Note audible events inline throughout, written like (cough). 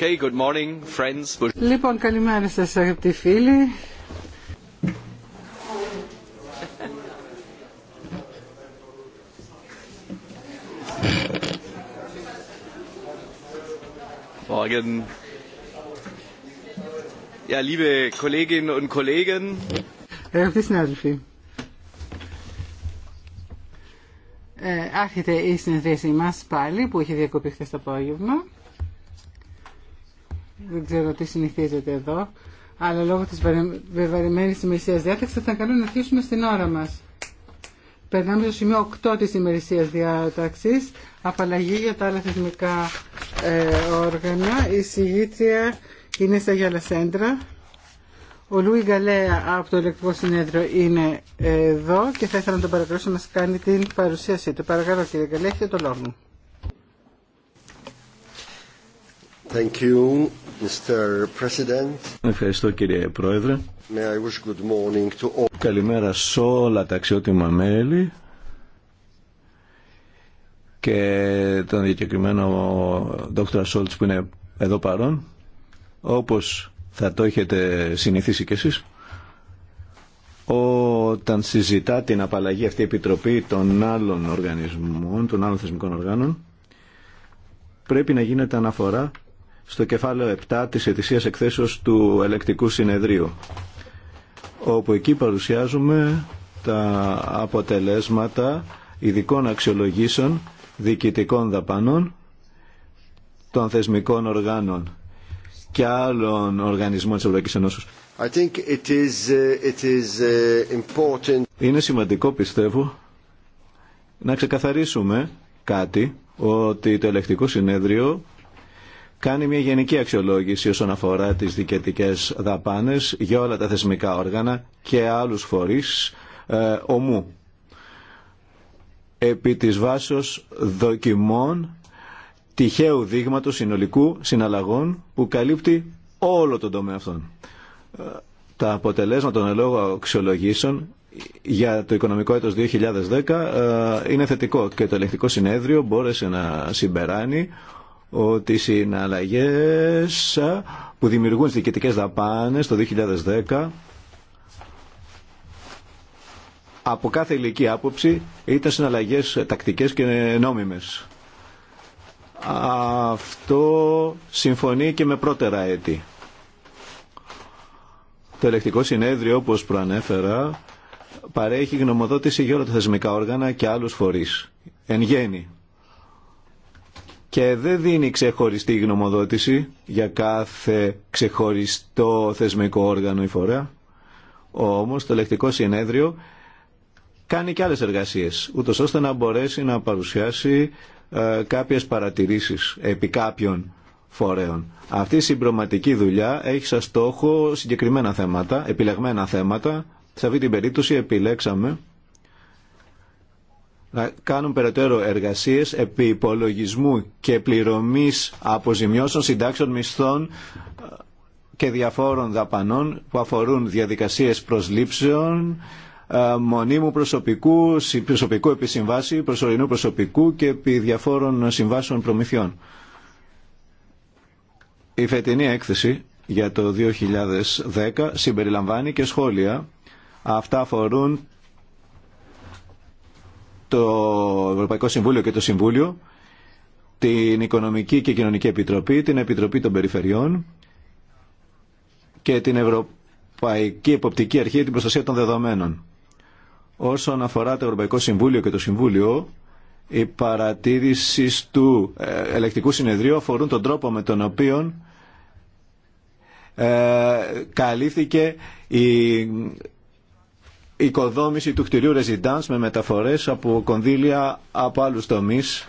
Okay, good morning, friends. Λοιπόν, καλημέρα σας αγαπητοί φίλοι. Morgen. Ja, liebe Kolleginnen und Kollegen. Αγαπητοί συνάδελφοι, ε, άρχεται η συνεδρίαση μας πάλι που είχε διακοπεί χθες το απόγευμα δεν ξέρω τι συνηθίζεται εδώ, αλλά λόγω της βεβαρημένης ημερησίας διάταξης θα ήταν καλό να αρχίσουμε στην ώρα μας. Περνάμε στο σημείο 8 της ημερησίας διάταξης, απαλλαγή για τα άλλα θεσμικά ε, όργανα. Η συγγήτρια είναι στα σέντρα. Ο Λούι Γκαλέα από το Ελεκτικό Συνέδριο είναι εδώ και θα ήθελα να τον παρακαλώσω να μας κάνει την παρουσίασή του. Παρακαλώ κύριε Γκαλέα, έχετε το λόγο. Thank you. Ευχαριστώ κύριε Πρόεδρε. Καλημέρα σε όλα τα αξιότιμα μέλη και τον διακεκριμένο Δόκτωρα Σόλτς που είναι εδώ παρόν όπως θα το έχετε συνηθίσει κι εσείς όταν συζητά την απαλλαγή αυτή η Επιτροπή των άλλων οργανισμών, των άλλων θεσμικών οργάνων πρέπει να γίνεται αναφορά στο κεφάλαιο 7 της ετησίας εκθέσεως του ελεκτικού συνεδρίου όπου εκεί παρουσιάζουμε τα αποτελέσματα ειδικών αξιολογήσεων διοικητικών δαπανών των θεσμικών οργάνων και άλλων οργανισμών της Ευρωπαϊκής Ενώσης. I think it uh, uh, Είναι σημαντικό πιστεύω να ξεκαθαρίσουμε κάτι ότι το ελεκτικό συνέδριο κάνει μια γενική αξιολόγηση όσον αφορά τις δικαιτικές δαπάνες για όλα τα θεσμικά όργανα και άλλους φορείς ε, ομού. Επί της βάσεως δοκιμών τυχαίου δείγματος συνολικού συναλλαγών που καλύπτει όλο τον τομέα αυτών. Ε, τα αποτελέσματα των ελόγων αξιολογήσεων για το οικονομικό έτος 2010 ε, είναι θετικό και το ελεκτικό συνέδριο μπόρεσε να συμπεράνει ότι οι συναλλαγές που δημιουργούν στις δαπάνες το 2010 από κάθε ηλική άποψη ήταν συναλλαγές τακτικές και νόμιμες. Αυτό συμφωνεί και με πρώτερα έτη. Το ελεκτικό συνέδριο, όπως προανέφερα, παρέχει γνωμοδότηση για όλα τα θεσμικά όργανα και άλλους φορείς. Εν γέννη, και δεν δίνει ξεχωριστή γνωμοδότηση για κάθε ξεχωριστό θεσμικό όργανο ή φορέα. Όμως το ελεκτικό συνέδριο κάνει και άλλες εργασίες, ούτως ώστε να μπορέσει να παρουσιάσει ε, κάποιες παρατηρήσεις επί κάποιων φορέων. Αυτή η συμπροματική δουλειά έχει σαν στόχο συγκεκριμένα θέματα, επιλεγμένα θέματα. Σε αυτή την περίπτωση επιλέξαμε να κάνουν περαιτέρω εργασίες επί υπολογισμού και πληρωμής αποζημιώσεων συντάξεων μισθών ε, και διαφόρων δαπανών που αφορούν διαδικασίες προσλήψεων, ε, μονίμου προσωπικού, προσωπικού επισυμβάση, προσωρινού προσωπικού και επί διαφόρων συμβάσεων προμηθειών. Η φετινή έκθεση για το 2010 συμπεριλαμβάνει και σχόλια. Αυτά αφορούν το Ευρωπαϊκό Συμβούλιο και το Συμβούλιο, την Οικονομική και Κοινωνική Επιτροπή, την Επιτροπή των Περιφερειών και την Ευρωπαϊκή Εποπτική Αρχή για την Προστασία των Δεδομένων. Όσον αφορά το Ευρωπαϊκό Συμβούλιο και το Συμβούλιο, οι παρατήρησει του ε, ελεκτικού συνεδρίου αφορούν τον τρόπο με τον οποίο ε, καλύφθηκε η οικοδόμηση του κτηρίου Residence με μεταφορές από κονδύλια από άλλους τομείς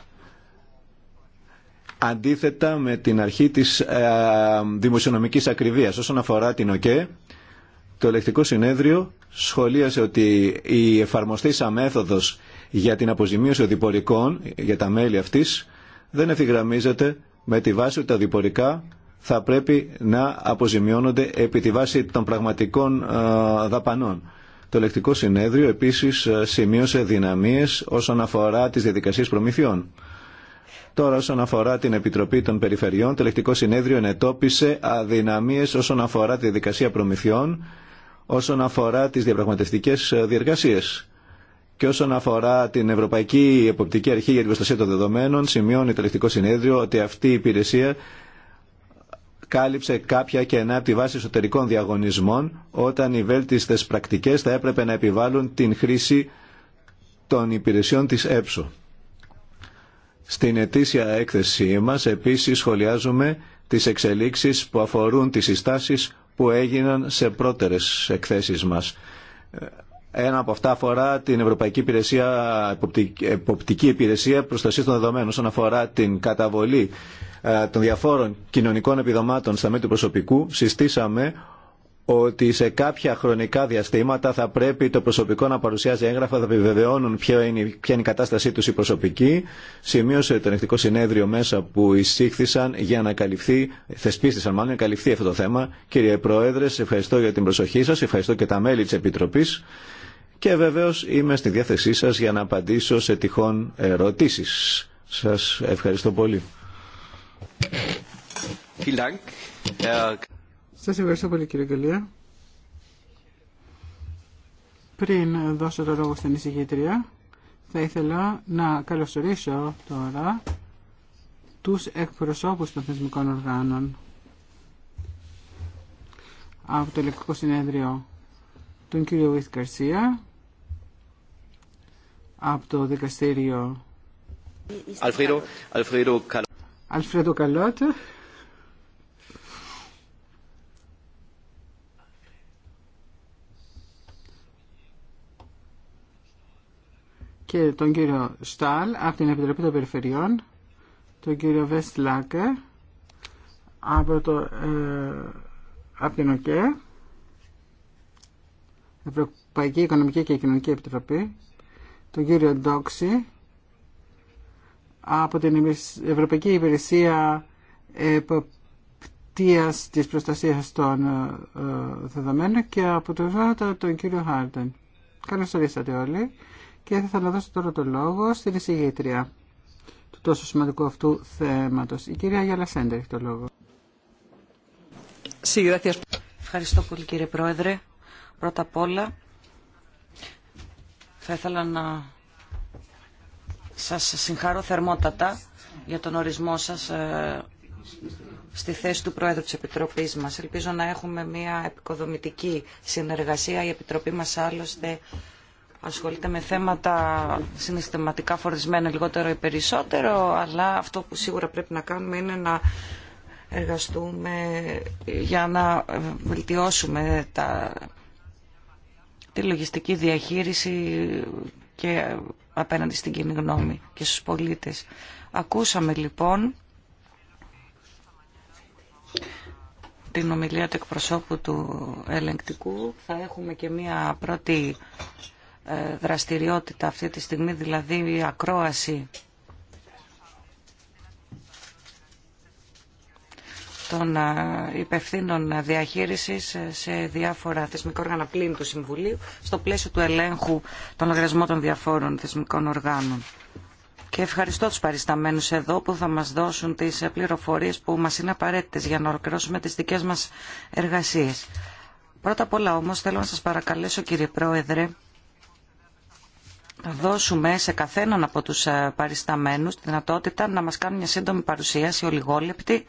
αντίθετα με την αρχή της ε, δημοσιονομικής ακριβίας. Όσον αφορά την ΟΚΕ, το ελεκτικό συνέδριο σχολίασε ότι η σαν μέθοδος για την αποζημίωση οδηπορικών, για τα μέλη αυτής, δεν ευθυγραμμίζεται με τη βάση ότι τα οδηπορικά θα πρέπει να αποζημιώνονται επί τη βάση των πραγματικών ε, δαπανών. Το ελεκτικό συνέδριο επίσης ε, σημείωσε δυναμίες όσον αφορά τις διαδικασίες προμηθειών. Τώρα όσον αφορά την Επιτροπή των Περιφερειών, το ελεκτικό συνέδριο ενετόπισε αδυναμίες όσον αφορά τη διαδικασία προμηθειών, όσον αφορά τις διαπραγματευτικές ε, διεργασίες. Και όσον αφορά την Ευρωπαϊκή Εποπτική Αρχή για την Προστασία των Δεδομένων, σημειώνει το Ελεκτικό Συνέδριο ότι αυτή η υπηρεσία κάλυψε κάποια κενά από τη βάση εσωτερικών διαγωνισμών όταν οι βέλτιστες πρακτικές θα έπρεπε να επιβάλλουν την χρήση των υπηρεσιών της ΕΠΣΟ. Στην ετήσια έκθεσή μας επίσης σχολιάζουμε τις εξελίξεις που αφορούν τις συστάσεις που έγιναν σε πρώτερες εκθέσεις μας. Ένα από αυτά αφορά την Ευρωπαϊκή υπηρεσία, Εποπτική, Υπηρεσία Προστασία των Δεδομένων, όσον αφορά την καταβολή ε, των διαφόρων κοινωνικών επιδομάτων στα μέλη του προσωπικού. Συστήσαμε ότι σε κάποια χρονικά διαστήματα θα πρέπει το προσωπικό να παρουσιάζει έγγραφα, θα επιβεβαιώνουν ποια είναι, η κατάστασή του η προσωπική. Σημείωσε το ανοιχτικό συνέδριο μέσα που εισήχθησαν για να καλυφθεί, θεσπίστησαν μάλλον, να καλυφθεί αυτό το θέμα. Κύριε Πρόεδρε, ευχαριστώ για την προσοχή σα, ευχαριστώ και τα μέλη τη επίτροπή και βεβαίως είμαι στη διάθεσή σας για να απαντήσω σε τυχόν ερωτήσεις. Σας ευχαριστώ πολύ. Σας ευχαριστώ πολύ κύριε Γκαλία. Πριν δώσω το λόγο στην εισηγήτρια, θα ήθελα να καλωσορίσω τώρα τους εκπροσώπους των θεσμικών οργάνων από το Ελεκτικό Συνέδριο, τον κύριο Βίθ Καρσία, από το δικαστήριο. Αλφρέδο, Αλφρέδο, Αλφρέδο Καλότ. και τον κύριο Στάλ από την Επιτροπή των Περιφερειών, τον κύριο Βεστλάκε από, το, ε, από την ΟΚΕ, Ευρωπαϊκή Οικονομική και Κοινωνική Επιτροπή, τον κύριο Ντόξη από την Ευρωπαϊκή Υπηρεσία Εποπτείας της Προστασίας των ε, Δεδομένων και από τον Βάτα τον κύριο Χάρντεν. Καλώς ορίσατε όλοι και θα ήθελα να δώσω τώρα το λόγο στην εισηγήτρια του τόσο σημαντικού αυτού θέματος. Η κυρία Γιάλα Σέντερ έχει το λόγο. Ευχαριστώ πολύ κύριε Πρόεδρε. Πρώτα απ' όλα θα ήθελα να σας συγχαρώ θερμότατα για τον ορισμό σας ε, στη θέση του Πρόεδρου της Επιτροπής μας. Ελπίζω να έχουμε μια επικοδομητική συνεργασία. Η Επιτροπή μας άλλωστε ασχολείται με θέματα συναισθηματικά φορτισμένα λιγότερο ή περισσότερο, αλλά αυτό που σίγουρα πρέπει να κάνουμε είναι να εργαστούμε για να βελτιώσουμε τα τη λογιστική διαχείριση και απέναντι στην κοινή γνώμη και στους πολίτες. Ακούσαμε λοιπόν την ομιλία του εκπροσώπου του ελεγκτικού. Θα έχουμε και μία πρώτη ε, δραστηριότητα αυτή τη στιγμή, δηλαδή η ακρόαση των υπευθύνων διαχείριση σε διάφορα θεσμικά όργανα πλήν του Συμβουλίου στο πλαίσιο του ελέγχου των λογαριασμών των διαφόρων θεσμικών οργάνων. Και ευχαριστώ τους παρισταμένου εδώ που θα μας δώσουν τις πληροφορίε που μας είναι απαραίτητες για να ολοκληρώσουμε τις δικές μας εργασίες. Πρώτα απ' όλα όμως θέλω να σας παρακαλέσω κύριε Πρόεδρε να δώσουμε σε καθέναν από τους ε, παρισταμένου τη δυνατότητα να μας κάνουν μια σύντομη παρουσίαση ολιγόλεπτη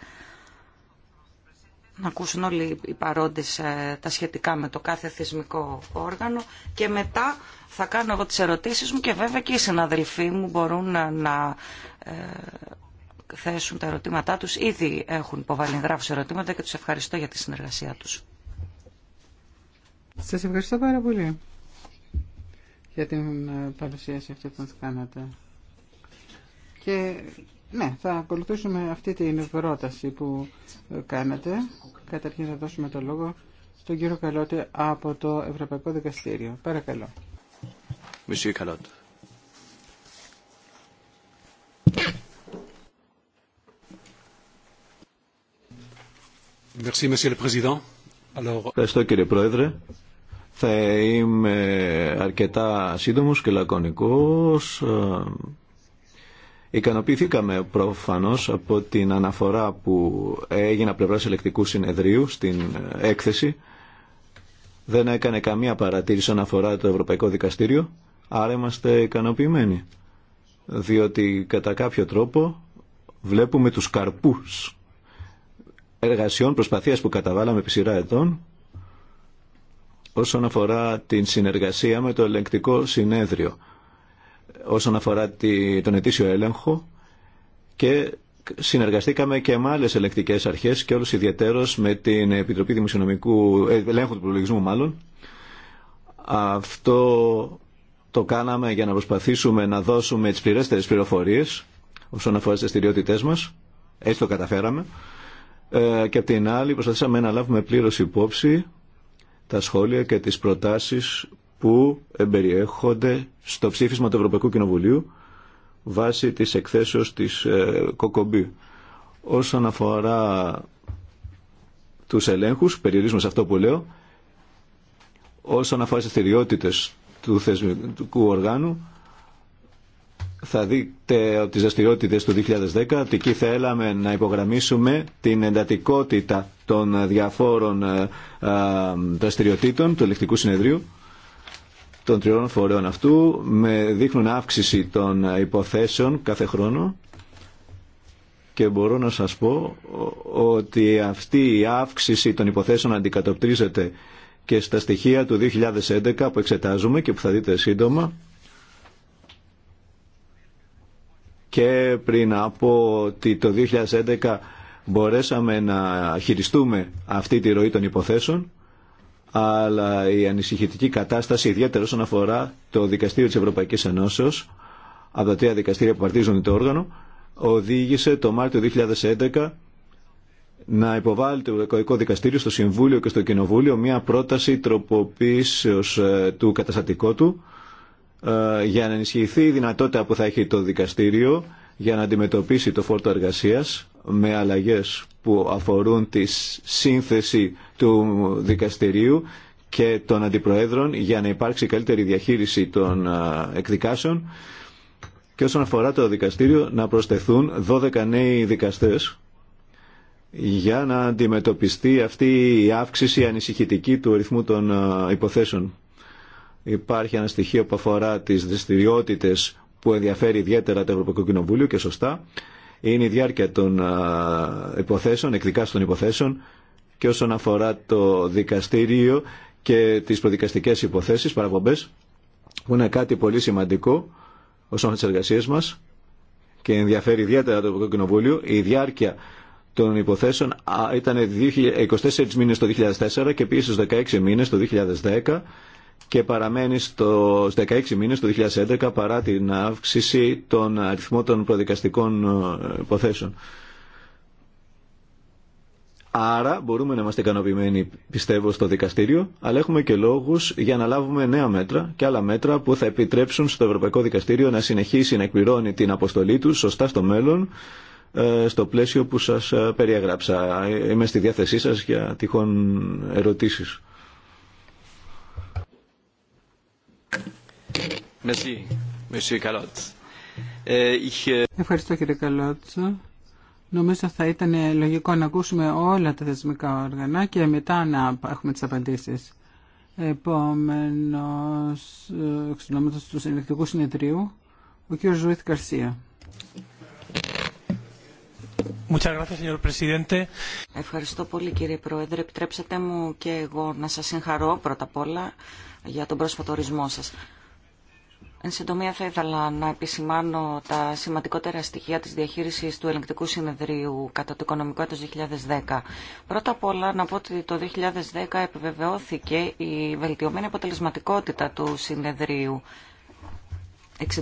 να ακούσουν όλοι οι παρόντες ε, τα σχετικά με το κάθε θεσμικό όργανο και μετά θα κάνω εγώ τις ερωτήσεις μου και βέβαια και οι συναδελφοί μου μπορούν ε, να, ε, θέσουν τα ερωτήματά τους. Ήδη έχουν υποβάλει εγγράφους ερωτήματα και τους ευχαριστώ για τη συνεργασία τους. Σας ευχαριστώ πάρα πολύ για την παρουσίαση αυτή που μα κάνατε. Και ναι, θα ακολουθήσουμε αυτή την πρόταση που κάνατε. Καταρχήν θα δώσουμε το λόγο στον κύριο Καλώτη από το Ευρωπαϊκό Δικαστήριο. Παρακαλώ. Monsieur Καλώτη. Ευχαριστώ κύριε Πρόεδρε. Θα είμαι αρκετά σύντομος και λακωνικός. Ικανοποιηθήκαμε προφανώς από την αναφορά που έγινε από πλευράς ελεκτικού συνεδρίου στην ε, έκθεση. Δεν έκανε καμία παρατήρηση όσον αφορά το Ευρωπαϊκό Δικαστήριο, άρα είμαστε ικανοποιημένοι. Διότι κατά κάποιο τρόπο βλέπουμε τους καρπούς εργασιών προσπαθίας που καταβάλαμε επί σειρά ετών όσον αφορά την συνεργασία με το ελεκτικό συνέδριο όσον αφορά τον ετήσιο έλεγχο και συνεργαστήκαμε και με άλλε ελεκτικέ αρχέ και όλου ιδιαίτερω με την Επιτροπή Δημοσιονομικού ε, Ελέγχου του Προλογισμού, μάλλον. Αυτό το κάναμε για να προσπαθήσουμε να δώσουμε τι πληρέστερε πληροφορίε όσον αφορά τι δραστηριότητέ μα. Έτσι το καταφέραμε. Ε, και από την άλλη προσπαθήσαμε να λάβουμε πλήρω υπόψη τα σχόλια και τις προτάσεις που εμπεριέχονται στο ψήφισμα του Ευρωπαϊκού Κοινοβουλίου βάσει της εκθέσεως της ε, Κοκομπή. Όσον αφορά τους ελέγχους, περιορίζουμε σε αυτό που λέω, όσον αφορά τις θηριότητες του θεσμικού οργάνου, θα δείτε τις δραστηριότητε του 2010, ότι εκεί θέλαμε να υπογραμμίσουμε την εντατικότητα των διαφόρων ε, ε, δραστηριοτήτων του ελεκτικού συνεδρίου των τριών φορέων αυτού με δείχνουν αύξηση των υποθέσεων κάθε χρόνο και μπορώ να σας πω ότι αυτή η αύξηση των υποθέσεων αντικατοπτρίζεται και στα στοιχεία του 2011 που εξετάζουμε και που θα δείτε σύντομα και πριν από ότι το 2011 μπορέσαμε να χειριστούμε αυτή τη ροή των υποθέσεων αλλά η ανησυχητική κατάσταση, ιδιαίτερα όσον αφορά το Δικαστήριο της Ευρωπαϊκής Ενώσεω από τα τρία δικαστήρια που παρτίζουν το όργανο, οδήγησε το Μάρτιο 2011 να υποβάλει το Ευρωπαϊκό Δικαστήριο στο Συμβούλιο και στο Κοινοβούλιο μια πρόταση τροποποίησεως ε, του καταστατικού του ε, για να ενισχυθεί η δυνατότητα που θα έχει το δικαστήριο για να αντιμετωπίσει το φόρτο εργασίας με αλλαγές που αφορούν τη σύνθεση του δικαστηρίου και των αντιπροέδρων για να υπάρξει καλύτερη διαχείριση των εκδικάσεων και όσον αφορά το δικαστήριο να προσθεθούν 12 νέοι δικαστές για να αντιμετωπιστεί αυτή η αύξηση ανησυχητική του ρυθμού των υποθέσεων. Υπάρχει ένα στοιχείο που αφορά τις δραστηριότητε που ενδιαφέρει ιδιαίτερα το Ευρωπαϊκό Κοινοβούλιο και σωστά. Είναι η διάρκεια των υποθέσεων, εκδικάσεων των υποθέσεων και όσον αφορά το δικαστήριο και τις προδικαστικές υποθέσεις, παραπομπές, που είναι κάτι πολύ σημαντικό όσον αφορά τις εργασίες μας και ενδιαφέρει ιδιαίτερα το Ευρωπαϊκό Κοινοβούλιο, η διάρκεια των υποθέσεων ήταν 24 μήνες το 2004 και πήγε 16 μήνες το 2010 και παραμένει στους 16 μήνες το 2011 παρά την αύξηση των αριθμών των προδικαστικών ε, υποθέσεων. Άρα μπορούμε να είμαστε ικανοποιημένοι, πιστεύω, στο δικαστήριο, αλλά έχουμε και λόγου για να λάβουμε νέα μέτρα και άλλα μέτρα που θα επιτρέψουν στο Ευρωπαϊκό Δικαστήριο να συνεχίσει να εκπληρώνει την αποστολή του σωστά στο μέλλον, ε, στο πλαίσιο που σας ε, περιέγραψα. Είμαι στη διάθεσή σας για τυχόν ερωτήσεις. Ε, Ευχαριστώ κύριε Καλότσο. Νομίζω θα ήταν λογικό να ακούσουμε όλα τα θεσμικά όργανα και μετά να έχουμε τις απαντήσεις. Επόμενος εξονόματος του Συνελεκτικού Συνεδρίου, ο κ. Ζουίθ Καρσία. Ευχαριστώ πολύ κύριε Πρόεδρε. Επιτρέψατε μου και εγώ να σας συγχαρώ πρώτα απ' όλα για τον πρόσφατο ορισμό σας. Εν συντομία θα ήθελα να επισημάνω τα σημαντικότερα στοιχεία της διαχείρισης του ελεγκτικού συνεδρίου κατά το οικονομικό έτος 2010. Πρώτα απ' όλα να πω ότι το 2010 επιβεβαιώθηκε η βελτιωμένη αποτελεσματικότητα του συνεδρίου.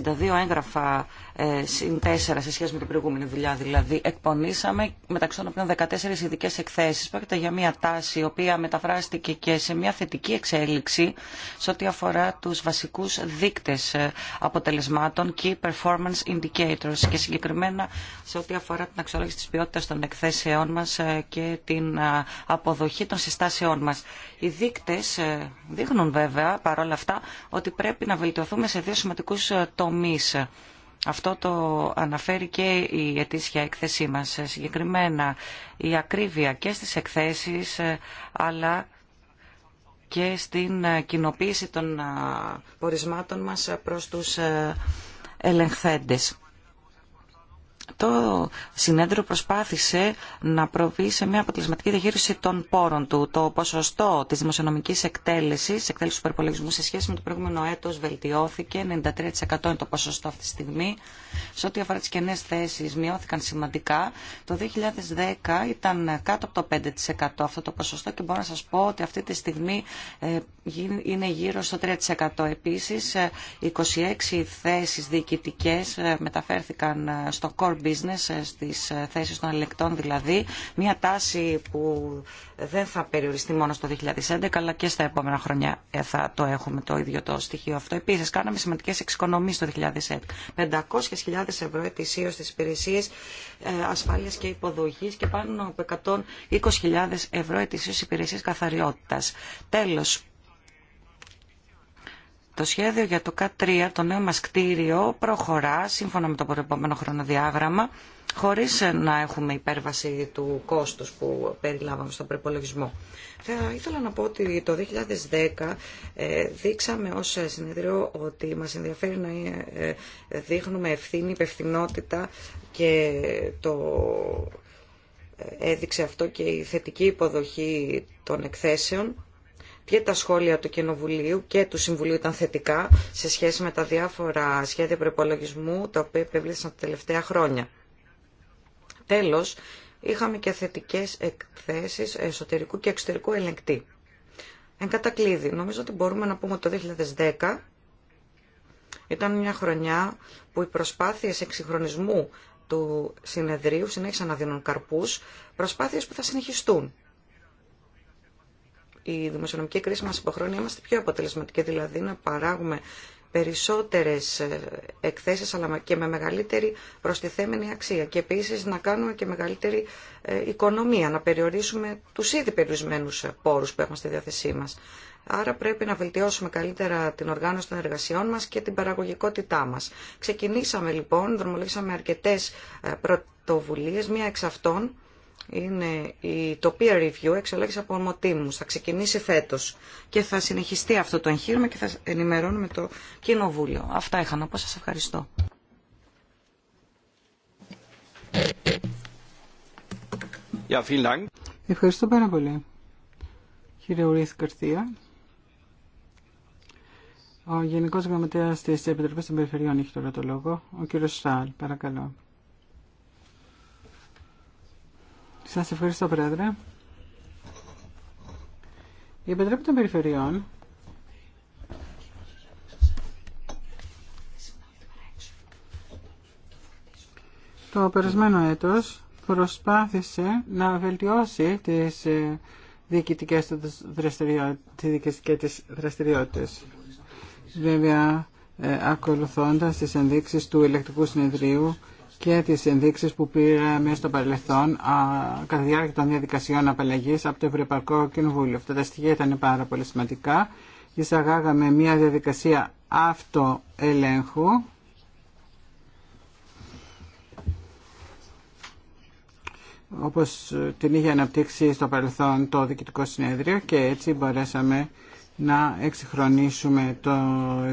62 έγγραφα ε, συν 4 σε σχέση με την προηγούμενη δουλειά. Δηλαδή, εκπονήσαμε μεταξύ των οποίων 14 ειδικέ εκθέσει. Πρόκειται για μια τάση η οποία μεταφράστηκε και σε μια θετική εξέλιξη σε ό,τι αφορά του βασικού δείκτε ε, αποτελεσμάτων και performance indicators και συγκεκριμένα σε ό,τι αφορά την αξιολόγηση τη ποιότητα των εκθέσεών μα ε, και την αποδοχή των συστάσεών μα. Οι δείκτε δείχνουν βέβαια παρόλα αυτά ότι πρέπει να βελτιωθούμε σε δύο σημαντικού τομεί αυτό το αναφέρει και η ετήσια έκθεσή μας. Συγκεκριμένα η ακρίβεια και στις εκθέσεις ε, αλλά και στην ε, κοινοποίηση των ε, πορισμάτων μας προς τους ελεγχθέντες. Το συνέδριο προσπάθησε να προβεί σε μια αποτελεσματική διαχείριση των πόρων του. Το ποσοστό τη δημοσιονομική εκτέλεση, εκτέλεση του υπερπολογισμού σε σχέση με το προηγούμενο Έτο βελτιώθηκε, 93% είναι το ποσοστό αυτή τη στιγμή. Σε ό,τι αφορά τι κενέ θέσει μειώθηκαν σημαντικά. Το 2010 ήταν κάτω από το 5% αυτό το ποσοστό και μπορώ να σα πω ότι αυτή τη στιγμή ε, είναι γύρω στο 3%. Επίσης, 26 ε, θέσεις διοικητικές ε, μεταφέρθηκαν στο Core business, ε, στις ε, θέσεις των ελεκτών δηλαδή, μια τάση που δεν θα περιοριστεί μόνο στο 2011 αλλά και στα επόμενα χρόνια ε, θα το έχουμε το ίδιο το στοιχείο αυτό. Επίσης κάναμε σημαντικές εξοικονομίες το 2011. 500.000 ευρώ ετησίως στις υπηρεσίες ασφάλειας και υποδοχής και πάνω από 120.000 ευρώ ετησίως υπηρεσίες καθαριότητας. Τέλος, το σχέδιο για το κατ' 3 το νέο μας κτίριο, προχωρά σύμφωνα με το προεπόμενο χρονοδιάγραμμα, χωρίς να έχουμε υπέρβαση του κόστους που περιλάβαμε στον προπολογισμό. Θα ήθελα να πω ότι το 2010 ε, δείξαμε ως συνεδριό ότι μας ενδιαφέρει να ε, δείχνουμε ευθύνη, υπευθυνότητα και το ε, έδειξε αυτό και η θετική υποδοχή των εκθέσεων και τα σχόλια του Κοινοβουλίου και του Συμβουλίου ήταν θετικά σε σχέση με τα διάφορα σχέδια προπολογισμού τα οποία επέβλησαν τα τελευταία χρόνια. Τέλος, είχαμε και θετικές εκθέσεις εσωτερικού και εξωτερικού ελεγκτή. Εν κατακλείδη, νομίζω ότι μπορούμε να πούμε ότι το 2010 ήταν μια χρονιά που οι προσπάθειες εξυγχρονισμού του συνεδρίου συνέχισαν να δίνουν καρπούς, προσπάθειες που θα συνεχιστούν η δημοσιονομική κρίση μας υποχρεώνει να είμαστε πιο αποτελεσματικοί, δηλαδή να παράγουμε περισσότερες ε, εκθέσεις αλλά και με μεγαλύτερη προστιθέμενη αξία και επίσης να κάνουμε και μεγαλύτερη ε, οικονομία, να περιορίσουμε τους ήδη περιορισμένους ε, πόρους που έχουμε στη διάθεσή μας. Άρα πρέπει να βελτιώσουμε καλύτερα την οργάνωση των εργασιών μας και την παραγωγικότητά μας. Ξεκινήσαμε λοιπόν, δρομολογήσαμε αρκετές πρωτοβουλίες, μία εξ αυτών είναι η, το peer review εξελέγηση από ομοτήμους. Θα ξεκινήσει φέτος και θα συνεχιστεί αυτό το εγχείρημα και θα ενημερώνουμε το Κοινοβούλιο. Αυτά είχα να πω. Σας ευχαριστώ. Ευχαριστώ πάρα πολύ. Κύριε Ουρίθ Καρθία. Ο Γενικός Γραμματέας της Επιτροπής των Περιφερειών έχει τώρα το λόγο. Ο κύριος Σάλ, παρακαλώ. Σας ευχαριστώ Πρόεδρε. Η Επιτροπή των Περιφερειών το περασμένο έτος προσπάθησε να βελτιώσει τις ε, διοικητικές της δραστηριότητες. Βέβαια, ε, ακολουθώντας τις ενδείξεις του ηλεκτρικού συνεδρίου και τι ενδείξει που πήραμε στο παρελθόν κατά τη διάρκεια των διαδικασιών απαλλαγή από το Ευρωπαϊκό Κοινοβούλιο. Αυτά τα στοιχεία ήταν πάρα πολύ σημαντικά. Εισαγάγαμε μια διαδικασία αυτοελέγχου όπως την είχε αναπτύξει στο παρελθόν το Διοικητικό Συνέδριο και έτσι μπορέσαμε να εξυγχρονίσουμε το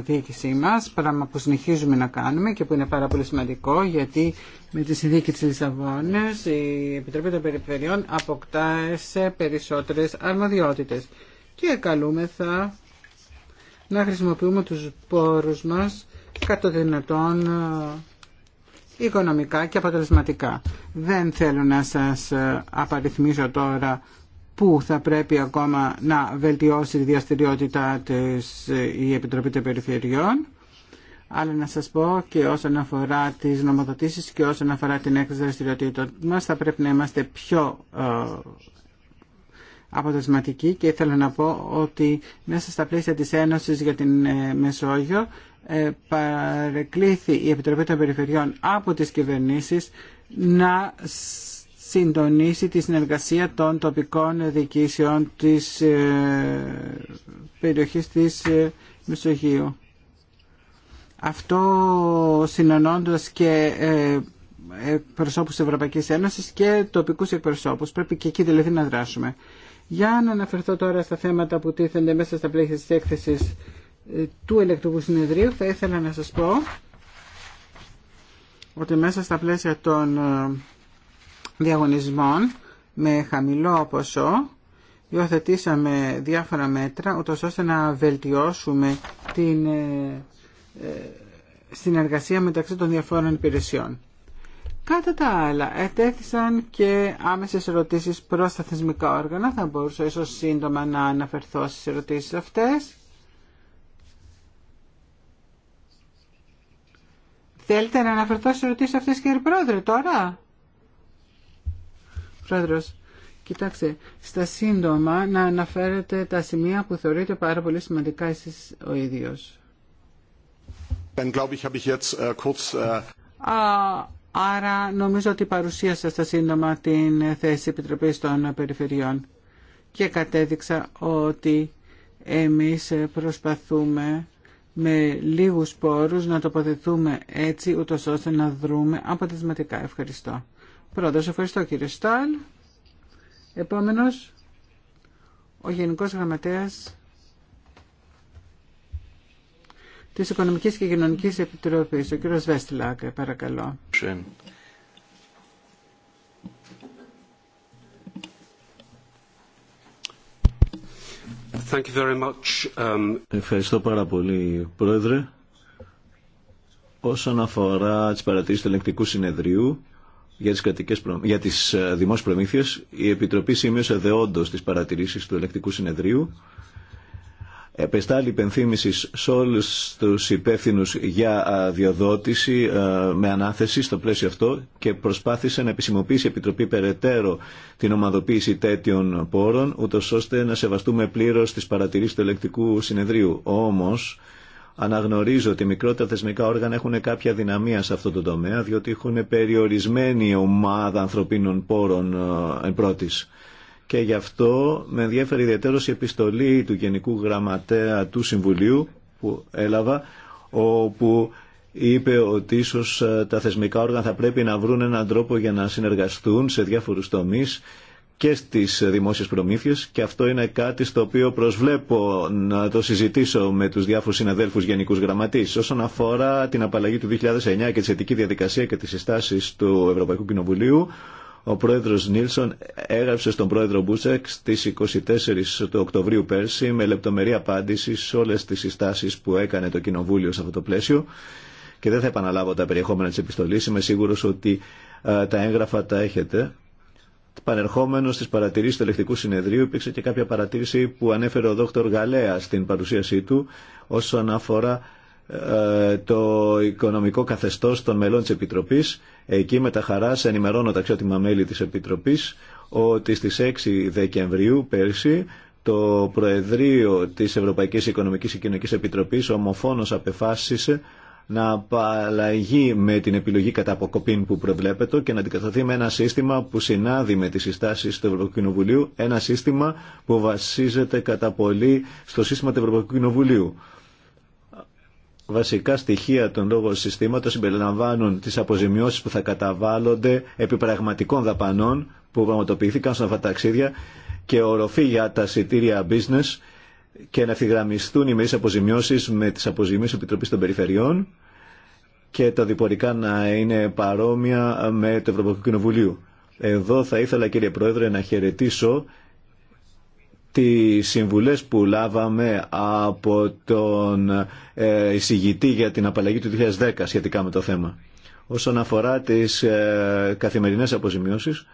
διοίκησή μας, πράγμα που συνεχίζουμε να κάνουμε και που είναι πάρα πολύ σημαντικό γιατί με τη συνθήκη της Λισαβόνα η Επιτροπή των Περιφερειών αποκτά σε περισσότερες αρμοδιότητες και καλούμεθα να χρησιμοποιούμε τους πόρους μας κατά δυνατόν ε, οικονομικά και αποτελεσματικά. Δεν θέλω να σας ε, απαριθμίσω τώρα που θα πρέπει ακόμα να βελτιώσει τη διαστηριότητά της η Επιτροπή των Περιφερειών αλλά να σας πω και όσον αφορά τις νομοδοτήσεις και όσον αφορά την έκθεση δραστηριότητα μας θα πρέπει να είμαστε πιο ε, αποτελεσματικοί και ήθελα να πω ότι μέσα στα πλαίσια της Ένωσης για την ε, Μεσόγειο ε, παρεκλήθη η Επιτροπή των Περιφερειών από τις κυβερνήσεις να συντονίσει τη συνεργασία των τοπικών διοικήσεων της ε, περιοχής της ε, Μεσογείου. Αυτό συνενώντας και ε, προσώπους της Ευρωπαϊκής Ένωσης και τοπικούς εκπροσώπους. Πρέπει και εκεί δηλαδή να δράσουμε. Για να αναφερθώ τώρα στα θέματα που τίθενται μέσα στα πλαίσια της έκθεσης του ηλεκτρικού συνεδρίου, θα ήθελα να σας πω ότι μέσα στα πλαίσια των διαγωνισμών με χαμηλό ποσό υιοθετήσαμε διάφορα μέτρα ούτως ώστε να βελτιώσουμε την ε, ε, συνεργασία μεταξύ των διαφόρων υπηρεσιών. Κάτω τα άλλα, ετέθησαν και άμεσες ερωτήσεις προς τα θεσμικά όργανα. Θα μπορούσα ίσως σύντομα να αναφερθώ στις ερωτήσεις αυτές. Θέλετε να αναφερθώ στις ερωτήσεις αυτές κύριε Πρόεδρε τώρα. Πρόεδρος, κοιτάξτε, στα σύντομα να αναφέρετε τα σημεία που θεωρείτε πάρα πολύ σημαντικά εσείς ο ίδιος. Äh, äh, άρα νομίζω ότι παρουσίασα στα σύντομα την θέση Επιτροπής των Περιφερειών και κατέδειξα ότι εμείς προσπαθούμε με λίγους πόρους να τοποθετούμε έτσι ούτως ώστε να δρούμε αποτελεσματικά. Ευχαριστώ. Πρώτος ευχαριστώ κύριε Στάλ. Επόμενος, ο Γενικός Γραμματέας της Οικονομικής και Κοινωνικής Επιτροπής, ο κύριος Βέστιλακ, παρακαλώ. Thank you very much. Um, ευχαριστώ πάρα πολύ, Πρόεδρε. Όσον αφορά τις παρατηρήσεις του ελεγκτικού συνεδρίου, για τις, κρατικές, για τις ε, δημόσιες προμήθειες, η Επιτροπή σημείωσε δεόντως τις παρατηρήσεις του ελεκτικού συνεδρίου. Επεστάλλει υπενθύμηση σε όλου του υπεύθυνου για διοδότηση ε, με ανάθεση στο πλαίσιο αυτό και προσπάθησε να επισημοποιήσει η Επιτροπή περαιτέρω την ομαδοποίηση τέτοιων πόρων, ούτω ώστε να σεβαστούμε πλήρω τι παρατηρήσει του ελεκτικού συνεδρίου. Όμω, Αναγνωρίζω ότι μικρότερα θεσμικά όργανα έχουν κάποια δυναμία σε αυτό το τομέα, διότι έχουν περιορισμένη ομάδα ανθρωπίνων πόρων ε, εν πρώτης. Και γι' αυτό με ενδιαφέρει ιδιαίτερως η επιστολή του Γενικού Γραμματέα του Συμβουλίου που έλαβα, όπου είπε ότι ίσως ε, τα θεσμικά όργανα θα πρέπει να βρουν έναν τρόπο για να συνεργαστούν σε διάφορους τομείς και στις δημόσιες προμήθειες και αυτό είναι κάτι στο οποίο προσβλέπω να το συζητήσω με τους διάφορους συναδέλφους γενικούς γραμματείς όσον αφορά την απαλλαγή του 2009 και τη σχετική διαδικασία και τις συστάσεις του Ευρωπαϊκού Κοινοβουλίου ο πρόεδρος Νίλσον έγραψε στον πρόεδρο Μπούτσεκ στις 24 του Οκτωβρίου πέρσι με λεπτομερή απάντηση σε όλες τις συστάσεις που έκανε το Κοινοβούλιο σε αυτό το πλαίσιο και δεν θα επαναλάβω τα περιεχόμενα της επιστολής, είμαι σίγουρος ότι ε, τα έγγραφα τα έχετε Πανερχόμενο στι παρατηρήσει του ελεκτικού συνεδρίου υπήρξε και κάποια παρατήρηση που ανέφερε ο Δ. Γαλέα στην παρουσίασή του όσον αφορά ε, το οικονομικό καθεστώς των μελών της Επιτροπής. Εκεί με τα χαράς ενημερώνω τα αξιότιμα μέλη της Επιτροπής ότι στις 6 Δεκεμβρίου πέρσι το Προεδρείο της Ευρωπαϊκής Οικονομική και Κοινωνικής Επιτροπή ομοφόνο απεφάσισε να απαλλαγεί με την επιλογή κατά αποκοπή που προβλέπεται και να αντικαταθεί με ένα σύστημα που συνάδει με τις συστάσεις του Ευρωπαϊκού Κοινοβουλίου, ένα σύστημα που βασίζεται κατά πολύ στο σύστημα του Ευρωπαϊκού Κοινοβουλίου. Βασικά στοιχεία των λόγων συστήματος συμπεριλαμβάνουν τις αποζημιώσεις που θα καταβάλλονται επί πραγματικών δαπανών που πραγματοποιήθηκαν στα αυτά τα ταξίδια και οροφή για τα εισιτήρια business και να ευθυγραμμιστούν οι μερικές αποζημιώσει με τις τη Επιτροπή των Περιφερειών και τα διπορικά να είναι παρόμοια με το Ευρωπαϊκό Κοινοβουλίο. Εδώ θα ήθελα κύριε Πρόεδρε να χαιρετήσω τις συμβουλές που λάβαμε από τον ε, εισηγητή για την απαλλαγή του 2010 σχετικά με το θέμα. Όσον αφορά τις ε, καθημερινές αποζημιώσεις,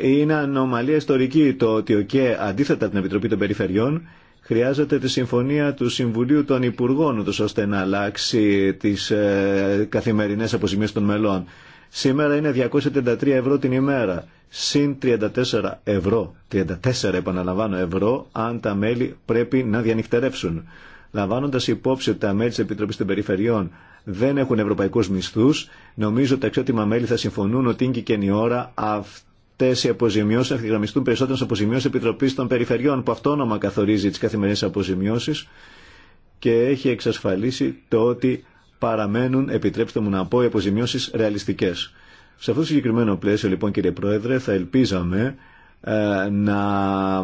είναι ανομαλία ιστορική το ότι ο ΚΕ αντίθετα από την Επιτροπή των Περιφερειών χρειάζεται τη συμφωνία του Συμβουλίου των Υπουργών ούτως ώστε να αλλάξει τις ε, καθημερινές αποζημίες των μελών. Σήμερα είναι 233 ευρώ την ημέρα, συν 34 ευρώ, 34 επαναλαμβάνω ευρώ, αν τα μέλη πρέπει να διανυχτερεύσουν. λαμβάνοντα υπόψη ότι τα μέλη τη Επίτροπή των Περιφερειών δεν έχουν ευρωπαϊκού μισθού. νομίζω ότι τα αξιότιμα μέλη θα συμφωνούν ότι είναι και ώρα οι αποζημιώσει να ευθυγραμμιστούν περισσότερε αποζημιώσει Επιτροπή των Περιφερειών που αυτόνομα καθορίζει τι καθημερινέ αποζημιώσει και έχει εξασφαλίσει το ότι παραμένουν, επιτρέψτε μου να πω, οι αποζημιώσει ρεαλιστικέ. Σε αυτό το συγκεκριμένο πλαίσιο, λοιπόν, κύριε Πρόεδρε, θα ελπίζαμε ε, να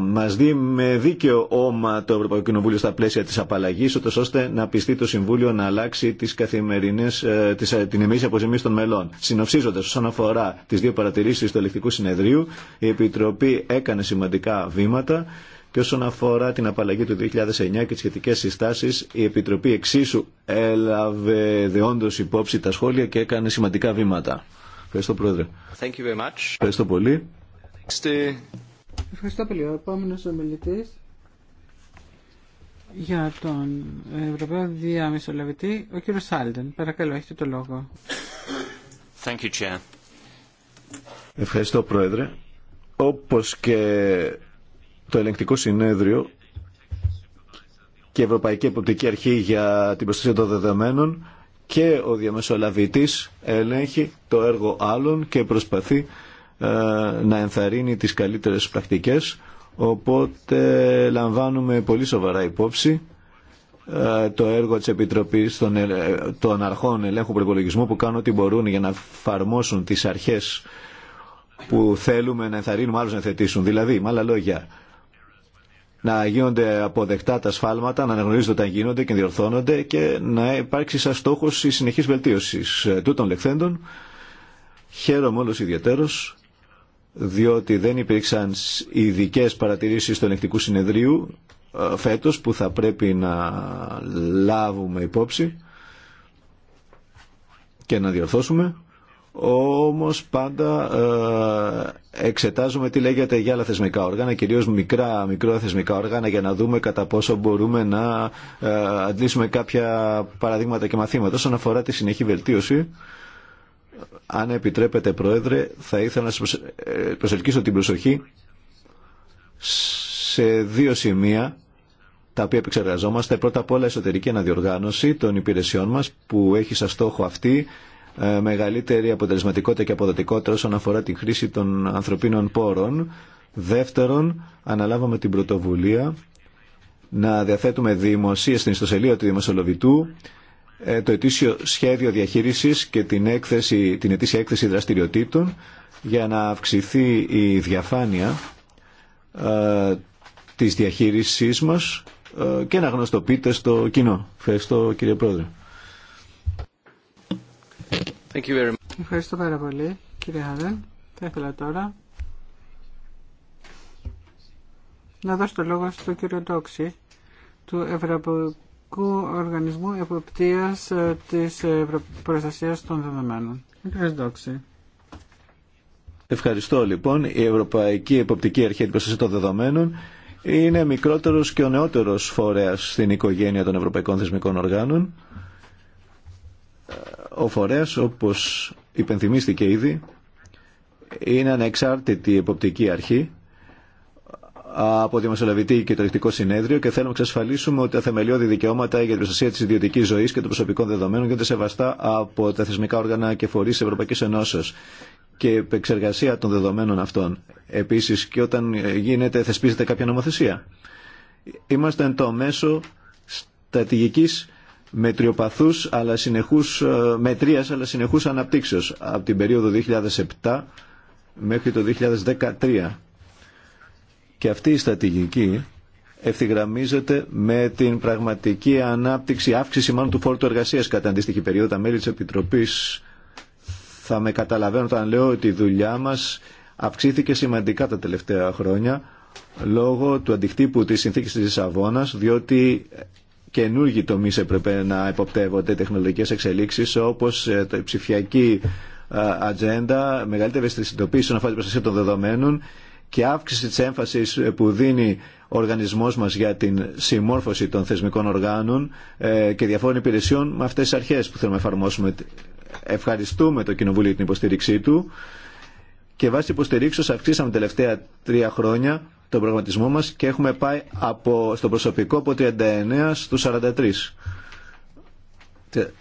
μας δει με δίκαιο όμα το Ευρωπαϊκό Κοινοβούλιο στα πλαίσια της απαλλαγής ώστε να πιστεί το Συμβούλιο να αλλάξει τις καθημερινές, ε, ε, την εμείς αποζημίωση των μελών. Συνοψίζοντας όσον αφορά τις δύο παρατηρήσεις του Ελεκτικού Συνεδρίου η Επιτροπή έκανε σημαντικά βήματα και όσον αφορά την απαλλαγή του 2009 και τις σχετικές συστάσεις, η Επιτροπή εξίσου έλαβε δεόντως υπόψη τα σχόλια και έκανε σημαντικά βήματα. Ευχαριστώ Πρόεδρε. Ευχαριστώ πολύ. Ε, Ευχαριστώ πολύ. Ο επόμενο ομιλητή για τον Ευρωπαίο Διαμεσολαβητή, ο κύριο Σάλντεν. Παρακαλώ, έχετε το λόγο. Thank you, Chair. Ευχαριστώ, Πρόεδρε. Όπως και το ελεγκτικό συνέδριο και η Ευρωπαϊκή Εποπτική Αρχή για την Προστασία των Δεδομένων και ο διαμεσολαβητής ελέγχει το έργο άλλων και προσπαθεί ε, να ενθαρρύνει τις καλύτερες πρακτικές οπότε λαμβάνουμε πολύ σοβαρά υπόψη ε, το έργο της Επιτροπής των, Αρχών Ελέγχου Προπολογισμού που κάνουν ό,τι μπορούν για να εφαρμόσουν τις αρχές που θέλουμε να ενθαρρύνουμε άλλους να θετήσουν. Δηλαδή, με άλλα λόγια, να γίνονται αποδεκτά τα σφάλματα, να αναγνωρίζονται όταν γίνονται και διορθώνονται και να υπάρξει σαν στόχος η συνεχής βελτίωσης ε, τούτων λεχθέντων. Χαίρομαι όλος ιδιαίτερος διότι δεν υπήρξαν ειδικέ παρατηρήσεις του ελεκτικού συνεδρίου ε, φέτος που θα πρέπει να λάβουμε υπόψη και να διορθώσουμε όμως πάντα ε, εξετάζουμε τι λέγεται για άλλα θεσμικά όργανα, κυρίως μικρά, μικρό θεσμικά όργανα για να δούμε κατά πόσο μπορούμε να ε, αντλήσουμε κάποια παραδείγματα και μαθήματα όσον αφορά τη συνεχή βελτίωση αν επιτρέπετε, Πρόεδρε, θα ήθελα να σας ε, προσελκύσω την προσοχή σε δύο σημεία τα οποία επεξεργαζόμαστε. Πρώτα απ' όλα εσωτερική αναδιοργάνωση των υπηρεσιών μας που έχει σαν στόχο αυτή ε, μεγαλύτερη αποτελεσματικότητα και αποδοτικότητα όσον αφορά την χρήση των ανθρωπίνων πόρων. Δεύτερον, αναλάβαμε την πρωτοβουλία να διαθέτουμε δημοσίες στην ιστοσελίδα του Δημοσιολογητού ε, το ετήσιο σχέδιο διαχείρισης και την, έκθεση, την ετήσια έκθεση δραστηριοτήτων για να αυξηθεί η διαφάνεια ε, της διαχείρισής μας ε, και να γνωστοποιείται στο κοινό. Ευχαριστώ κύριε Πρόεδρε. Thank you very much. Ευχαριστώ πάρα πολύ κύριε Χαδέ. Θα ήθελα τώρα να δώσω το λόγο στον κύριο Ντόξη του Ευρωπαϊκού Ευρωπαϊκού Οργανισμού Εποπτείας ε, της ε, Προστασίας των Δεδομένων. Ευχαριστώ λοιπόν. Η Ευρωπαϊκή Εποπτική Αρχή Προστασία των Δεδομένων είναι μικρότερος και ο νεότερος φορέας στην οικογένεια των Ευρωπαϊκών Θεσμικών Οργάνων. Ο φορέας, όπως υπενθυμίστηκε ήδη, είναι ανεξάρτητη εποπτική αρχή από τη και το Εκτικό Συνέδριο και θέλουμε να εξασφαλίσουμε ότι τα θεμελιώδη δικαιώματα για την προστασία τη ιδιωτική ζωή και των προσωπικών δεδομένων γίνονται σεβαστά από τα θεσμικά όργανα και φορεί τη Ευρωπαϊκή Ενώσεω και επεξεργασία των δεδομένων αυτών. Επίση και όταν γίνεται, θεσπίζεται κάποια νομοθεσία. Είμαστε το μέσο στρατηγική μετριοπαθού αλλά συνεχού ε, μετρία αλλά συνεχού αναπτύξεω από την περίοδο 2007 μέχρι το 2013 και αυτή η στρατηγική ευθυγραμμίζεται με την πραγματική ανάπτυξη, αύξηση μάλλον του φόρτου εργασίας κατά αντίστοιχη περίοδο. Τα μέλη της Επιτροπής θα με καταλαβαίνουν όταν λέω ότι η δουλειά μας αυξήθηκε σημαντικά τα τελευταία χρόνια λόγω του αντιχτύπου της συνθήκης της Λισαβόνας, διότι καινούργιοι τομεί έπρεπε να υποπτεύονται τεχνολογικές εξελίξεις όπως ε, η ψηφιακή ε, ατζέντα, μεγαλύτερη ευαισθητοποίηση στον αφορά την προστασία των δεδομένων και αύξηση της έμφασης που δίνει ο οργανισμός μας για την συμμόρφωση των θεσμικών οργάνων ε, και διαφόρων υπηρεσιών με αυτές τις αρχές που θέλουμε να εφαρμόσουμε. Ευχαριστούμε το Κοινοβούλιο για την υποστήριξή του και βάσει υποστηρίξεως αυξήσαμε τα τελευταία τρία χρόνια τον προγραμματισμό μας και έχουμε πάει από, στο προσωπικό από 39 στους 43.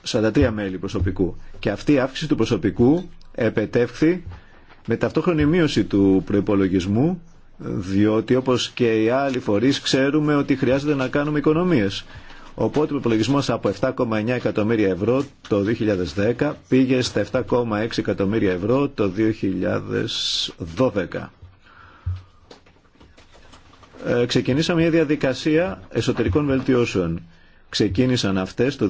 43 μέλη προσωπικού. Και αυτή η αύξηση του προσωπικού επετεύχθη με ταυτόχρονη μείωση του προϋπολογισμού διότι όπως και οι άλλοι φορείς ξέρουμε ότι χρειάζεται να κάνουμε οικονομίες. Οπότε ο προπολογισμό από 7,9 εκατομμύρια ευρώ το 2010 πήγε στα 7,6 εκατομμύρια ευρώ το 2012. Ε, ξεκινήσαμε μια διαδικασία εσωτερικών βελτιώσεων. Ξεκίνησαν αυτές το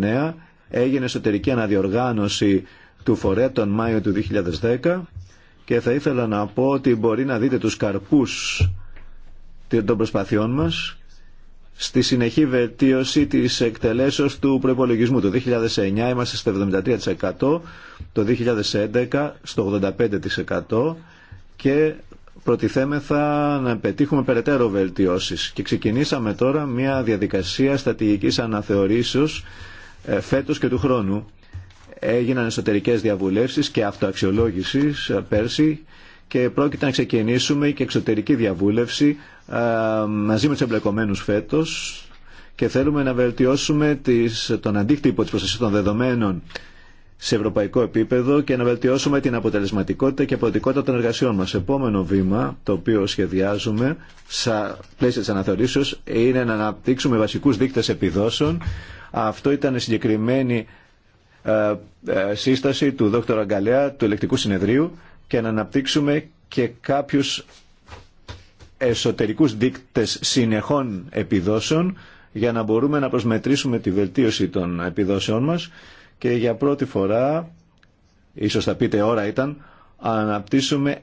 2009, έγινε εσωτερική αναδιοργάνωση του φορέα τον Μάιο του 2010 και θα ήθελα να πω ότι μπορεί να δείτε τους καρπούς των προσπαθειών μας στη συνεχή βελτίωση της εκτελέσεως του προϋπολογισμού. Το 2009 είμαστε στο 73%, το 2011 στο 85% και προτιθέμεθα να πετύχουμε περαιτέρω βελτιώσεις. Και ξεκινήσαμε τώρα μια διαδικασία στατηγικής αναθεωρήσεως ε, φέτος και του χρόνου έγιναν εσωτερικές διαβουλεύσεις και αυτοαξιολόγησης ε, πέρσι και πρόκειται να ξεκινήσουμε και εξωτερική διαβούλευση ε, μαζί με τους εμπλεκομένους φέτος και θέλουμε να βελτιώσουμε τις, τον αντίκτυπο της προστασίας των δεδομένων σε ευρωπαϊκό επίπεδο και να βελτιώσουμε την αποτελεσματικότητα και αποδοτικότητα των εργασιών μας. Επόμενο βήμα, το οποίο σχεδιάζουμε σε πλαίσια της αναθεωρήσεως, είναι να αναπτύξουμε βασικούς δείκτες επιδόσεων. Αυτό ήταν συγκεκριμένη ε, ε, σύσταση του Δ. Αγκαλέα του Ελεκτικού Συνεδρίου και να αναπτύξουμε και κάποιους εσωτερικούς δείκτες συνεχών επιδόσεων για να μπορούμε να προσμετρήσουμε τη βελτίωση των επιδόσεών μας και για πρώτη φορά, ίσως θα πείτε ώρα ήταν, αναπτύσσουμε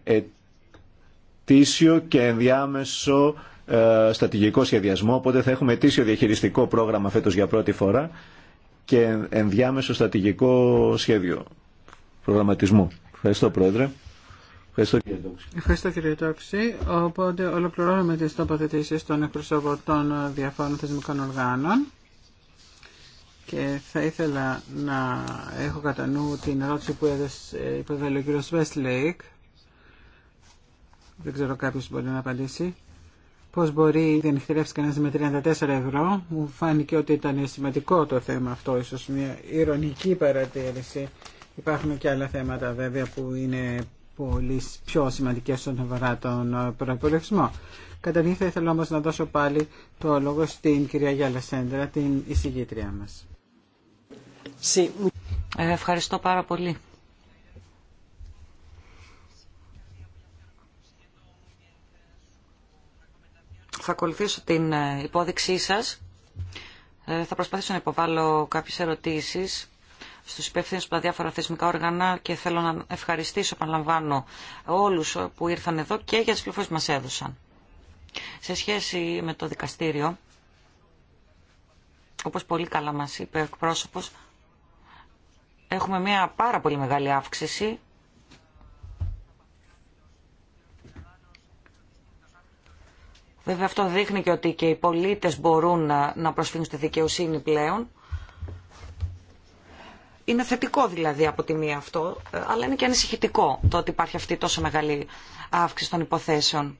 ετήσιο και ενδιάμεσο ε, στατηγικό σχεδιασμό, οπότε θα έχουμε ετήσιο διαχειριστικό πρόγραμμα φέτος για πρώτη φορά και ενδιάμεσο στρατηγικό σχέδιο προγραμματισμού. Ευχαριστώ, Πρόεδρε. Ευχαριστώ κύριε Τόξη. Ευχαριστώ κύριε Τόξη. Οπότε ολοκληρώνουμε τις τοποθετήσει των εκπροσώπων των διαφόρων θεσμικών οργάνων και θα ήθελα να έχω κατά νου την ερώτηση που έδωσε ο κύριος Westlake. Δεν ξέρω κάποιος μπορεί να απαντήσει πώς μπορεί να νυχτερεύσει κανένας με 34 ευρώ. Μου φάνηκε ότι ήταν σημαντικό το θέμα αυτό, ίσως μια ηρωνική παρατήρηση. Υπάρχουν και άλλα θέματα βέβαια που είναι πολύ πιο σημαντικές στον αφορά τον ε, προπολογισμό. Καταρχήν θα ήθελα όμως να δώσω πάλι το λόγο στην κυρία Γιάλα Σέντρα, την εισηγήτριά μας. Ε, ευχαριστώ πάρα πολύ. θα ακολουθήσω την ε, υπόδειξή σας. Ε, θα προσπαθήσω να υποβάλω κάποιες ερωτήσεις στους υπεύθυνους από τα διάφορα θεσμικά όργανα και θέλω να ευχαριστήσω, επαναλαμβάνω, όλους που ήρθαν εδώ και για τις πληροφορίες που μας έδωσαν. Σε σχέση με το δικαστήριο, όπως πολύ καλά μας είπε ο εκπρόσωπος, έχουμε μια πάρα πολύ μεγάλη αύξηση Βέβαια αυτό δείχνει και ότι και οι πολίτες μπορούν να, να προσφύγουν στη δικαιοσύνη πλέον. Είναι θετικό δηλαδή από τη μία αυτό, ε, αλλά είναι και ανησυχητικό το ότι υπάρχει αυτή τόσο μεγάλη αύξηση των υποθέσεων.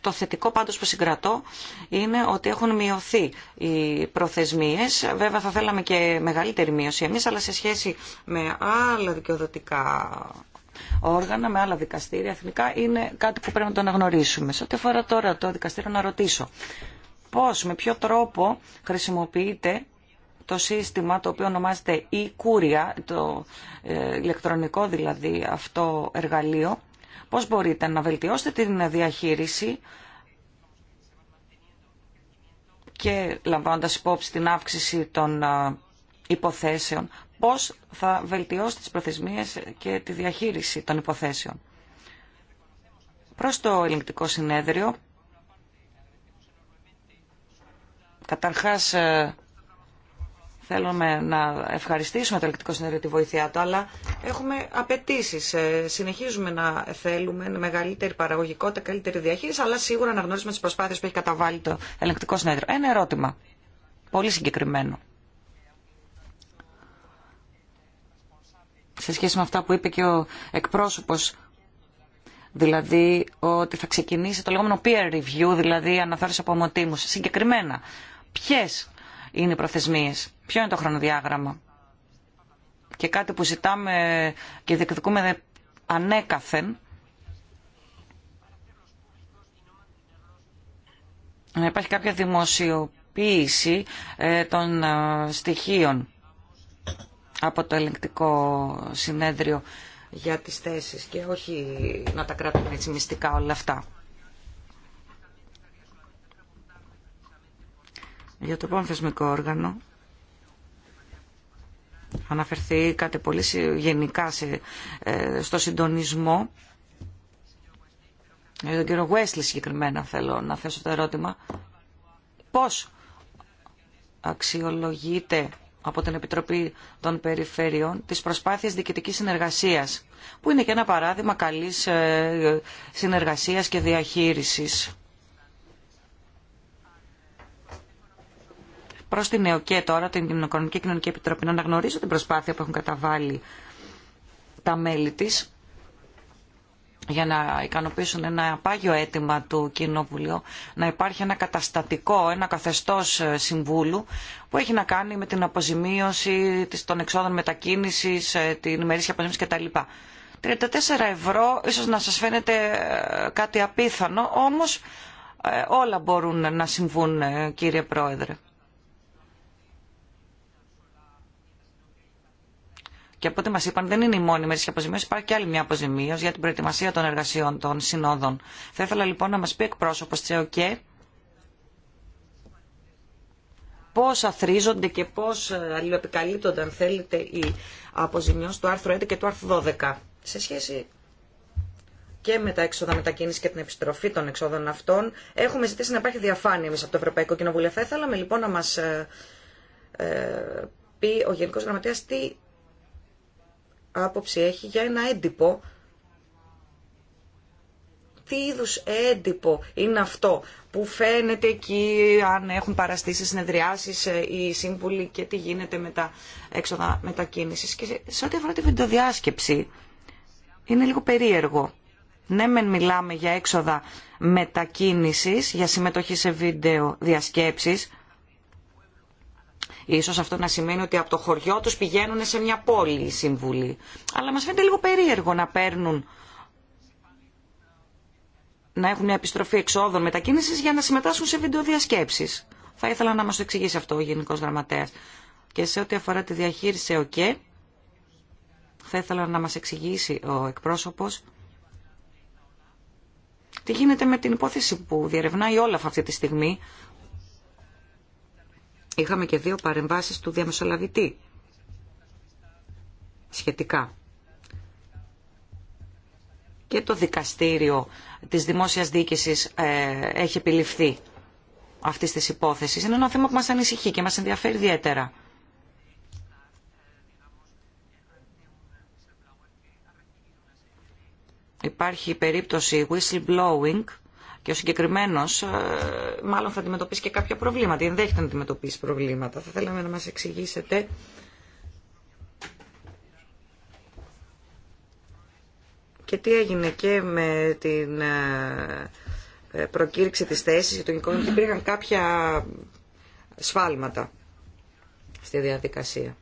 Το θετικό πάντως που συγκρατώ είναι ότι έχουν μειωθεί οι προθεσμίες. Βέβαια θα θέλαμε και μεγαλύτερη μείωση εμείς, αλλά σε σχέση με άλλα δικαιοδοτικά όργανα, με άλλα δικαστήρια εθνικά, είναι κάτι που πρέπει να το αναγνωρίσουμε. Σε ό,τι αφορά τώρα το δικαστήριο να ρωτήσω, πώς, με ποιο τρόπο χρησιμοποιείται το σύστημα το οποίο ονομάζεται κούρια, το ε, ηλεκτρονικό δηλαδή αυτό εργαλείο, πώς μπορείτε να βελτιώσετε την διαχείριση και λαμβάνοντας υπόψη την αύξηση των ε, υποθέσεων, πώς θα βελτιώσει τις προθεσμίες και τη διαχείριση των υποθέσεων. Προς το ελληνικό συνέδριο, καταρχάς ε, θέλουμε να ευχαριστήσουμε το ελεκτικό συνέδριο τη βοήθειά του, αλλά έχουμε απαιτήσει. Ε, συνεχίζουμε να θέλουμε μεγαλύτερη παραγωγικότητα, καλύτερη διαχείριση, αλλά σίγουρα να γνωρίζουμε τι προσπάθειε που έχει καταβάλει το ελεκτικό συνέδριο. Ένα ερώτημα. Πολύ συγκεκριμένο. σε σχέση με αυτά που είπε και ο εκπρόσωπος δηλαδή ότι θα ξεκινήσει το λεγόμενο peer review, δηλαδή αναθεώρηση από ομοτήμους. Συγκεκριμένα, ποιες είναι οι προθεσμίες, ποιο είναι το χρονοδιάγραμμα και κάτι που ζητάμε και διεκδικούμε ανέκαθεν να υπάρχει κάποια δημοσιοποίηση ε, των ε, στοιχείων από το ελεγκτικό συνέδριο για τις θέσεις και όχι να τα κρατούμε έτσι μυστικά όλα αυτά. Για το επόμενο θεσμικό όργανο κάτι πολύ γενικά σε, ε, στο συντονισμό. Για ε, τον κύριο Γουέσλη συγκεκριμένα θέλω να θέσω το ερώτημα. Πώς αξιολογείται από την Επιτροπή των Περιφερειών τις προσπάθειες διοικητικής συνεργασίας, που είναι και ένα παράδειγμα καλής ε, συνεργασίας και διαχείρισης. Προς την ΕΟΚΕ τώρα, την Οικονομική Κοινωνική Επιτροπή, να αναγνωρίζω την προσπάθεια που έχουν καταβάλει τα μέλη της για να ικανοποιήσουν ένα πάγιο αίτημα του Κοινοβουλίου να υπάρχει ένα καταστατικό, ένα καθεστώς ε, συμβούλου που έχει να κάνει με την αποζημίωση των εξόδων μετακίνησης, ε, την ημερήσια αποζημίωση κτλ. 34 ευρώ ίσως να σας φαίνεται ε, κάτι απίθανο, όμως όλα μπορούν να συμβούν κύριε Πρόεδρε. Και από ό,τι μα είπαν, δεν είναι η μόνη μερική αποζημίωση, υπάρχει και άλλη μια αποζημίωση για την προετοιμασία των εργασιών των συνόδων. Θα ήθελα λοιπόν να μα πει εκπρόσωπο τη ΕΟΚΕ πώ αθρίζονται και πώ αλληλοεπικαλύπτονται, αν θέλετε, οι αποζημιώσει του άρθρου 11 και του άρθρου 12 σε σχέση και με τα έξοδα μετακίνηση και την επιστροφή των εξόδων αυτών. Έχουμε ζητήσει να υπάρχει διαφάνεια εμεί από το Ευρωπαϊκό Κοινοβούλιο. Θα ήθελα λοιπόν να μα ε, ε, πει ο Γενικό Γραμματέα τι άποψη έχει για ένα έντυπο. Τι είδου έντυπο είναι αυτό που φαίνεται εκεί αν έχουν παραστήσει συνεδριάσεις ε, οι σύμβουλοι και τι γίνεται με τα έξοδα μετακίνησης. Και σε ό,τι αφορά τη βιντεοδιάσκεψη είναι λίγο περίεργο. Ναι, μεν μιλάμε για έξοδα μετακίνησης, για συμμετοχή σε βίντεο διασκέψεις, Ίσως αυτό να σημαίνει ότι από το χωριό τους πηγαίνουν σε μια πόλη οι σύμβουλοι. Αλλά μας φαίνεται λίγο περίεργο να παίρνουν να έχουν μια επιστροφή εξόδων μετακίνησης για να συμμετάσχουν σε βιντεοδιασκέψεις. Θα ήθελα να μας το εξηγήσει αυτό ο Γενικός Γραμματέας. Και σε ό,τι αφορά τη διαχείριση ΕΟΚΕ, θα ήθελα να μας εξηγήσει ο εκπρόσωπος τι γίνεται με την υπόθεση που διερευνάει όλα αυτή τη στιγμή είχαμε και δύο παρεμβάσεις του διαμεσολαβητή σχετικά. Και το δικαστήριο της δημόσιας διοίκησης ε, έχει επιληφθεί αυτή τη υπόθεση. Είναι ένα θέμα που μας ανησυχεί και μας ενδιαφέρει ιδιαίτερα. Υπάρχει περίπτωση whistleblowing και ο συγκεκριμένο ε, μάλλον θα αντιμετωπίσει και κάποια προβλήματα. Ενδέχεται να αντιμετωπίσει προβλήματα. Θα θέλαμε να μα εξηγήσετε. Και τι έγινε και με την ε, ε, προκήρυξη της θέσης του που υπήρχαν κάποια σφάλματα στη διαδικασία.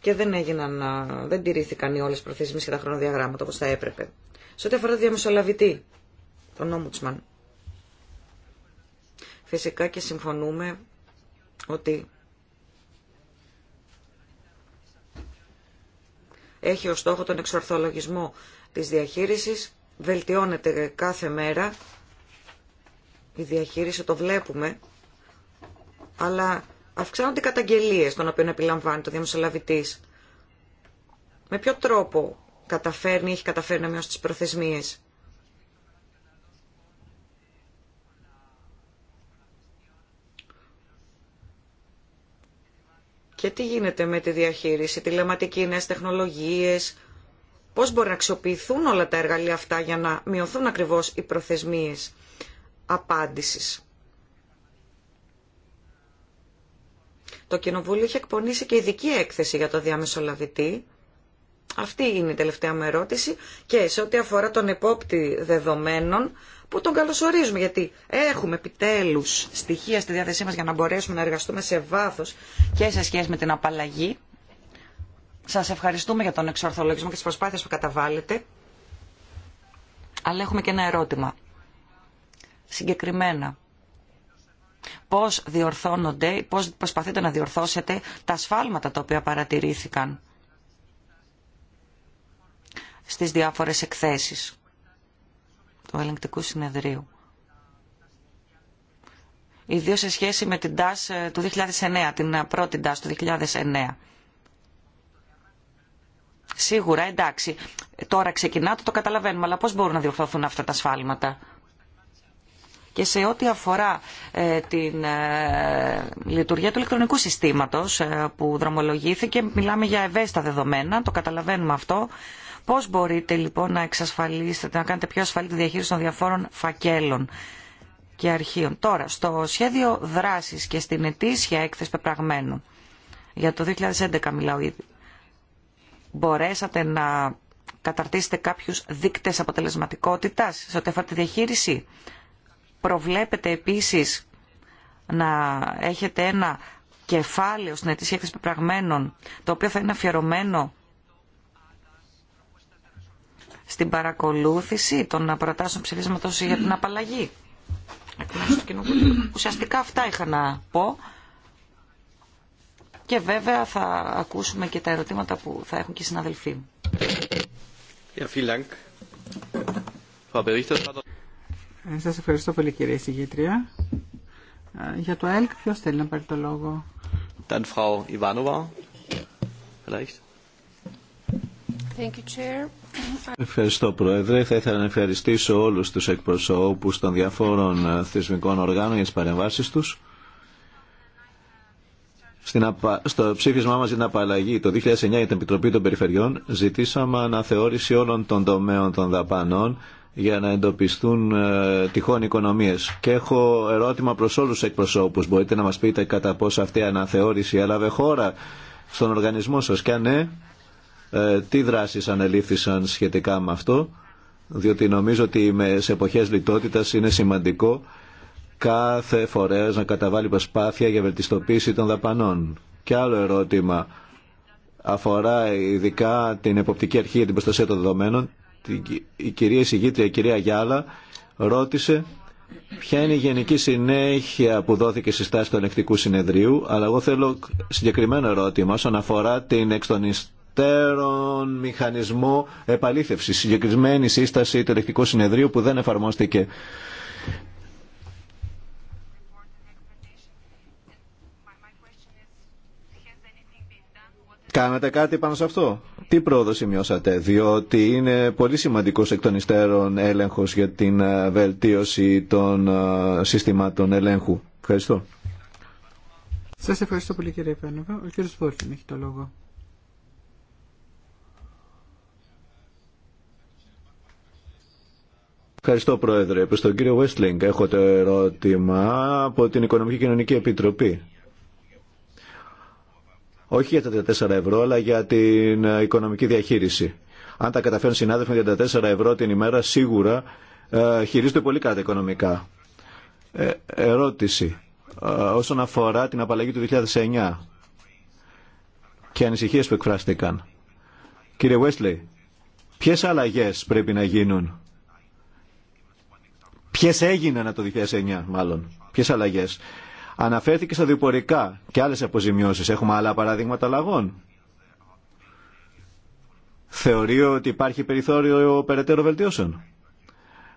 και δεν, έγιναν, δεν τηρήθηκαν οι όλες προθέσεις και τα χρονοδιαγράμματα όπως θα έπρεπε. Σε ό,τι αφορά το διαμεσολαβητή, τον Νόμουτσμαν, φυσικά και συμφωνούμε ότι έχει ως στόχο τον εξορθολογισμό της διαχείρισης, βελτιώνεται κάθε μέρα η διαχείριση, το βλέπουμε, αλλά Αυξάνονται οι καταγγελίες των οποίων επιλαμβάνει το διαμεσολαβητής. Με ποιο τρόπο καταφέρνει ή έχει καταφέρει να μειώσει τις προθεσμίες. Και τι γίνεται με τη διαχείριση, τηλεματική, νέες τεχνολογίες, πώς μπορεί να αξιοποιηθούν όλα τα εργαλεία αυτά για να μειωθούν ακριβώς οι προθεσμίες απάντησης. Το Κοινοβούλιο είχε εκπονήσει και ειδική έκθεση για το διαμεσολαβητή. Αυτή είναι η τελευταία μου ερώτηση και σε ό,τι αφορά τον επόπτη δεδομένων που τον καλωσορίζουμε γιατί έχουμε επιτέλους στοιχεία στη διάθεσή μας για να μπορέσουμε να εργαστούμε σε βάθος και σε σχέση με την απαλλαγή. Σας ευχαριστούμε για τον εξορθολογισμό και τις προσπάθειες που καταβάλλετε. Αλλά έχουμε και ένα ερώτημα. Συγκεκριμένα, πώς διορθώνονται, πώς προσπαθείτε να διορθώσετε τα σφάλματα τα οποία παρατηρήθηκαν στις διάφορες εκθέσεις του ελεγκτικού συνεδρίου. Ιδίω σε σχέση με την ΤΑΣ ε, του 2009, την ε, πρώτη ΤΑΣ του 2009. Σίγουρα, εντάξει, τώρα ξεκινάτε, το καταλαβαίνουμε, αλλά πώς μπορούν να διορθωθούν αυτά τα σφάλματα και σε ό,τι αφορά ε, την ε, λειτουργία του ηλεκτρονικού συστήματος ε, που δρομολογήθηκε, μιλάμε για ευαίσθητα δεδομένα, το καταλαβαίνουμε αυτό. Πώς μπορείτε λοιπόν να εξασφαλίσετε, να κάνετε πιο ασφαλή τη διαχείριση των διαφόρων φακέλων και αρχείων. Τώρα, στο σχέδιο δράσης και στην ετήσια έκθεση πεπραγμένων, για το 2011 μιλάω ήδη, μπορέσατε να καταρτήσετε κάποιους δείκτες αποτελεσματικότητας σε ό,τι αφορά τη διαχείριση προβλέπετε επίσης να έχετε ένα κεφάλαιο στην αιτήσια έκθεση πεπραγμένων, το οποίο θα είναι αφιερωμένο στην παρακολούθηση των προτάσεων ψηφίσματος για την απαλλαγή. Ουσιαστικά αυτά είχα να πω. Και βέβαια θα ακούσουμε και τα ερωτήματα που θα έχουν και οι συναδελφοί μου. Ε, σας ευχαριστώ πολύ κύριε Συγγήτρια. Ε, για το ΕΛΚ ποιος θέλει να πάρει το λόγο. Dann Frau Ivanova, vielleicht. Thank you, Chair. Ευχαριστώ Πρόεδρε. Θα ήθελα να ευχαριστήσω όλους τους εκπροσώπους των διαφόρων ε, θεσμικών οργάνων για τις παρεμβάσεις τους. Στο ψήφισμά μας για την απαλλαγή το 2009 για την Επιτροπή των Περιφερειών ζητήσαμε αναθεώρηση όλων των τομέων των δαπανών για να εντοπιστούν ε, τυχόν οικονομίες. Και έχω ερώτημα προς όλους τους εκπροσώπους. Μπορείτε να μας πείτε κατά πόσο αυτή η αναθεώρηση έλαβε χώρα στον οργανισμό σας και αν ναι, ε, τι δράσεις ανελήφθησαν σχετικά με αυτό, διότι νομίζω ότι σε εποχές λιτότητας είναι σημαντικό κάθε φορέας να καταβάλει προσπάθεια για βελτιστοποίηση των δαπανών. Και άλλο ερώτημα αφορά ειδικά την εποπτική αρχή για την προστασία των δεδομένων η κυρία Συγήτρια, η κυρία Γιάλα, ρώτησε ποια είναι η γενική συνέχεια που δόθηκε στη στάση του ελεκτικού συνεδρίου, αλλά εγώ θέλω συγκεκριμένο ερώτημα όσον αφορά την εξ των υστέρων μηχανισμό επαλήθευσης, συγκεκριμένη σύσταση του ελεκτικού συνεδρίου που δεν εφαρμόστηκε Κάνατε κάτι πάνω σε αυτό. Τι πρόοδο σημειώσατε, διότι είναι πολύ σημαντικός εκ των υστέρων έλεγχος για την ε, βελτίωση των ε, συστημάτων ελέγχου. Ευχαριστώ. Σας ευχαριστώ πολύ κύριε Πένοβα. Ο κύριος Βόρκιν έχει το λόγο. Ευχαριστώ Πρόεδρε. Προς τον κύριο Βέστλινγκ. έχω το ερώτημα από την Οικονομική Κοινωνική Επιτροπή όχι για τα 34 ευρώ, αλλά για την ε, οικονομική διαχείριση. Αν τα καταφέρουν συνάδελφοι με 34 ευρώ την ημέρα, σίγουρα ε, χειρίζονται πολύ καλά τα οικονομικά. Ε, ερώτηση. Ε, όσον αφορά την απαλλαγή του 2009 και ανησυχίε που εκφράστηκαν. Κύριε Βέσλεϊ, ποιε αλλαγέ πρέπει να γίνουν. Ποιε έγιναν από το 2009, μάλλον. Ποιε αλλαγέ. Αναφέρθηκε στα διπορικά και άλλες αποζημιώσεις. Έχουμε άλλα παραδείγματα λαγών. Θεωρεί ότι υπάρχει περιθώριο περαιτέρω βελτιώσεων.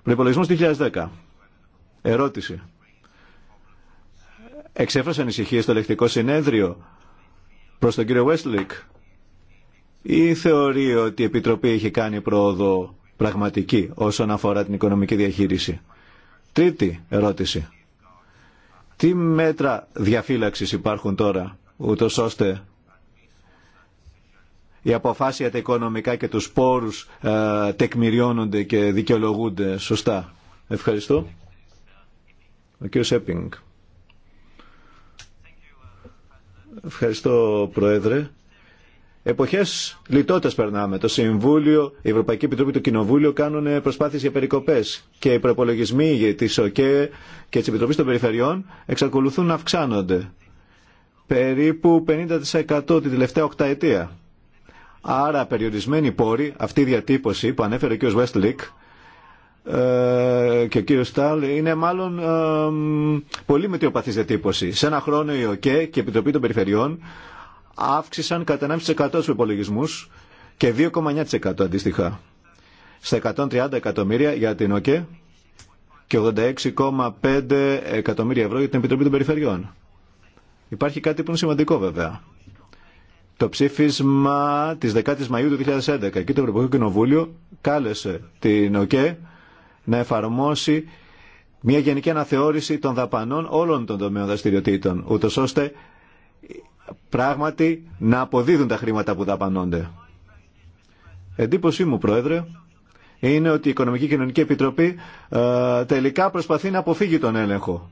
Προπολογισμό 2010. Ερώτηση. Εξέφρασε ανησυχίε στο ελεκτικό συνέδριο προ τον κύριο Βέσλικ ή θεωρεί ότι η Επιτροπή έχει κάνει πρόοδο πραγματική όσον αφορά την οικονομική διαχείριση. Τρίτη ερώτηση. Τι μέτρα διαφύλαξης υπάρχουν τώρα, ούτω ώστε οι αποφάσεις τα οικονομικά και τους πόρους ε, τεκμηριώνονται και δικαιολογούνται σωστά. Ευχαριστώ. Ο κύριος Έπινγκ. Ευχαριστώ, Πρόεδρε. Εποχέ λιτότητα περνάμε. Το Συμβούλιο, η Ευρωπαϊκή Επιτροπή, το Κοινοβούλιο κάνουν προσπάθειε για περικοπέ. Και οι προπολογισμοί τη ΟΚΕ και τη Επιτροπή των Περιφερειών εξακολουθούν να αυξάνονται. Περίπου 50% την τελευταία οκταετία. Άρα, περιορισμένοι πόροι, αυτή η διατύπωση που ανέφερε ο κ. Βέστλικ ε, και ο κ. Στάλ είναι μάλλον ε, πολύ μετριοπαθής διατύπωση. Σε ένα χρόνο η ΟΚΕ και η Επιτροπή των Περιφερειών αύξησαν κατά 1,5% στους υπολογισμού και 2,9% αντίστοιχα στα 130 εκατομμύρια για την ΟΚΕ και 86,5 εκατομμύρια ευρώ για την Επιτροπή των Περιφερειών. Υπάρχει κάτι που είναι σημαντικό βέβαια. Το ψήφισμα της 10ης Μαΐου του 2011 και το Ευρωπαϊκό Κοινοβούλιο κάλεσε την ΟΚΕ να εφαρμόσει μια γενική αναθεώρηση των δαπανών όλων των τομέων δραστηριοτήτων, ούτω ώστε πράγματι να αποδίδουν τα χρήματα που δαπανώνται. Εντύπωσή μου, Πρόεδρε, είναι ότι η Οικονομική Κοινωνική Επιτροπή ε, τελικά προσπαθεί να αποφύγει τον έλεγχο.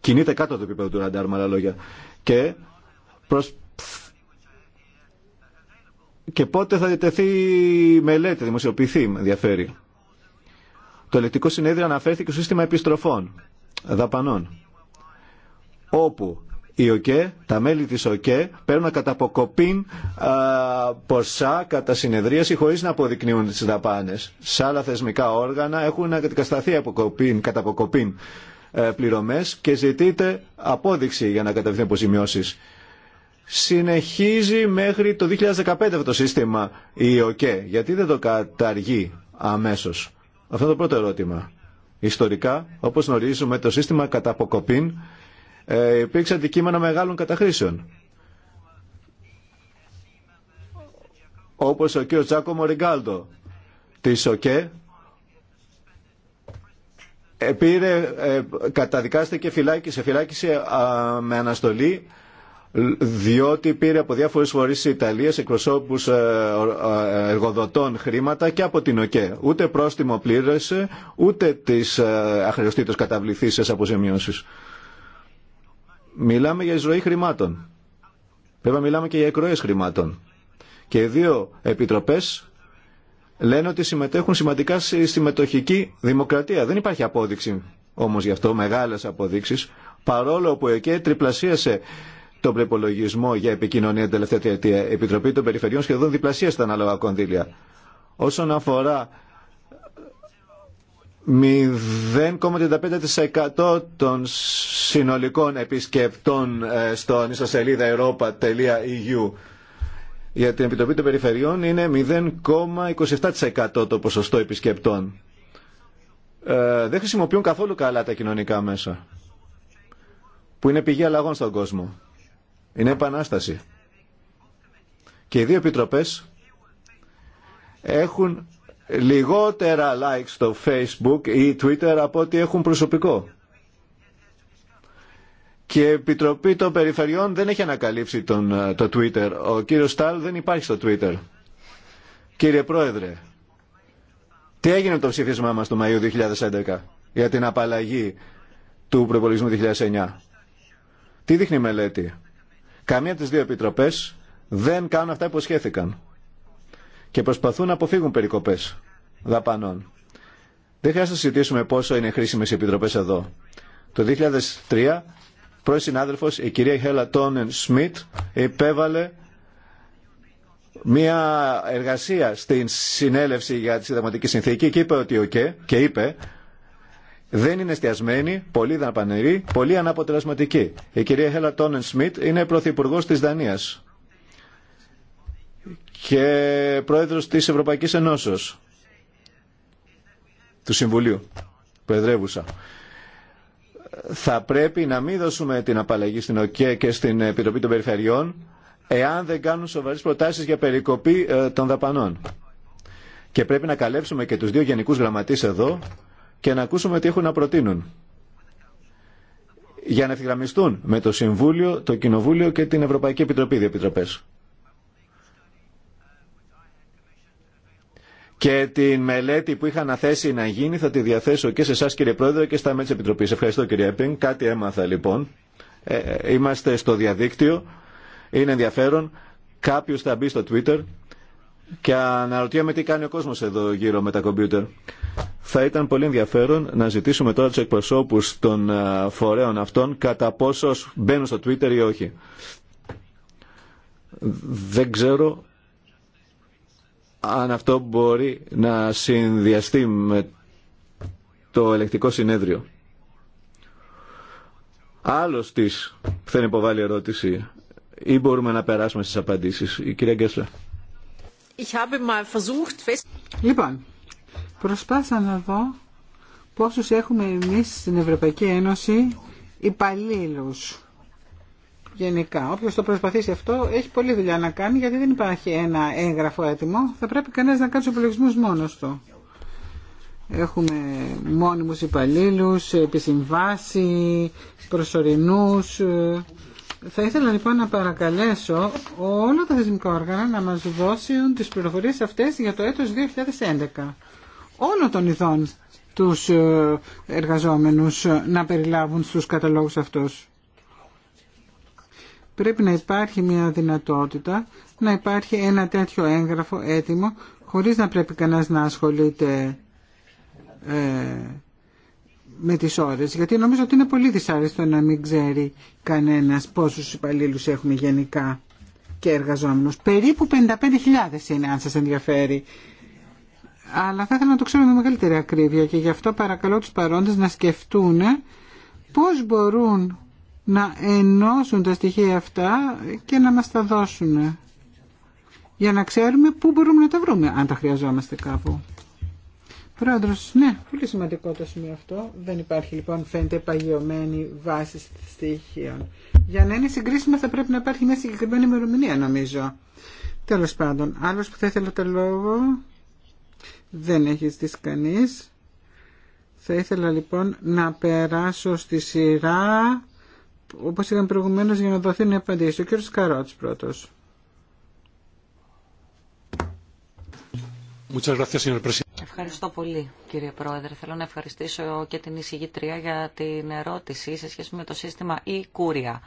Κινείται κάτω το επίπεδο του ραντάρ, με λόγια. Και, πότε θα η μελέτη, δημοσιοποιηθεί, με ενδιαφέρει. Το ελεκτικό συνέδριο αναφέρθηκε στο σύστημα επιστροφών, δαπανών, όπου η ΟΚΕ, τα μέλη της ΟΚΕ παίρνουν κατά αποκοπήν ποσά κατά συνεδρίαση χωρίς να αποδεικνύουν τις δαπάνες. Σε άλλα θεσμικά όργανα έχουν κατασταθεί αποκοπήν, κατά αποκοπήν ε, πληρωμές και ζητείται απόδειξη για να κατευθύνουν αποζημιώσεις. Συνεχίζει μέχρι το 2015 αυτό το σύστημα η ΟΚΕ. Γιατί δεν το καταργεί αμέσως. Αυτό είναι το πρώτο ερώτημα. Ιστορικά, όπως γνωρίζουμε, το σύστημα κατά αποκοπήν ε, υπήρξε αντικείμενο μεγάλων καταχρήσεων. Όπως ο κ. Τζάκο Μοριγκάλτο της ΟΚΕ επήρε, ε, καταδικάστηκε φυλάκη, σε φυλάκιση με αναστολή διότι πήρε από διάφορες φορείς της Ιταλίας εκπροσώπους ε, εργοδοτών χρήματα και από την ΟΚΕ. Ούτε πρόστιμο πλήρωσε, ούτε τις ε, αχρεωστήτως καταβληθήσεις αποζημιώσεις. Μιλάμε για εισρωή χρημάτων. Πρέπει να μιλάμε και για εκροές χρημάτων. Και οι δύο επιτροπές λένε ότι συμμετέχουν σημαντικά στη συμμετοχική δημοκρατία. Δεν υπάρχει απόδειξη όμως γι' αυτό, μεγάλες αποδείξεις, παρόλο που εκεί τριπλασίασε τον προπολογισμό για επικοινωνία την τελευταία τριετία. Η Επιτροπή των Περιφερειών σχεδόν διπλασίασε τα ανάλογα κονδύλια. Όσον αφορά 0,35% των συνολικών επισκεπτών ε, στον ιστοσελίδα europa.eu για την Επιτροπή των Περιφερειών είναι 0,27% το ποσοστό επισκεπτών. Ε, δεν χρησιμοποιούν καθόλου καλά τα κοινωνικά μέσα που είναι πηγή αλλαγών στον κόσμο. Είναι επανάσταση. Και οι δύο επιτροπές έχουν λιγότερα like στο facebook ή twitter από ό,τι έχουν προσωπικό. Και η Επιτροπή των Περιφερειών δεν έχει ανακαλύψει τον, ε, το Twitter. Ο κύριος Στάλ δεν υπάρχει στο Twitter. Κύριε Πρόεδρε, τι έγινε το ψήφισμά μας το Μαΐου 2011 για την απαλλαγή του προπολογισμού 2009. Τι δείχνει η μελέτη. Καμία από τις δύο επιτροπές δεν κάνουν αυτά που σχέθηκαν και προσπαθούν να αποφύγουν περικοπές δαπανών. Δεν χρειάζεται να συζητήσουμε πόσο είναι χρήσιμε οι επιτροπέ εδώ. Το 2003, πρώην συνάδελφο, η κυρία Χέλα Τόνεν Σμιτ, υπέβαλε μια εργασία στην συνέλευση για τη συνταγματική συνθήκη και είπε ότι okay, και είπε δεν είναι εστιασμένη, πολύ δαπανερή, πολύ αναποτελεσματική. Η κυρία Χέλα Τόνεν Σμιτ είναι πρωθυπουργό τη Δανία και πρόεδρος της Ευρωπαϊκής Ενώσεως του Συμβουλίου, προεδρεύουσα. Θα πρέπει να μην δώσουμε την απαλλαγή στην ΟΚΕ και στην Επιτροπή των Περιφερειών εάν δεν κάνουν σοβαρές προτάσεις για περικοπή ε, των δαπανών. Και πρέπει να καλέψουμε και τους δύο γενικούς γραμματείς εδώ και να ακούσουμε τι έχουν να προτείνουν για να ευθυγραμμιστούν με το Συμβούλιο, το Κοινοβούλιο και την Ευρωπαϊκή Επιτροπή, δύο και τη μελέτη που είχα αναθέσει να γίνει θα τη διαθέσω και σε εσά κύριε Πρόεδρε και στα μέλη τη Επιτροπή. Ευχαριστώ κύριε Έπινγκ. Κάτι έμαθα λοιπόν. Ε, ε, είμαστε στο διαδίκτυο. Είναι ενδιαφέρον. κάποιο θα μπει στο Twitter και αναρωτιέμαι τι κάνει ο κόσμος εδώ γύρω με τα κομπιούτερ. Θα ήταν πολύ ενδιαφέρον να ζητήσουμε τώρα του εκπροσώπου των ε, φορέων αυτών κατά πόσο μπαίνουν στο Twitter ή όχι. Δεν ξέρω αν αυτό μπορεί να συνδυαστεί με το ελεκτικό συνέδριο. Άλλος της θέλει να υποβάλει ερώτηση ή μπορούμε να περάσουμε στις απαντήσεις. Η κυρία Γκέσλα. Λοιπόν, προσπάθησα να δω πόσους έχουμε εμείς στην Ευρωπαϊκή Ένωση υπαλλήλους γενικά. Όποιο το προσπαθήσει αυτό έχει πολλή δουλειά να κάνει γιατί δεν υπάρχει ένα έγγραφο έτοιμο. Θα πρέπει κανένα να κάνει του υπολογισμούς μόνο του. Έχουμε μόνιμους υπαλλήλου, επισυμβάσει, προσωρινού, Θα ήθελα λοιπόν να παρακαλέσω όλα τα θεσμικά όργανα να μας δώσουν τις πληροφορίες αυτές για το έτος 2011. Όλων των ειδών τους ε, εργαζόμενους να περιλάβουν στους καταλόγους αυτούς πρέπει να υπάρχει μια δυνατότητα να υπάρχει ένα τέτοιο έγγραφο έτοιμο χωρίς να πρέπει κανένας να ασχολείται ε, με τις ώρες. Γιατί νομίζω ότι είναι πολύ δυσάρεστο να μην ξέρει κανένας πόσους υπαλλήλους έχουμε γενικά και εργαζόμενους. Περίπου 55.000 είναι αν σας ενδιαφέρει. Αλλά θα ήθελα να το ξέρω με μεγαλύτερη ακρίβεια και γι' αυτό παρακαλώ τους παρόντες να σκεφτούν πώς μπορούν να ενώσουν τα στοιχεία αυτά και να μας τα δώσουν για να ξέρουμε πού μπορούμε να τα βρούμε αν τα χρειαζόμαστε κάπου. Πρόεδρος, ναι, πολύ σημαντικό το σημείο αυτό. Δεν υπάρχει λοιπόν φαίνεται παγιωμένη βάση στοιχείων. Για να είναι συγκρίσιμα θα πρέπει να υπάρχει μια συγκεκριμένη ημερομηνία νομίζω. Τέλος πάντων, άλλος που θα ήθελα το λόγο δεν έχει ζητήσει κανείς. Θα ήθελα λοιπόν να περάσω στη σειρά Όπω είχαν προηγουμένω για να δοθεί μια απαντήση. Ο κ. Καρότς πρώτος. Ευχαριστώ πολύ κύριε Πρόεδρε. Θέλω να ευχαριστήσω και την εισηγήτρια για την ερώτηση σε σχέση με το σύστημα κούρια,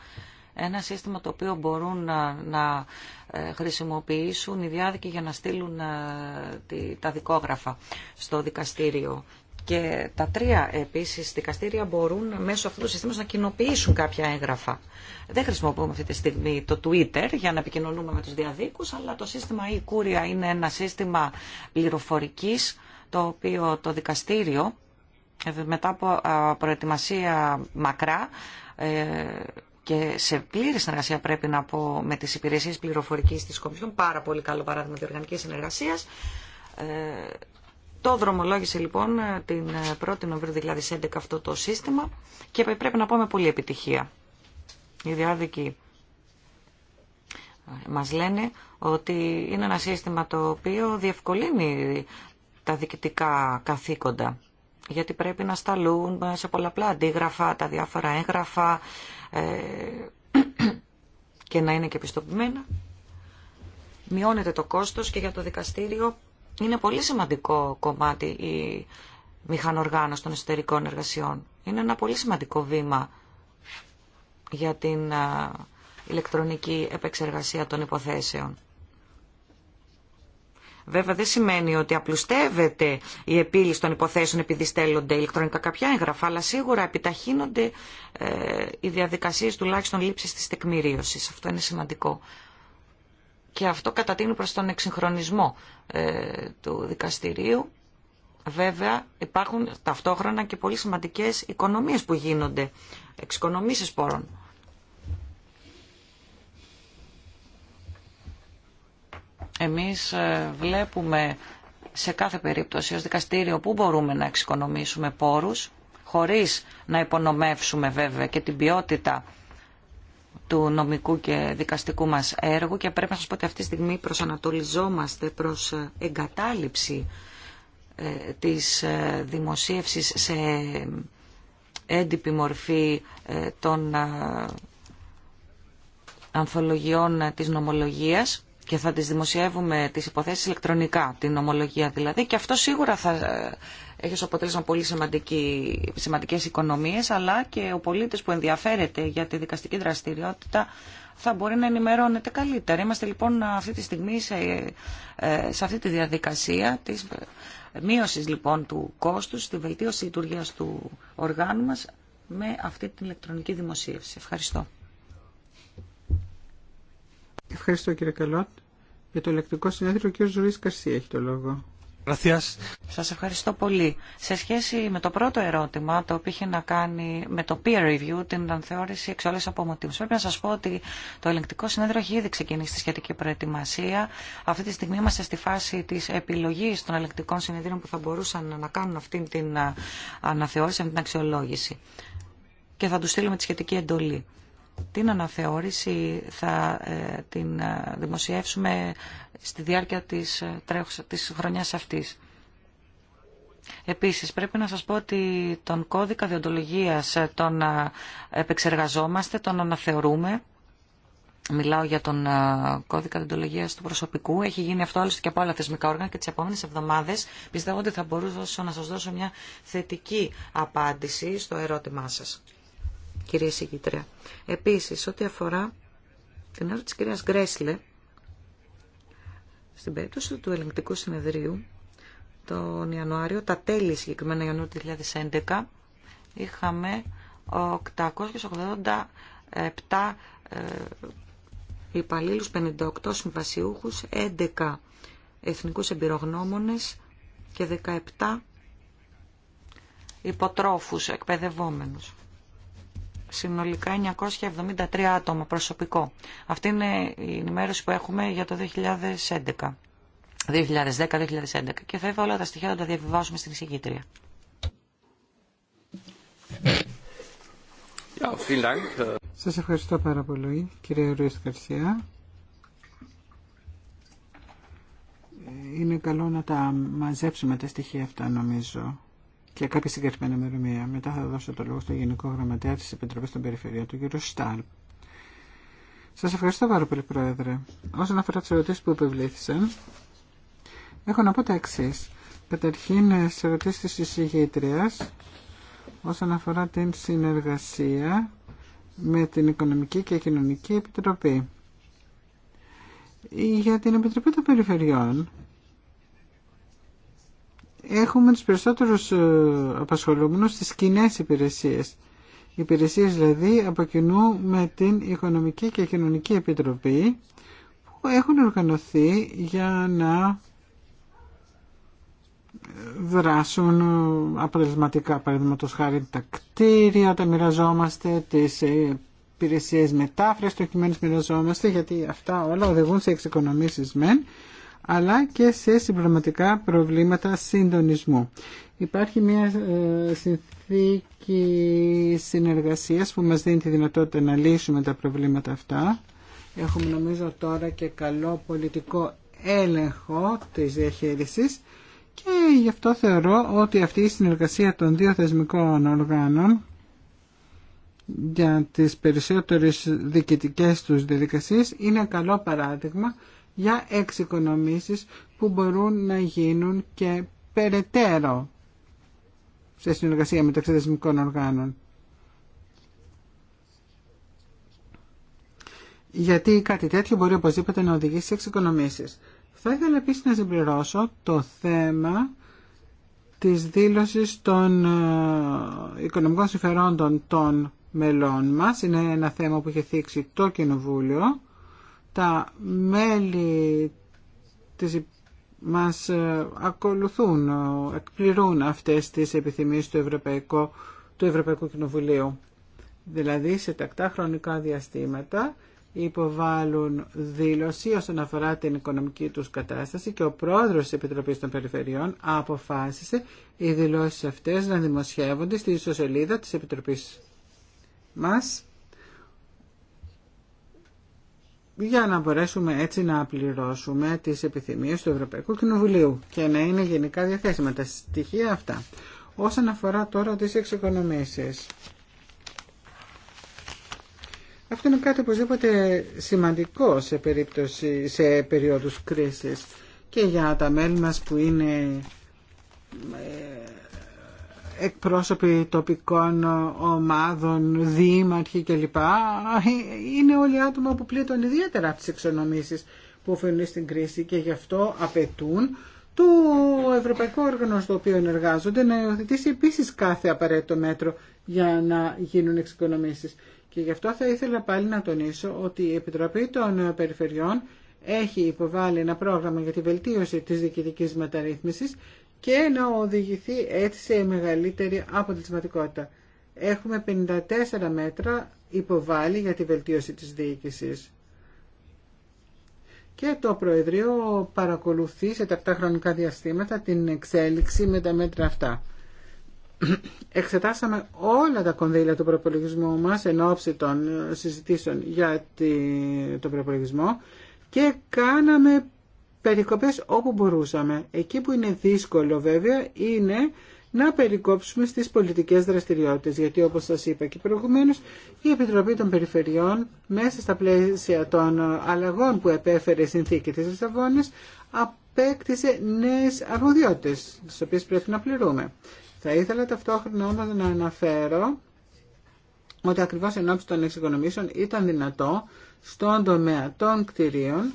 Ένα σύστημα το οποίο μπορούν να, να ε, χρησιμοποιήσουν οι διάδικοι για να στείλουν ε, τα δικόγραφα στο δικαστήριο. Και τα τρία επίσης δικαστήρια μπορούν μέσω αυτού του συστήματος να κοινοποιήσουν κάποια έγγραφα. Δεν χρησιμοποιούμε αυτή τη στιγμή το Twitter για να επικοινωνούμε με τους διαδίκους, αλλά το σύστημα e-Courier είναι ένα σύστημα πληροφορικής, το οποίο το δικαστήριο ε, μετά από προετοιμασία μακρά ε, και σε πλήρη συνεργασία πρέπει να πω με τις υπηρεσίες πληροφορικής της Κομισιόν, πάρα πολύ καλό παράδειγμα διοργανικής συνεργασίας, ε, το δρομολόγησε λοιπόν ε, την 1η ε, Νοεμβρίου 2011 αυτό το σύστημα και πρέπει να πω με πολλή επιτυχία. Οι διάδικοι ε, μας λένε ότι είναι ένα σύστημα το οποίο διευκολύνει τα διοικητικά καθήκοντα γιατί πρέπει να σταλούν σε πολλαπλά αντίγραφα, τα διάφορα έγγραφα (clears throat) και να είναι και πιστοποιημένα. Μειώνεται το κόστος και για το δικαστήριο είναι πολύ σημαντικό κομμάτι η μηχανοργάνωση των εσωτερικών εργασιών. Είναι ένα πολύ σημαντικό βήμα για την ηλεκτρονική επεξεργασία των υποθέσεων. Βέβαια δεν σημαίνει ότι απλουστεύεται η επίλυση των υποθέσεων επειδή στέλνονται ηλεκτρονικά κάποια έγγραφα, αλλά σίγουρα επιταχύνονται ε, οι διαδικασίες τουλάχιστον λήψης της τεκμηρίωσης. Αυτό είναι σημαντικό και αυτό κατατείνει προς τον εξυγχρονισμό ε, του δικαστηρίου. Βέβαια υπάρχουν ταυτόχρονα και πολύ σημαντικές οικονομίες που γίνονται, εξοικονομήσεις πόρων. Εμείς ε, βλέπουμε σε κάθε περίπτωση ως δικαστήριο που μπορούμε να εξοικονομήσουμε πόρους, χωρίς να υπονομεύσουμε βέβαια και την ποιότητα του νομικού και δικαστικού μας έργου και πρέπει να σας πω ότι αυτή τη στιγμή προσανατολιζόμαστε προς ε, εγκατάλειψη ε, της ε, δημοσίευσης σε έντυπη μορφή των ανθολογιών της νομολογίας και θα τις δημοσιεύουμε τις υποθέσεις ηλεκτρονικά, την ομολογία δηλαδή, και αυτό σίγουρα θα ε, έχει ως αποτέλεσμα πολύ σημαντική, σημαντικές οικονομίες, αλλά και ο πολίτης που ενδιαφέρεται για τη δικαστική δραστηριότητα θα μπορεί να ενημερώνεται καλύτερα. Είμαστε λοιπόν αυτή τη στιγμή σε, ε, αυτή τη διαδικασία της ε, μείωσης λοιπόν του κόστου, τη βελτίωση λειτουργίας του οργάνου μας με αυτή την ηλεκτρονική δημοσίευση. Ευχαριστώ. Ευχαριστώ κύριε Καλότ. Για το ελεκτικό συνέδριο ο κύριος Ζωής Καρσία έχει το λόγο. Σας ευχαριστώ πολύ. Σε σχέση με το πρώτο ερώτημα, το οποίο είχε να κάνει με το peer review, την αναθεώρηση εξ όλες Πρέπει να σας πω ότι το ελεγκτικό συνέδριο έχει ήδη ξεκινήσει τη σχετική προετοιμασία. Αυτή τη στιγμή είμαστε στη φάση της επιλογής των ελεγκτικών συνεδρίων που θα μπορούσαν να κάνουν αυτή την αναθεώρηση, αυτή την αξιολόγηση. Και θα του στείλουμε τη σχετική εντολή. Την αναθεώρηση θα ε, την ε, δημοσιεύσουμε στη διάρκεια της, ε, τρέχουσα, της χρονιάς αυτής. Επίσης, πρέπει να σας πω ότι τον κώδικα διοντολογίας τον επεξεργαζόμαστε, τον αναθεωρούμε. Μιλάω για τον κώδικα διοντολογίας του προσωπικού. Έχει γίνει αυτό άλλωστε και από άλλα θεσμικά όργανα και τις επόμενες εβδομάδε πιστεύω ότι θα μπορούσα να σας δώσω μια θετική απάντηση στο ερώτημά σας κυρία Επίσης, ό,τι αφορά την ώρα της κυρίας Γκρέσλε, στην περίπτωση του ελεγκτικού συνεδρίου, τον Ιανουάριο, τα τέλη συγκεκριμένα του 2011, είχαμε 887 ε, υπαλλήλους, 58 συμβασιούχους, 11 εθνικούς εμπειρογνώμονες και 17 υποτρόφους εκπαιδευόμενους συνολικά 973 άτομα προσωπικό. Αυτή είναι η ενημέρωση που έχουμε για το 2011. 2010-2011 και θα όλα τα στοιχεία τα διαβιβάσουμε στην εισηγήτρια. Σας ευχαριστώ πάρα πολύ κύριε Ρουίς Καρσιά. Ε, είναι καλό να τα μαζέψουμε τα στοιχεία αυτά νομίζω και κάποια συγκεκριμένα ημερομηνία. Μετά θα δώσω το λόγο στο Γενικό Γραμματέα της Επιτροπής των Περιφερειών, τον κύριο Στάλ. Σα ευχαριστώ πάρα πολύ, Πρόεδρε. Όσον αφορά τι ερωτήσει που επιβλήθησαν, έχω να πω τα εξή. Καταρχήν, σε ερωτήσει τη εισηγήτρια, όσον αφορά την συνεργασία με την Οικονομική και Κοινωνική Επιτροπή. Για την Επιτροπή των Περιφερειών έχουμε τους περισσότερους ε, απασχολούμενους στις κοινέ υπηρεσίες. Υπηρεσίες δηλαδή από κοινού με την Οικονομική και Κοινωνική Επιτροπή που έχουν οργανωθεί για να δράσουν αποτελεσματικά παραδείγματο χάρη τα κτίρια, τα μοιραζόμαστε, τις υπηρεσίε μετάφραση, το κειμένο μοιραζόμαστε γιατί αυτά όλα οδηγούν σε εξοικονομήσεις μεν αλλά και σε συμπληρωματικά προβλήματα συντονισμού. Υπάρχει μια ε, συνθήκη συνεργασίας που μας δίνει τη δυνατότητα να λύσουμε τα προβλήματα αυτά. Έχουμε νομίζω τώρα και καλό πολιτικό έλεγχο της διαχείρισης και γι' αυτό θεωρώ ότι αυτή η συνεργασία των δύο θεσμικών οργάνων για τις περισσότερες διοικητικές τους διαδικασίες είναι καλό παράδειγμα για εξοικονομήσεις που μπορούν να γίνουν και περαιτέρω σε συνεργασία τα οργάνων. Γιατί κάτι τέτοιο μπορεί οπωσδήποτε να οδηγήσει σε εξοικονομήσεις. Θα ήθελα επίσης να συμπληρώσω το θέμα της δήλωσης των ε, οικονομικών συμφερόντων των μελών μας. Είναι ένα θέμα που έχει θίξει το Κοινοβούλιο τα μέλη της μας ε, ακολουθούν, ε, εκπληρούν αυτές τις επιθυμίες του Ευρωπαϊκού, του Ευρωπαϊκού Κοινοβουλίου. Δηλαδή σε τακτά χρονικά διαστήματα υποβάλλουν δήλωση όσον αφορά την οικονομική τους κατάσταση και ο πρόεδρος της Επιτροπής των Περιφερειών αποφάσισε οι δηλώσεις αυτές να δημοσιεύονται στη ισοσελίδα της Επιτροπής μας για να μπορέσουμε έτσι να πληρώσουμε τις επιθυμίες του Ευρωπαϊκού Κοινοβουλίου και να είναι γενικά διαθέσιμα τα στοιχεία αυτά. Όσον αφορά τώρα τις εξοικονομήσεις. Αυτό είναι κάτι οπωσδήποτε σημαντικό σε, περίπτωση, σε περίοδους κρίσης και για τα μέλη μας που είναι ε, εκπρόσωποι τοπικών ομάδων, δήμαρχοι κλπ. Είναι όλοι άτομα που πλήττουν ιδιαίτερα από τις εξονομήσεις που οφειλούν στην κρίση και γι' αυτό απαιτούν το Ευρωπαϊκό Όργανο στο οποίο ενεργάζονται να υιοθετήσει επίσης κάθε απαραίτητο μέτρο για να γίνουν εξοικονομήσεις. Και γι' αυτό θα ήθελα πάλι να τονίσω ότι η Επιτροπή των Περιφερειών έχει υποβάλει ένα πρόγραμμα για τη βελτίωση της διοικητικής μεταρρύθμισης και να οδηγηθεί έτσι σε μεγαλύτερη αποτελεσματικότητα. Έχουμε 54 μέτρα υποβάλει για τη βελτίωση της διοίκησης. Και το Προεδρείο παρακολουθεί σε τακτά χρονικά διαστήματα την εξέλιξη με τα μέτρα αυτά. Εξετάσαμε όλα τα κονδύλια του προπολογισμού μας εν ώψη των συζητήσεων για τον προπολογισμό και κάναμε περικοπές όπου μπορούσαμε. Εκεί που είναι δύσκολο βέβαια είναι να περικόψουμε στις πολιτικές δραστηριότητες, γιατί όπως σας είπα και προηγουμένως, η Επιτροπή των Περιφερειών μέσα στα πλαίσια των αλλαγών που επέφερε η συνθήκη της Λισαβόνης απέκτησε νέες αρμοδιότητες, τις οποίες πρέπει να πληρούμε. Θα ήθελα ταυτόχρονα όμως να αναφέρω ότι ακριβώς ενώπιση των εξοικονομήσεων ήταν δυνατό στον τομέα των κτηρίων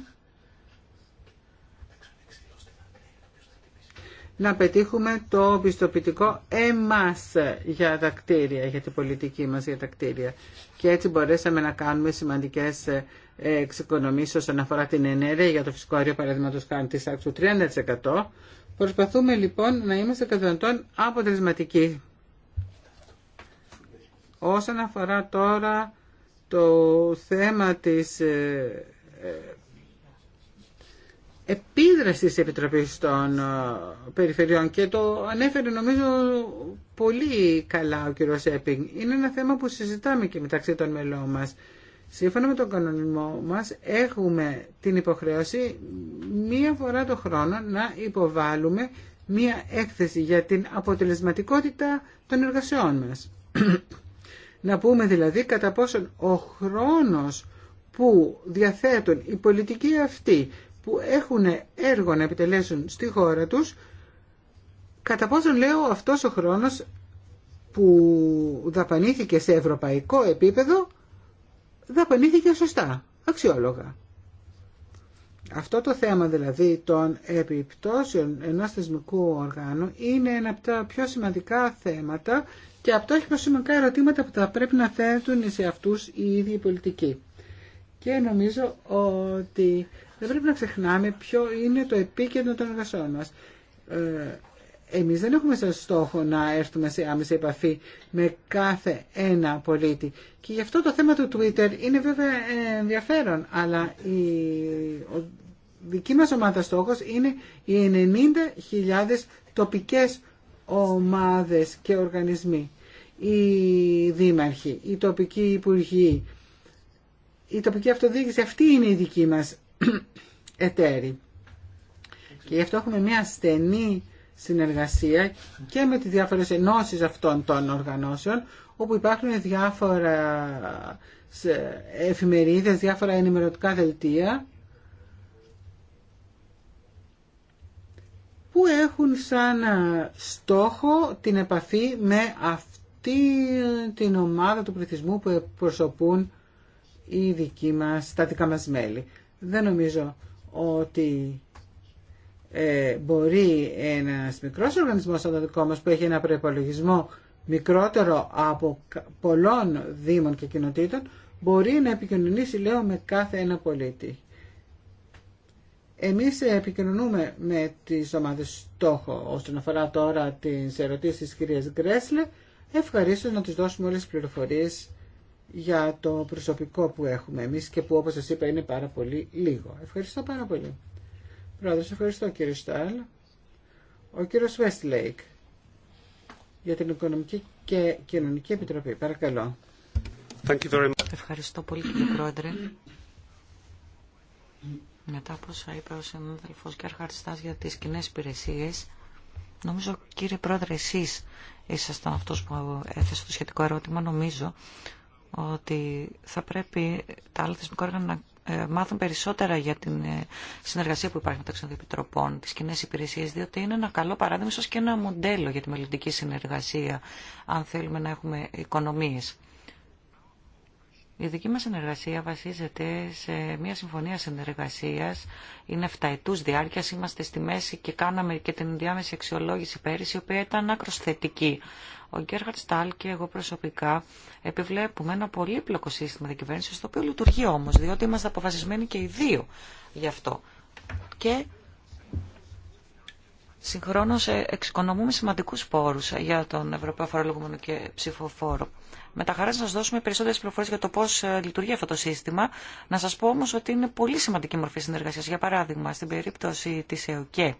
να πετύχουμε το πιστοποιητικό εμάς για τα κτίρια, για την πολιτική μας για τα κτίρια. Και έτσι μπορέσαμε να κάνουμε σημαντικές ε, εξοικονομήσεις όσον αφορά την ενέργεια για το φυσικό αέριο παραδείγματος κάνει της άξου 30%. Προσπαθούμε λοιπόν να είμαστε κατανοητών αποτελεσματικοί. Όσον αφορά τώρα το θέμα της ε, ε, επίδραση της Επιτροπής των ε, Περιφερειών και το ανέφερε νομίζω πολύ καλά ο κύριος Έπινγκ. Είναι ένα θέμα που συζητάμε και μεταξύ των μελών μας. Σύμφωνα με τον κανονισμό μας έχουμε την υποχρέωση μία φορά το χρόνο να υποβάλουμε μία έκθεση για την αποτελεσματικότητα των εργασιών μας. να πούμε δηλαδή κατά πόσον ο χρόνος που διαθέτουν οι πολιτικοί αυτοί που έχουν έργο να επιτελέσουν στη χώρα τους, κατά πόσον λέω αυτός ο χρόνος που δαπανήθηκε σε ευρωπαϊκό επίπεδο, δαπανήθηκε σωστά, αξιόλογα. Αυτό το θέμα δηλαδή των επιπτώσεων ενός θεσμικού οργάνου είναι ένα από τα πιο σημαντικά θέματα και αυτό έχει πιο σημαντικά ερωτήματα που θα πρέπει να θέτουν σε αυτούς οι ίδιοι πολιτικοί. Και νομίζω ότι δεν πρέπει να ξεχνάμε ποιο είναι το επίκεντρο των εργασιών μας. Ε, εμείς δεν έχουμε σαν στόχο να έρθουμε σε άμεση επαφή με κάθε ένα πολίτη. Και γι' αυτό το θέμα του Twitter είναι βέβαια ενδιαφέρον, αλλά η ο δική μας ομάδα στόχος είναι οι 90.000 τοπικές ομάδες και οργανισμοί. Οι δήμαρχοι, οι τοπικοί υπουργοί, η τοπική αυτοδιοίκηση, αυτή είναι η δική μας εταίροι. Και γι' αυτό έχουμε μια στενή συνεργασία και με τις διάφορες ενώσεις αυτών των οργανώσεων, όπου υπάρχουν διάφορα εφημερίδες, διάφορα ενημερωτικά δελτία, που έχουν σαν στόχο την επαφή με αυτή την ομάδα του πληθυσμού που προσωπούν οι δικοί μας, τα δικά μας μέλη δεν νομίζω ότι ε, μπορεί ένας μικρός οργανισμός σαν το δικό μας που έχει ένα προπολογισμό μικρότερο από πολλών δήμων και κοινοτήτων μπορεί να επικοινωνήσει λέω με κάθε ένα πολίτη. Εμείς επικοινωνούμε με τις ομάδες στόχο όσον αφορά τώρα τις ερωτήσεις της κυρίας Γκρέσλε. Ευχαριστώ να τη δώσουμε όλες τις πληροφορίες για το προσωπικό που έχουμε εμείς και που όπως σας είπα είναι πάρα πολύ λίγο. Ευχαριστώ πάρα πολύ. Πρόεδρος, ευχαριστώ κύριε Στάλ. Ο κύριος Westlake για την Οικονομική και Κοινωνική Επιτροπή. Παρακαλώ. Thank you very much. Ευχαριστώ πολύ κύριε Πρόεδρε. Μετά από όσα είπε ο συνάδελφος και αρχαριστάς για τις κοινέ υπηρεσίε. νομίζω κύριε Πρόεδρε εσείς ήσασταν αυτός που έθεσε το σχετικό ερώτημα, νομίζω ότι θα πρέπει τα άλλα θεσμικά όργανα να ε, μάθουν περισσότερα για την ε, συνεργασία που υπάρχει μεταξύ των επιτροπών, τις κοινέ υπηρεσίες, διότι είναι ένα καλό παράδειγμα, ίσως και ένα μοντέλο για τη μελλοντική συνεργασία, αν θέλουμε να έχουμε οικονομίες η δική μας συνεργασία βασίζεται σε μια συμφωνία συνεργασίας. Είναι ετούς διάρκειας, είμαστε στη μέση και κάναμε και την διάμεση αξιολόγηση πέρυσι, η οποία ήταν άκρος θετική. Ο Γκέρχαρτ Στάλ και εγώ προσωπικά επιβλέπουμε ένα πολύπλοκο σύστημα διακυβέρνηση, το οποίο λειτουργεί όμω, διότι είμαστε αποφασισμένοι και οι δύο γι' αυτό. Και συγχρόνω εξοικονομούμε σημαντικού πόρου για τον Ευρωπαίο Φορολογούμενο και Ψηφοφόρο. Με τα χαρά να σας δώσουμε περισσότερε πληροφορίες για το πώ ε, λειτουργεί αυτό το σύστημα. Να σα πω όμω ότι είναι πολύ σημαντική μορφή συνεργασία. Για παράδειγμα, στην περίπτωση τη ΕΟΚΕ,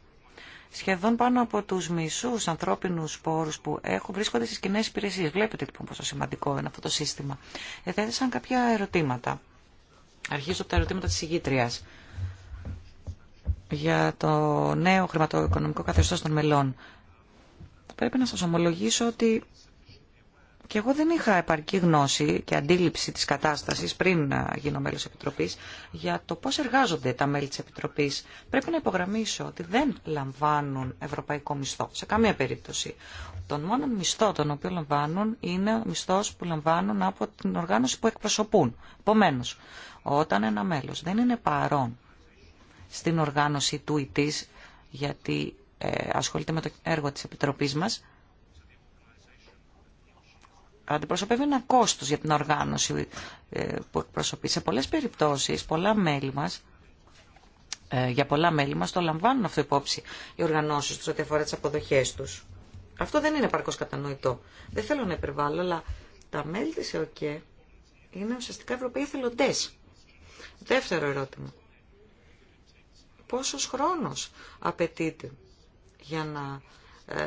σχεδόν πάνω από του μισού ανθρώπινους πόρου που έχουν βρίσκονται στι κοινέ υπηρεσίε. Βλέπετε λοιπόν πόσο σημαντικό είναι αυτό το σύστημα. Εθέθησαν κάποια ερωτήματα. Αρχίζω από τα ερωτήματα τη ηγήτριας για το νέο χρηματοοικονομικό καθεστώ των μελών. Πρέπει να σα ομολογήσω ότι και εγώ δεν είχα επαρκή γνώση και αντίληψη της κατάστασης πριν ε, γίνω μέλος Επιτροπής για το πώς εργάζονται τα μέλη της Επιτροπής. Πρέπει να υπογραμμίσω ότι δεν λαμβάνουν ευρωπαϊκό μισθό, σε καμία περίπτωση. Τον μόνο μισθό τον οποίο λαμβάνουν είναι ο μισθός που λαμβάνουν από την οργάνωση που εκπροσωπούν. Επομένω, όταν ένα μέλος δεν είναι παρόν στην οργάνωση του ή της, γιατί ε, ασχολείται με το έργο της Επιτροπής μας, αντιπροσωπεύει ένα κόστος για την οργάνωση ε, που εκπροσωπεί. Σε πολλές περιπτώσεις, πολλά μέλη μας, ε, για πολλά μέλη μας το λαμβάνουν αυτό υπόψη οι οργανώσεις τους ό,τι αφορά τις αποδοχές τους. Αυτό δεν είναι παρκώς κατανοητό. Δεν θέλω να υπερβάλλω, αλλά τα μέλη της ΕΟΚΕ είναι ουσιαστικά Ευρωπαίοι θελοντές. Δεύτερο ερώτημα. Πόσος χρόνος απαιτείται για να ε,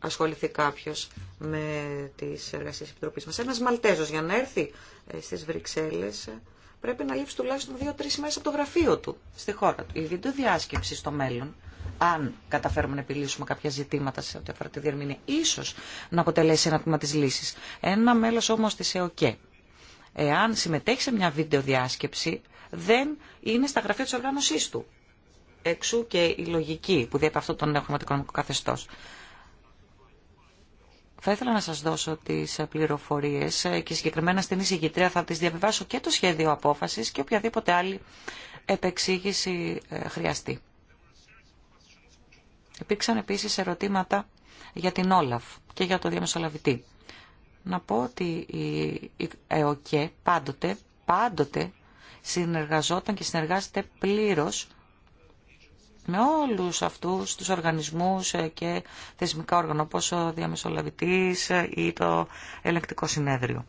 ασχοληθεί κάποιο με τι εργασίε τη Επιτροπή μα. Ένα Μαλτέζο για να έρθει ε, στι Βρυξέλλε ε, πρέπει να λείψει τουλάχιστον δύο-τρει μέρε από το γραφείο του στη χώρα του. Η βιντεοδιάσκεψη στο μέλλον, αν καταφέρουμε να επιλύσουμε κάποια ζητήματα σε ό,τι αφορά τη διερμηνία, ίσω να αποτελέσει ένα τμήμα τη λύση. Ένα μέλο όμω τη ΕΟΚΕ, εάν συμμετέχει σε μια βιντεοδιάσκεψη, δεν είναι στα γραφεία τη οργάνωσή του. Εξού και η λογική που διέπει αυτό το νέο χρηματοοικονομικό καθεστώ. Θα ήθελα να σας δώσω τις πληροφορίες ε, και συγκεκριμένα στην εισηγητρία θα τις διαβιβάσω και το σχέδιο απόφασης και οποιαδήποτε άλλη επεξήγηση ε, χρειαστεί. Υπήρξαν επίσης ερωτήματα για την Όλαφ και για το διαμεσολαβητή. Να πω ότι η ΕΟΚΕ πάντοτε, πάντοτε συνεργαζόταν και συνεργάζεται πλήρως με όλους αυτούς τους οργανισμούς ε, και θεσμικά όργανα, όπως ο διαμεσολαβητής ε, ή το ελεκτικό συνέδριο.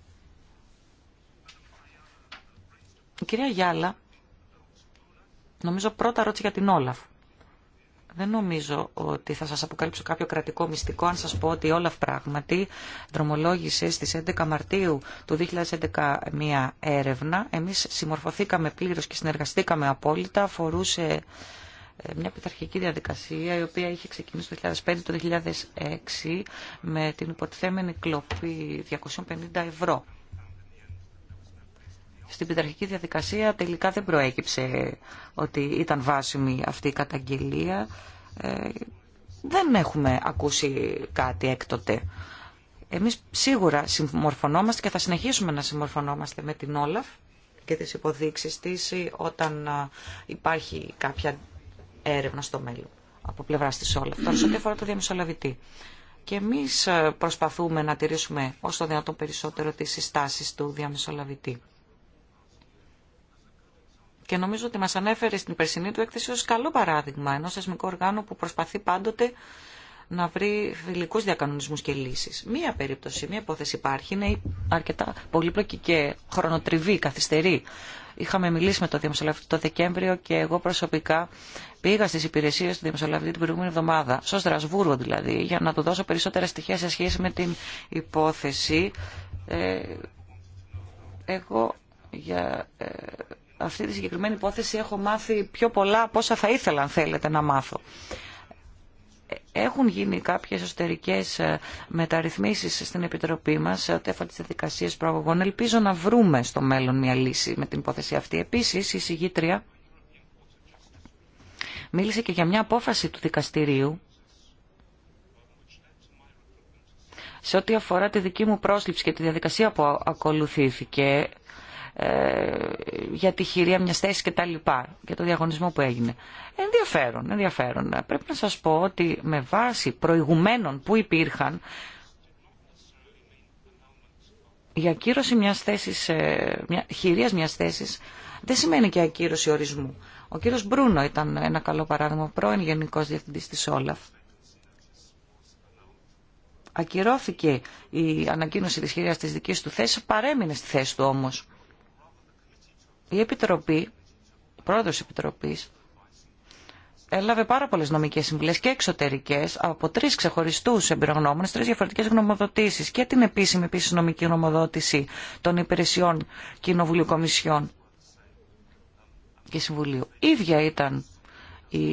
Η κυρία Γιάλα, νομίζω πρώτα ρώτησε για την Όλαφ. Δεν νομίζω ότι θα σας αποκαλύψω κάποιο κρατικό μυστικό αν σας πω ότι η Όλαφ πράγματι δρομολόγησε στις 11 Μαρτίου του 2011 μία έρευνα. Εμείς συμμορφωθήκαμε πλήρως και συνεργαστήκαμε απόλυτα. Αφορούσε μια πειθαρχική διαδικασία η οποία είχε ξεκινήσει το 2005-2006 με την υποτιθέμενη κλοπή 250 ευρώ. Στην πειθαρχική διαδικασία τελικά δεν προέκυψε ότι ήταν βάσιμη αυτή η καταγγελία. Ε, δεν έχουμε ακούσει κάτι έκτοτε. Εμείς σίγουρα συμμορφωνόμαστε και θα συνεχίσουμε να συμμορφωνόμαστε με την Όλαφ και τις υποδείξεις της όταν ε, υπάρχει κάποια έρευνα στο μέλλον από πλευρά τη όλα. Τώρα, σε ό,τι αφορά το διαμεσολαβητή. Και εμεί ε, προσπαθούμε να τηρήσουμε όσο δυνατόν περισσότερο τι συστάσει του διαμεσολαβητή. Και νομίζω ότι μα ανέφερε στην περσινή του έκθεση ω καλό παράδειγμα ενό θεσμικού οργάνου που προσπαθεί πάντοτε να βρει φιλικού διακανονισμού και λύσει. Μία περίπτωση, μία υπόθεση υπάρχει, είναι αρκετά πολύπλοκη και χρονοτριβή, καθυστερή Είχαμε μιλήσει με το Διαμεσολαβητή το Δεκέμβριο και εγώ προσωπικά πήγα στις υπηρεσίες του Διαμεσολαβητή την προηγούμενη εβδομάδα, στο Στρασβούργο δηλαδή, για να του δώσω περισσότερα στοιχεία σε σχέση με την υπόθεση. Ε, εγώ για ε, αυτή τη συγκεκριμένη υπόθεση έχω μάθει πιο πολλά από όσα θα ήθελα αν θέλετε να μάθω έχουν γίνει κάποιες εσωτερικές ε, μεταρρυθμίσεις στην Επιτροπή μας ό,τι αφορά τις διαδικασίες προαγωγών. Ελπίζω να βρούμε στο μέλλον μια λύση με την υπόθεση αυτή. Επίσης, η συγγήτρια μίλησε και για μια απόφαση του δικαστηρίου σε ό,τι αφορά τη δική μου πρόσληψη και τη διαδικασία που ακολουθήθηκε ε, για τη χειρία μια θέση και τα λοιπά, για το διαγωνισμό που έγινε. Ενδιαφέρον, ενδιαφέρον. Πρέπει να σας πω ότι με βάση προηγουμένων που υπήρχαν η ακύρωση μιας θέσης, ε, μια, χειρίας μιας θέσης, δεν σημαίνει και ακύρωση ορισμού. Ο κύριος Μπρούνο ήταν ένα καλό παράδειγμα, πρώην Γενικός Διευθυντής της Όλαφ. Ακυρώθηκε η ανακοίνωση της χειρίας της δικής του θέσης, παρέμεινε στη θέση του όμως. Η Επιτροπή, πρόεδρος Επιτροπής, έλαβε πάρα πολλές νομικές συμβουλέ και εξωτερικές από τρεις ξεχωριστούς εμπειρογνώμονες, τρεις διαφορετικές γνωμοδοτήσεις και την επίσημη επίση νομική γνωμοδότηση των υπηρεσιών Κοινοβουλίου Κομισιών και Συμβουλίου. ίδια ήταν η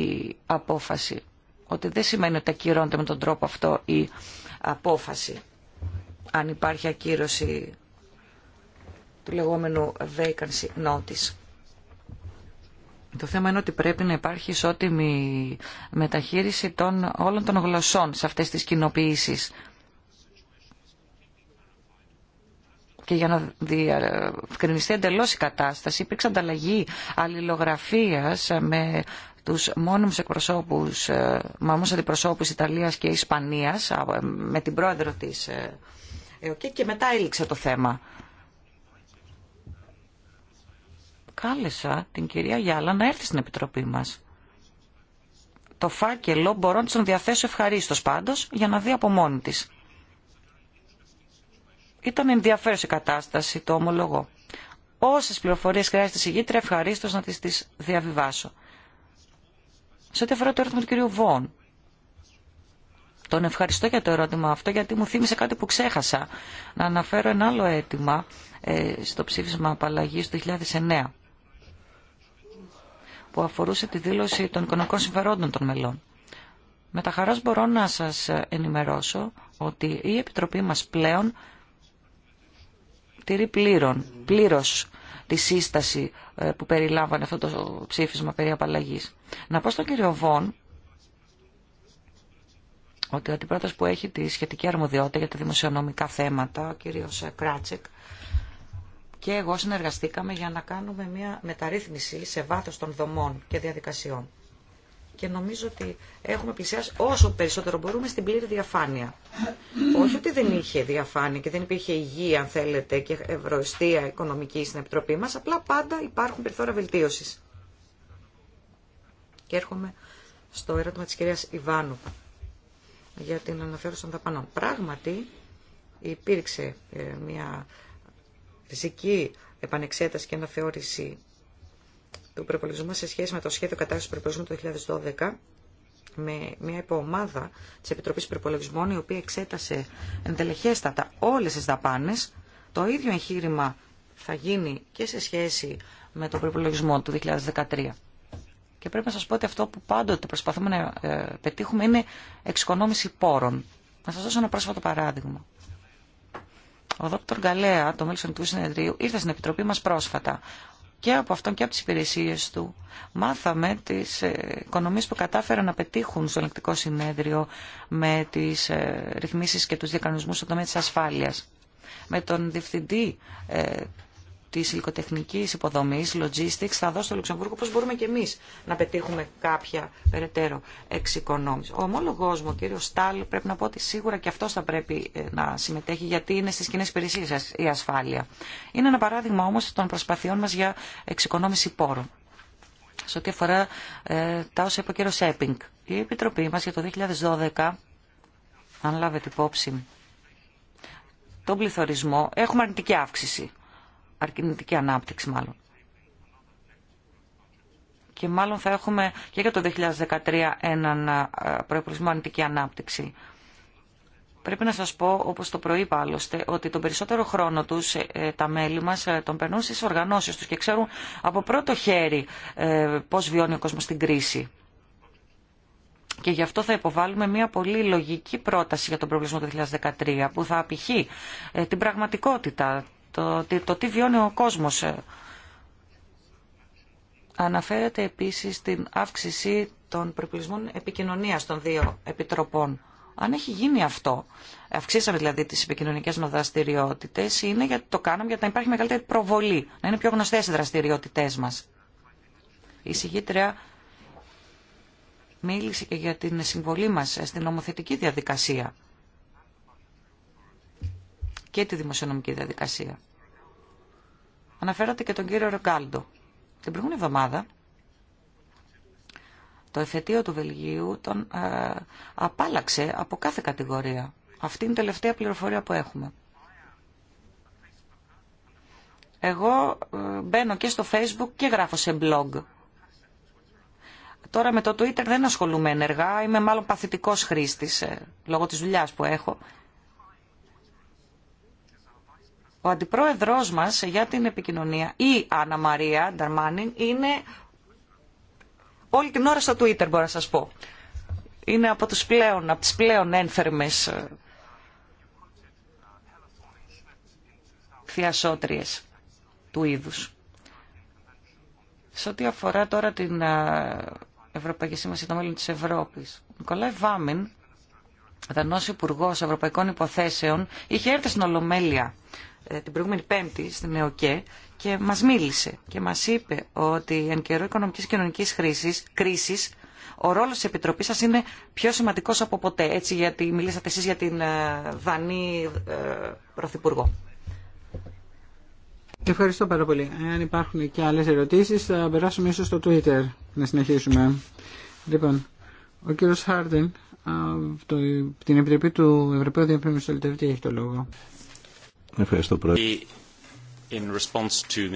απόφαση ότι δεν σημαίνει ότι ακυρώνεται με τον τρόπο αυτό η απόφαση αν υπάρχει ακύρωση του λεγόμενου vacancy notice. Το θέμα είναι ότι πρέπει να υπάρχει ισότιμη μεταχείριση των, όλων των γλωσσών σε αυτές τις κοινοποιήσει. Και για να διευκρινιστεί εντελώ η κατάσταση, υπήρξε ανταλλαγή αλληλογραφίας με τους μόνιμους εκπροσώπους, ε, μόνιμους αντιπροσώπους Ιταλίας και Ισπανίας, με την πρόεδρο της ε, ΕΟΚΕ και μετά έληξε το θέμα. κάλεσα την κυρία Γιάλα να έρθει στην Επιτροπή μα. Το φάκελο μπορώ να τον διαθέσω ευχαρίστω πάντω για να δει από μόνη τη. Ήταν ενδιαφέρουσα η κατάσταση, το ομολογώ. Όσε πληροφορίε χρειάζεται η συγγήτρια, ευχαρίστω να τι τις διαβιβάσω. Σε ό,τι αφορά το ερώτημα του κυρίου Βόν, τον ευχαριστώ για το ερώτημα αυτό γιατί μου θύμισε κάτι που ξέχασα. Να αναφέρω ένα άλλο αίτημα ε, στο ψήφισμα απαλλαγή του 2009 που αφορούσε τη δήλωση των οικονομικών συμφερόντων των μελών. Με τα χαράς μπορώ να σας ενημερώσω ότι η Επιτροπή μας πλέον τηρεί πλήρων, πλήρως τη σύσταση ε, που περιλάμβανε αυτό το ψήφισμα περί απαλλαγής. Να πω στον κύριο Βόν ότι ο αντιπρόεδρος που έχει τη σχετική αρμοδιότητα για τα δημοσιονομικά θέματα, ο κύριος Κράτσεκ, και εγώ συνεργαστήκαμε για να κάνουμε μια μεταρρύθμιση σε βάθος των δομών και διαδικασιών. Και νομίζω ότι έχουμε πλησιάσει όσο περισσότερο μπορούμε στην πλήρη διαφάνεια. Όχι ότι δεν είχε διαφάνεια και δεν υπήρχε υγεία, αν θέλετε, και ευρωεστία οικονομική στην Επιτροπή μας, απλά πάντα υπάρχουν περιθώρια βελτίωσης. Και έρχομαι στο ερώτημα της κυρίας Ιβάνου για την αναφέρωση των δαπανών. Πράγματι υπήρξε ε, μια φυσική επανεξέταση και αναθεώρηση του προπολογισμού σε σχέση με το σχέδιο κατάσταση του προπολογισμού του 2012 με μια υποομάδα τη Επιτροπής Προπολογισμών η οποία εξέτασε εντελεχέστατα όλες τις δαπάνες. Το ίδιο εγχείρημα θα γίνει και σε σχέση με τον προπολογισμό του 2013. Και πρέπει να σας πω ότι αυτό που πάντοτε προσπαθούμε να ε, πετύχουμε είναι εξοικονόμηση πόρων. Να σας δώσω ένα πρόσφατο παράδειγμα. Ο Δόκτωρ Γκαλέα, το μέλο του συνεδρίου, ήρθε στην Επιτροπή μας πρόσφατα και από αυτόν και από τις υπηρεσίε του μάθαμε τις ε, οικονομίε που κατάφεραν να πετύχουν στο ελεκτικό συνέδριο με τις ε, ρυθμίσεις και τους διακανονισμού στον τομέα τη ασφάλειας. Με τον διευθυντή ε, τη υλικοτεχνική υποδομή, logistics, θα δώσει στο Λουξεμβούργο πώ μπορούμε και εμεί να πετύχουμε κάποια περαιτέρω εξοικονόμηση. Ο ομόλογό μου, ο κύριο Στάλ, πρέπει να πω ότι σίγουρα και αυτό θα πρέπει ε, να συμμετέχει, γιατί είναι στι κοινέ υπηρεσίε η ασφάλεια. Είναι ένα παράδειγμα όμω των προσπαθειών μα για εξοικονόμηση πόρων. Σε ό,τι αφορά ε, τα όσα είπε ο κύριο Σέπινγκ, η Επιτροπή μα για το 2012, αν λάβετε υπόψη τον πληθωρισμό, έχουμε αρνητική αύξηση αρκινητική ανάπτυξη μάλλον. Και μάλλον θα έχουμε και για το 2013 έναν προϋπολογισμό αρνητική ανάπτυξη. Πρέπει να σας πω, όπως το προείπα άλλωστε, ότι τον περισσότερο χρόνο τους ε, ε, τα μέλη μας ε, τον περνούν στις οργανώσεις τους και ξέρουν από πρώτο χέρι πώς βιώνει ο κόσμος την κρίση. Και γι' αυτό θα υποβάλουμε μια πολύ λογική πρόταση για τον προβλησμό του 2013 που θα απηχεί την πραγματικότητα το, το τι βιώνει ο κόσμος. Αναφέρεται επίσης στην αύξηση των προπλησμών επικοινωνίας των δύο επιτροπών. Αν έχει γίνει αυτό, αυξήσαμε δηλαδή τις επικοινωνικές μας δραστηριότητες, είναι γιατί το κάναμε γιατί να υπάρχει μεγαλύτερη προβολή, να είναι πιο γνωστές οι δραστηριότητές μας. Η συγγήτρια μίλησε και για την συμβολή μας στην νομοθετική διαδικασία και τη δημοσιονομική διαδικασία. Αναφέρατε και τον κύριο Ρεγκάλντο. Την προηγούμενη εβδομάδα το εφετείο του Βελγίου τον ε, απάλαξε από κάθε κατηγορία. Αυτή είναι η τελευταία πληροφορία που έχουμε. Εγώ ε, μπαίνω και στο facebook και γράφω σε blog. Τώρα με το Twitter δεν ασχολούμαι ενεργά, είμαι μάλλον παθητικός χρήστης ε, λόγω της δουλειάς που έχω ο αντιπρόεδρός μας για την επικοινωνία, η Άννα Μαρία Νταρμάνιν, είναι όλη την ώρα στο Twitter μπορώ να σας πω. Είναι από, τους πλέον, από τις πλέον ένθερμες ε, θειασότριες του είδους. Σε ό,τι αφορά τώρα την ε, Ευρωπαϊκή Σύμβαση των Μέλλον της Ευρώπης, ο Νικολάη Βάμιν, Δανός Υπουργό Ευρωπαϊκών Υποθέσεων, είχε έρθει στην Ολομέλεια ε, την προηγούμενη Πέμπτη στην ΕΟΚΕ και μας μίλησε και μας είπε ότι εν καιρό οικονομικής και κοινωνική κρίση, κρίσης ο ρόλος τη επιτροπή σα είναι πιο σημαντικός από ποτέ, έτσι γιατί μιλήσατε εσεί για την ε, Δανή ε, Πρωθυπουργό. Ευχαριστώ πάρα πολύ. Αν υπάρχουν και άλλες ερωτήσεις θα περάσουμε ίσω στο Twitter να συνεχίσουμε. Λοιπόν, ο κύριος Χάρντεν από την Επιτροπή του Ευρωπαίου Διαπρέμιου Στολιτευτή έχει το λόγο. Ευχαριστώ, Πρόεδρε. In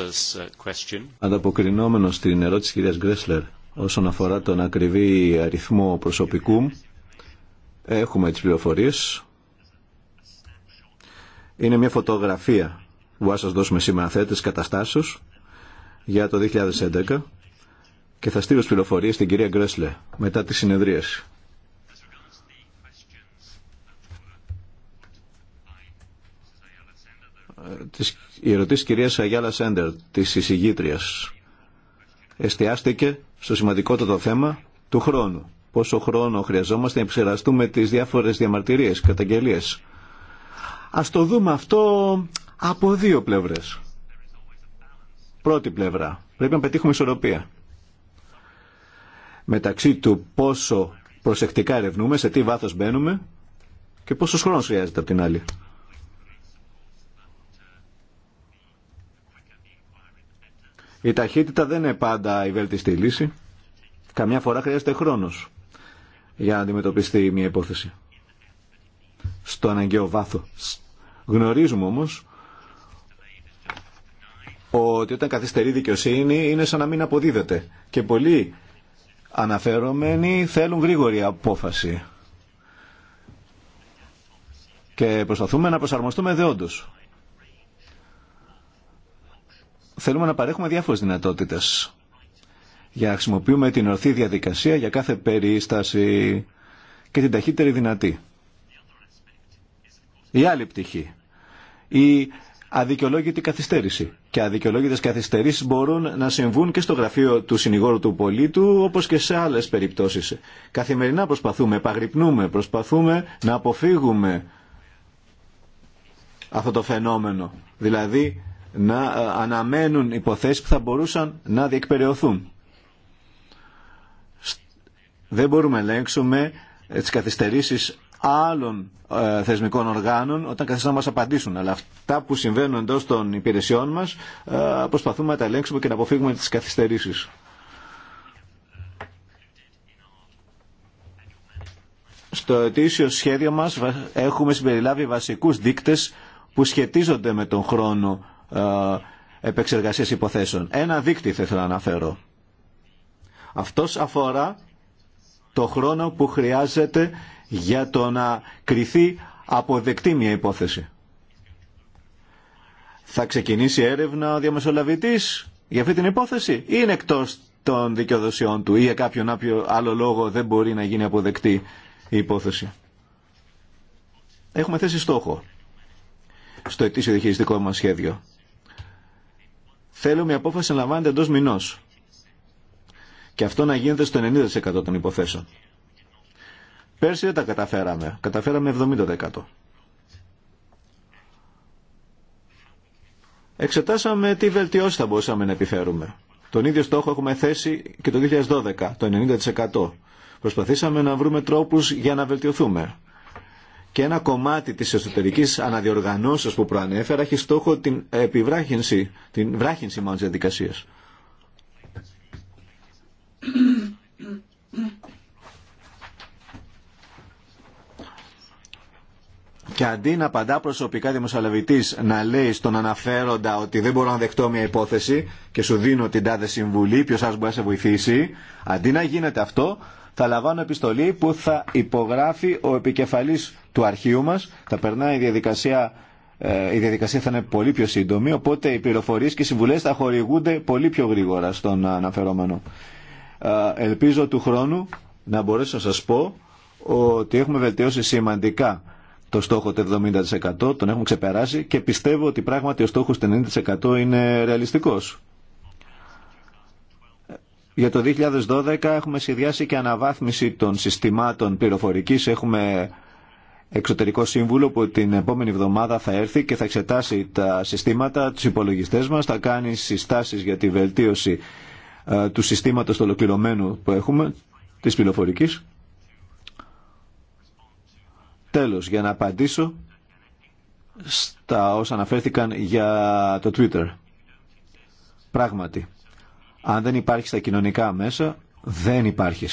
uh, Ανταποκρινόμενο στην ερώτηση της κυρίας Γκρέσλερ όσον αφορά τον ακριβή αριθμό προσωπικού, έχουμε τις πληροφορίες. Είναι μια φωτογραφία που θα σας δώσουμε σήμερα θέτες καταστάσεω για το 2011 και θα στείλω τις πληροφορίες στην κυρία Γκρέσλερ μετά τη συνεδρίαση. η ερωτήση της κυρίας Αγιάλα Σέντερ, της εισηγήτριας, εστιάστηκε στο το θέμα του χρόνου. Πόσο χρόνο χρειαζόμαστε να εξεραστούμε τις διάφορες διαμαρτυρίες, καταγγελίες. Ας το δούμε αυτό από δύο πλευρές. Πρώτη πλευρά. Πρέπει να πετύχουμε ισορροπία. Μεταξύ του πόσο προσεκτικά ερευνούμε, σε τι βάθος μπαίνουμε και πόσος χρόνος χρειάζεται από την άλλη. Η ταχύτητα δεν είναι πάντα η βέλτιστη λύση. Καμιά φορά χρειάζεται χρόνος για να αντιμετωπιστεί μια υπόθεση. Στο αναγκαίο βάθο. Γνωρίζουμε όμως ότι όταν καθυστερεί δικαιοσύνη είναι σαν να μην αποδίδεται. Και πολλοί αναφερόμενοι θέλουν γρήγορη απόφαση. Και προσπαθούμε να προσαρμοστούμε δεόντως θέλουμε να παρέχουμε διάφορες δυνατότητες για να χρησιμοποιούμε την ορθή διαδικασία για κάθε περίσταση και την ταχύτερη δυνατή. Η άλλη πτυχή. Η αδικαιολόγητη καθυστέρηση. Και αδικαιολόγητες καθυστερήσεις μπορούν να συμβούν και στο γραφείο του συνηγόρου του πολίτου, όπως και σε άλλες περιπτώσεις. Καθημερινά προσπαθούμε, επαγρυπνούμε, προσπαθούμε να αποφύγουμε αυτό το φαινόμενο. Δηλαδή, να ε, αναμένουν υποθέσεις που θα μπορούσαν να διεκπαιρεωθούν. Δεν μπορούμε να ελέγξουμε ε, τις καθυστερήσεις άλλων ε, θεσμικών οργάνων όταν καθιστούν να μας απαντήσουν. Αλλά αυτά που συμβαίνουν εντός των υπηρεσιών μας προσπαθούμε να τα ελέγξουμε και να αποφύγουμε τις καθυστερήσεις. Στο ετήσιο σχέδιο μας έχουμε συμπεριλάβει βασικούς δείκτες που σχετίζονται με τον χρόνο ε, επεξεργασίας υποθέσεων. Ένα δίκτυ θα ήθελα να αναφέρω. Αυτός αφορά το χρόνο που χρειάζεται για το να κριθεί αποδεκτή μια υπόθεση. Θα ξεκινήσει έρευνα ο διαμεσολαβητής για αυτή την υπόθεση ή είναι εκτός των δικαιοδοσιών του ή για κάποιον άλλο λόγο δεν μπορεί να γίνει αποδεκτή η υπόθεση. Έχουμε θέσει στόχο στο ετήσιο διαχειριστικό μας σχέδιο Θέλουμε η απόφαση να λαμβάνεται εντό μηνό. Και αυτό να γίνεται στο 90% των υποθέσεων. Πέρσι δεν τα καταφέραμε. Καταφέραμε 70%. Εξετάσαμε τι βελτιώσει θα μπορούσαμε να επιφέρουμε. Τον ίδιο στόχο έχουμε θέσει και το 2012, το 90%. Προσπαθήσαμε να βρούμε τρόπους για να βελτιωθούμε και ένα κομμάτι της εσωτερικής αναδιοργανώσεως που προανέφερα έχει στόχο την επιβράχυνση, την βράχυνση μάλλον της διαδικασίας. Και αντί να απαντά προσωπικά δημοσιολαβητή να λέει στον αναφέροντα ότι δεν μπορώ να δεχτώ μια υπόθεση και σου δίνω την τάδε συμβουλή, ποιο σα μπορεί να σε βοηθήσει, αντί να γίνεται αυτό, θα λαμβάνω επιστολή που θα υπογράφει ο επικεφαλής του αρχείου μας, θα περνάει η διαδικασία ε, η διαδικασία θα είναι πολύ πιο σύντομη, οπότε οι πληροφορίες και οι συμβουλές θα χορηγούνται πολύ πιο γρήγορα στον αναφερόμενο. Ε, ελπίζω του χρόνου να μπορέσω να σας πω ότι έχουμε βελτιώσει σημαντικά το στόχο του 70%, τον έχουμε ξεπεράσει και πιστεύω ότι πράγματι ο στόχος του 90% είναι ρεαλιστικός. Για το 2012 έχουμε σχεδιάσει και αναβάθμιση των συστημάτων πληροφορικής. Έχουμε εξωτερικό σύμβουλο που την επόμενη εβδομάδα θα έρθει και θα εξετάσει τα συστήματα, τους υπολογιστές μας, θα κάνει συστάσεις για τη βελτίωση ε, του συστήματος του ολοκληρωμένου που έχουμε, της πληροφορικής. Τέλος, για να απαντήσω στα όσα αναφέρθηκαν για το Twitter. Πράγματι, αν δεν υπάρχει στα κοινωνικά μέσα, δεν υπάρχει.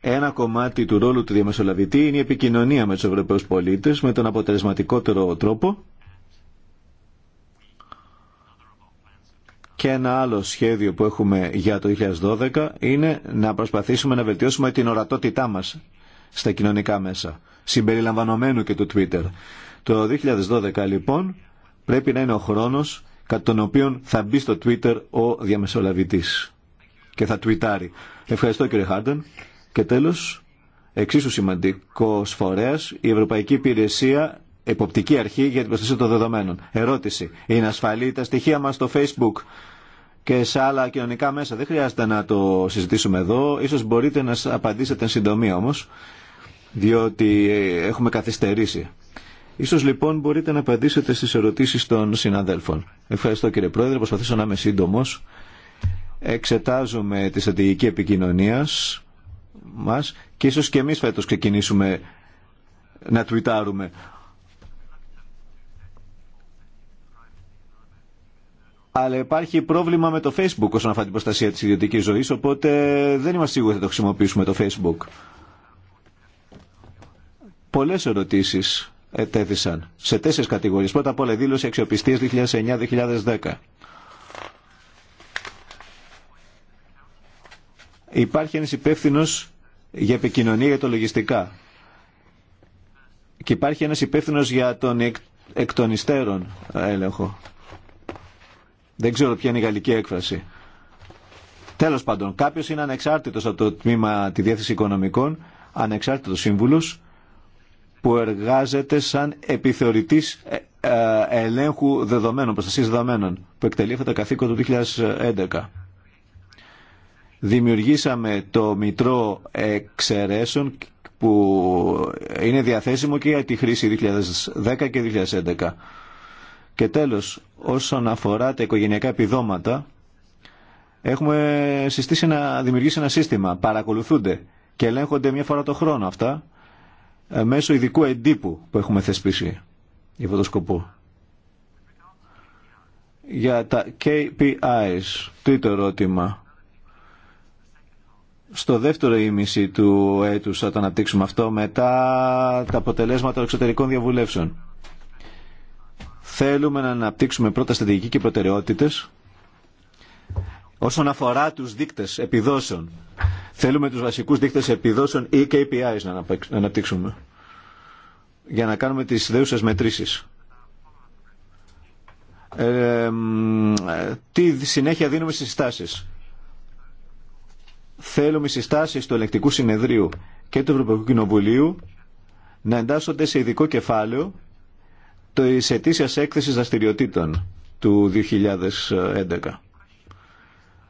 Ένα κομμάτι του ρόλου του διαμεσολαβητή είναι η επικοινωνία με τους Ευρωπαίους πολίτες με τον αποτελεσματικότερο τρόπο και ένα άλλο σχέδιο που έχουμε για το 2012 είναι να προσπαθήσουμε να βελτιώσουμε την ορατότητά μας στα κοινωνικά μέσα συμπεριλαμβανομένου και του Twitter. Το 2012 λοιπόν πρέπει να είναι ο χρόνος κατά τον οποίο θα μπει στο Twitter ο διαμεσολαβητής και θα τουιτάρει. Ευχαριστώ κύριε Χάρντεν. Και τέλος, εξίσου σημαντικός φορέας, η Ευρωπαϊκή Υπηρεσία Εποπτική Αρχή για την Προστασία των Δεδομένων. Ερώτηση. Είναι ασφαλή τα στοιχεία μας στο Facebook και σε άλλα κοινωνικά μέσα. Δεν χρειάζεται να το συζητήσουμε εδώ. Ίσως μπορείτε να απαντήσετε εν συντομία όμως, διότι έχουμε καθυστερήσει. Ίσως λοιπόν μπορείτε να απαντήσετε στις ερωτήσεις των συναδέλφων. Ευχαριστώ κύριε Πρόεδρε, προσπαθήσω να είμαι σύντομο. Εξετάζουμε τη στρατηγική επικοινωνία μας και ίσως και εμείς φέτος ξεκινήσουμε να τουιτάρουμε. Αλλά υπάρχει πρόβλημα με το Facebook όσον αφορά την προστασία της ιδιωτικής ζωής, οπότε δεν είμαστε σίγουροι ότι θα το χρησιμοποιήσουμε το Facebook. Πολλές ερωτήσεις ετέθησαν σε τέσσερις κατηγορίες. Πρώτα απ' όλα δήλωση αξιοπιστίας 2009-2010. Υπάρχει ένας υπεύθυνο για επικοινωνία για το λογιστικά και υπάρχει ένας υπεύθυνο για τον εκ, ε, έλεγχο. Δεν ξέρω ποια είναι η γαλλική έκφραση. Τέλος πάντων, κάποιος είναι ανεξάρτητος από το τμήμα τη Διεύθυνση Οικονομικών, ανεξάρτητος σύμβουλος που εργάζεται σαν επιθεωρητής ε, ε, ελέγχου δεδομένων, προστασία δεδομένων, που εκτελεί αυτό το καθήκον του 2011. Δημιουργήσαμε το Μητρό Εξαιρέσεων που είναι διαθέσιμο και για τη χρήση 2010 και 2011. Και τέλος, όσον αφορά τα οικογενειακά επιδόματα, έχουμε συστήσει να δημιουργήσει ένα σύστημα. Παρακολουθούνται και ελέγχονται μία φορά το χρόνο αυτά ε, μέσω ειδικού εντύπου που έχουμε θεσπίσει για αυτό το σκοπό. Για τα KPIs, τρίτο ερώτημα. Στο δεύτερο ήμιση του έτους θα το αναπτύξουμε αυτό μετά τα αποτελέσματα των εξωτερικών διαβουλεύσεων. Θέλουμε να αναπτύξουμε πρώτα στρατηγική και προτεραιότητες όσον αφορά τους δείκτες επιδόσεων Θέλουμε τους βασικούς δείκτες επιδόσεων ή KPIs να αναπτύξουμε για να κάνουμε τις δέουσες μετρήσεις. Ε, τι συνέχεια δίνουμε στις συστάσεις. Θέλουμε οι συστάσεις του ελεκτικού συνεδρίου και του Ευρωπαϊκού Κοινοβουλίου να εντάσσονται σε ειδικό κεφάλαιο το ετήσιας έκθεσης δραστηριοτήτων του 2011.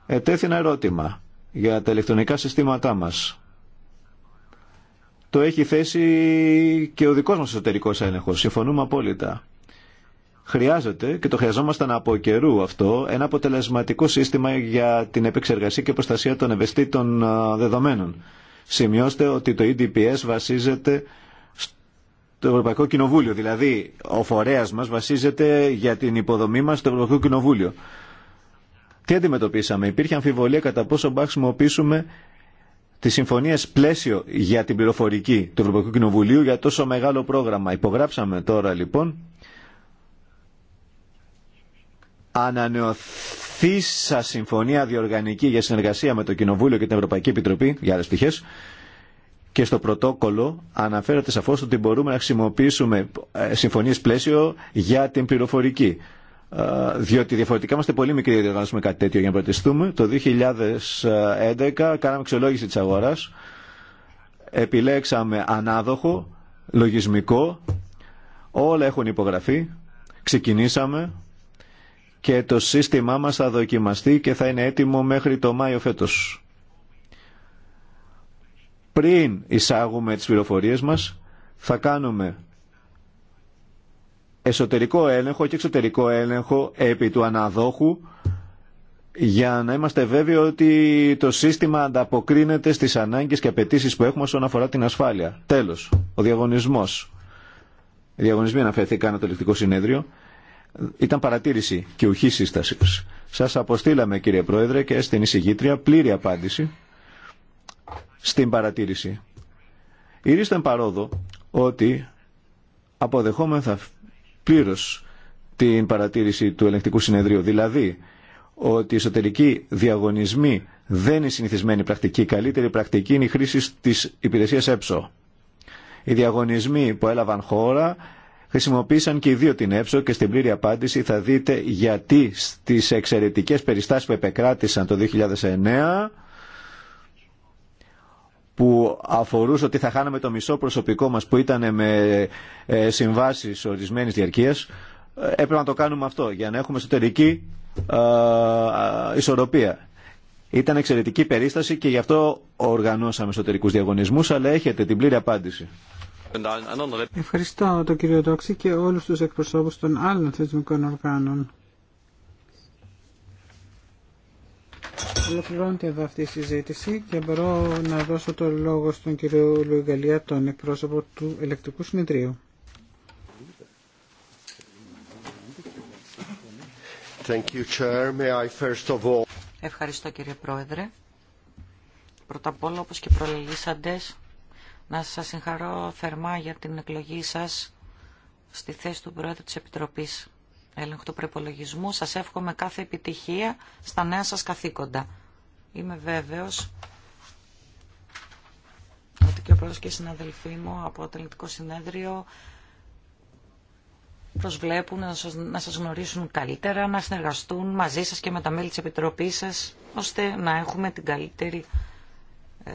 Ετέθη ένα ερώτημα για τα ηλεκτρονικά συστήματά μας. Το έχει θέσει και ο δικός μας εσωτερικός έλεγχος. Συμφωνούμε απόλυτα. Χρειάζεται και το χρειαζόμασταν από καιρού αυτό ένα αποτελεσματικό σύστημα για την επεξεργασία και προστασία των ευαισθητών δεδομένων. Σημειώστε ότι το EDPS βασίζεται στο Ευρωπαϊκό Κοινοβούλιο. Δηλαδή, ο φορέας μας βασίζεται για την υποδομή μα στο Ευρωπαϊκό Κοινοβούλιο. Τι αντιμετωπίσαμε. Υπήρχε αμφιβολία κατά πόσο μπα χρησιμοποιήσουμε τι συμφωνίε πλαίσιο για την πληροφορική του Ευρωπαϊκού Κοινοβουλίου για τόσο μεγάλο πρόγραμμα. Υπογράψαμε τώρα λοιπόν. Ανανεωθεί συμφωνία διοργανική για συνεργασία με το Κοινοβούλιο και την Ευρωπαϊκή Επιτροπή για άλλε πτυχέ. Και στο πρωτόκολλο αναφέρεται σαφώ ότι μπορούμε να χρησιμοποιήσουμε ε, συμφωνίε πλαίσιο για την πληροφορική διότι διαφορετικά είμαστε πολύ μικροί για να διοργανώσουμε κάτι τέτοιο για να προτεστούμε. Το 2011 κάναμε εξολόγηση της αγοράς, επιλέξαμε ανάδοχο, λογισμικό, όλα έχουν υπογραφεί, ξεκινήσαμε και το σύστημά μας θα δοκιμαστεί και θα είναι έτοιμο μέχρι το Μάιο φέτος. Πριν εισάγουμε τις πληροφορίες μας, θα κάνουμε εσωτερικό έλεγχο και εξωτερικό έλεγχο επί του αναδόχου για να είμαστε βέβαιοι ότι το σύστημα ανταποκρίνεται στις ανάγκες και απαιτήσει που έχουμε όσον αφορά την ασφάλεια. Τέλος, ο διαγωνισμός. Οι διαγωνισμοί αναφερθήκαν το λεκτικό συνέδριο. Ήταν παρατήρηση και ουχή σύσταση. Σας αποστήλαμε κύριε Πρόεδρε και στην εισηγήτρια πλήρη απάντηση στην παρατήρηση. παρόδο ότι αποδεχόμεθα πλήρω την παρατήρηση του ελεγκτικού συνεδρίου. Δηλαδή, ότι οι εσωτερικοί διαγωνισμοί δεν είναι συνηθισμένη πρακτική. Η καλύτερη πρακτική είναι η χρήση της υπηρεσίας ΕΨΟ. Οι διαγωνισμοί που έλαβαν χώρα χρησιμοποίησαν και οι δύο την ΕΨΟ και στην πλήρη απάντηση θα δείτε γιατί στι εξαιρετικέ περιστάσεις που επεκράτησαν το 2009 που αφορούσε ότι θα χάναμε το μισό προσωπικό μας που ήταν με ε, συμβάσεις ορισμένης διαρκείας, ε, έπρεπε να το κάνουμε αυτό για να έχουμε εσωτερική ε, ισορροπία. Ήταν εξαιρετική περίσταση και γι' αυτό οργανώσαμε εσωτερικούς διαγωνισμούς, αλλά έχετε την πλήρη απάντηση. Ευχαριστώ τον κύριο Τόξη και όλους τους εκπροσώπους των άλλων θεσμικών οργάνων. Ολοκληρώνεται εδώ αυτή η συζήτηση και μπορώ να δώσω το λόγο στον κύριο Λουγκαλία, τον εκπρόσωπο του Ελεκτρικού Συνεδρίου. Ευχαριστώ κύριε Πρόεδρε. Πρώτα απ' όλα, όπως και προλαλήσαντες, να σας συγχαρώ θερμά για την εκλογή σας στη θέση του Πρόεδρου της Επιτροπής έλεγχο του προπολογισμού. Σας εύχομαι κάθε επιτυχία στα νέα σας καθήκοντα. Είμαι βέβαιος ότι και ο πρόεδρος και οι συναδελφοί μου από το Ελληνικό Συνέδριο προσβλέπουν να σας, να σας γνωρίσουν καλύτερα, να συνεργαστούν μαζί σας και με τα μέλη της Επιτροπής σας, ώστε να έχουμε την καλύτερη ε,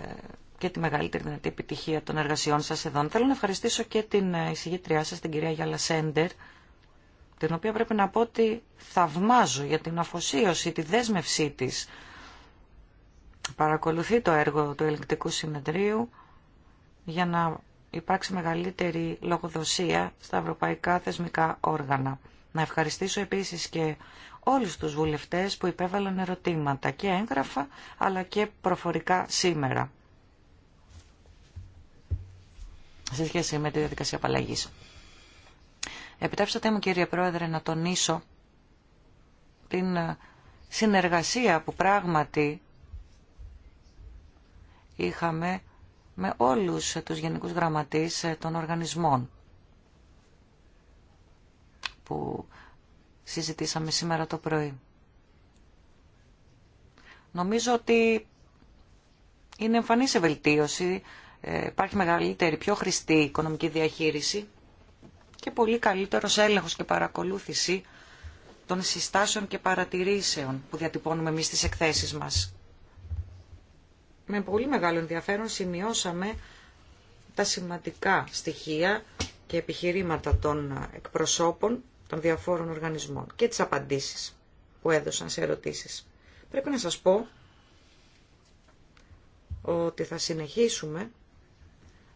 και τη μεγαλύτερη δυνατή επιτυχία των εργασιών σας εδώ. Θέλω να ευχαριστήσω και την ε, εισηγήτριά σας, την κυρία Γιάλα Σέντερ, την οποία πρέπει να πω ότι θαυμάζω για την αφοσίωση, τη δέσμευσή της. Παρακολουθεί το έργο του ελεγκτικού συνεδρίου για να υπάρξει μεγαλύτερη λογοδοσία στα ευρωπαϊκά θεσμικά όργανα. Να ευχαριστήσω επίσης και όλους τους βουλευτές που υπέβαλαν ερωτήματα και έγγραφα αλλά και προφορικά σήμερα σε σχέση με τη διαδικασία απαλλαγής. Επιτρέψατε μου κύριε Πρόεδρε να τονίσω την ε, συνεργασία που πράγματι είχαμε με όλους τους γενικούς γραμματείς ε, των οργανισμών που συζητήσαμε σήμερα το πρωί. Νομίζω ότι είναι σε βελτίωση. Ε, υπάρχει μεγαλύτερη, πιο χρηστή οικονομική διαχείριση και πολύ καλύτερος έλεγχος και παρακολούθηση των συστάσεων και παρατηρήσεων που διατυπώνουμε εμείς στις εκθέσεις μας. Με πολύ μεγάλο ενδιαφέρον σημειώσαμε τα σημαντικά στοιχεία και επιχειρήματα των εκπροσώπων των διαφόρων οργανισμών και τις απαντήσεις που έδωσαν σε ερωτήσεις. Πρέπει να σας πω ότι θα συνεχίσουμε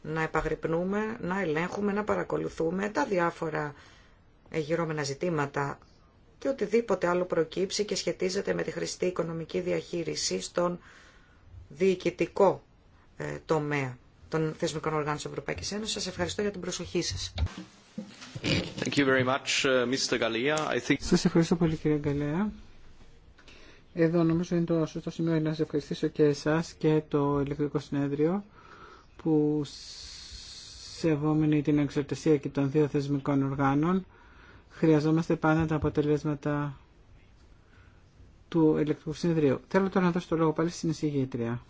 να επαγρυπνούμε, να ελέγχουμε, να παρακολουθούμε τα διάφορα γυρώμενα ζητήματα και οτιδήποτε άλλο προκύψει και σχετίζεται με τη χρηστή οικονομική διαχείριση στον διοικητικό ε, τομέα των θεσμικών οργάνων της Ευρωπαϊκής Ένωσης. Σας ευχαριστώ για την προσοχή σας. Thank you very much, uh, Mr. I think... Σας ευχαριστώ πολύ κύριε Γκαλέα. Εδώ νομίζω είναι το σωστό σημείο να σας ευχαριστήσω και εσάς και το ηλεκτρικό συνέδριο που σεβόμενοι την εξαρτησία και των δύο θεσμικών οργάνων χρειαζόμαστε πάντα τα αποτελέσματα του ηλεκτρικού συνεδρίου. Θέλω τώρα να δώσω το λόγο πάλι στην εισηγήτρια.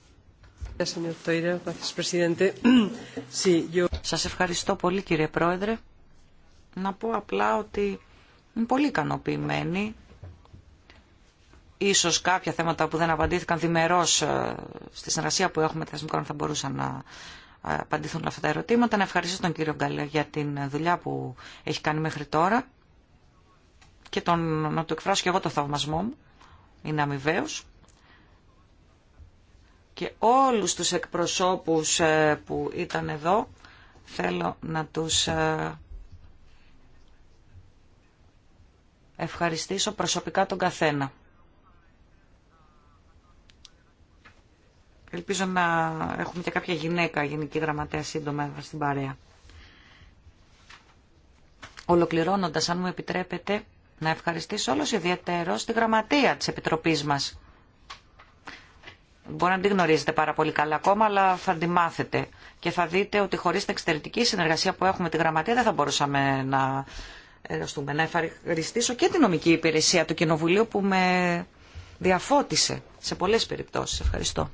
Σας ευχαριστώ πολύ κύριε Πρόεδρε. Να πω απλά ότι είμαι πολύ ικανοποιημένη. Ίσως κάποια θέματα που δεν απαντήθηκαν διμερώς ε, στη συνεργασία που έχουμε θεσμικών θα μπορούσαν να απαντηθούν όλα αυτά τα ερωτήματα. Να ευχαριστήσω τον κύριο Γκαλέ για την δουλειά που έχει κάνει μέχρι τώρα και τον, να του εκφράσω και εγώ το θαυμασμό μου. Είναι αμοιβαίο. και όλους τους εκπροσώπους ε, που ήταν εδώ θέλω να τους ε, ευχαριστήσω προσωπικά τον καθένα. Ελπίζω να έχουμε και κάποια γυναίκα γενική γραμματέα σύντομα στην παρέα. Ολοκληρώνοντας, αν μου επιτρέπετε, να ευχαριστήσω όλος ιδιαίτερο τη γραμματεία της Επιτροπής μας. Μπορεί να την γνωρίζετε πάρα πολύ καλά ακόμα, αλλά θα τη μάθετε. Και θα δείτε ότι χωρίς την εξαιρετική συνεργασία που έχουμε τη γραμματεία δεν θα μπορούσαμε να εργαστούμε. Να ευχαριστήσω και την νομική υπηρεσία του Κοινοβουλίου που με διαφώτισε σε πολλές περιπτώσεις. Ευχαριστώ.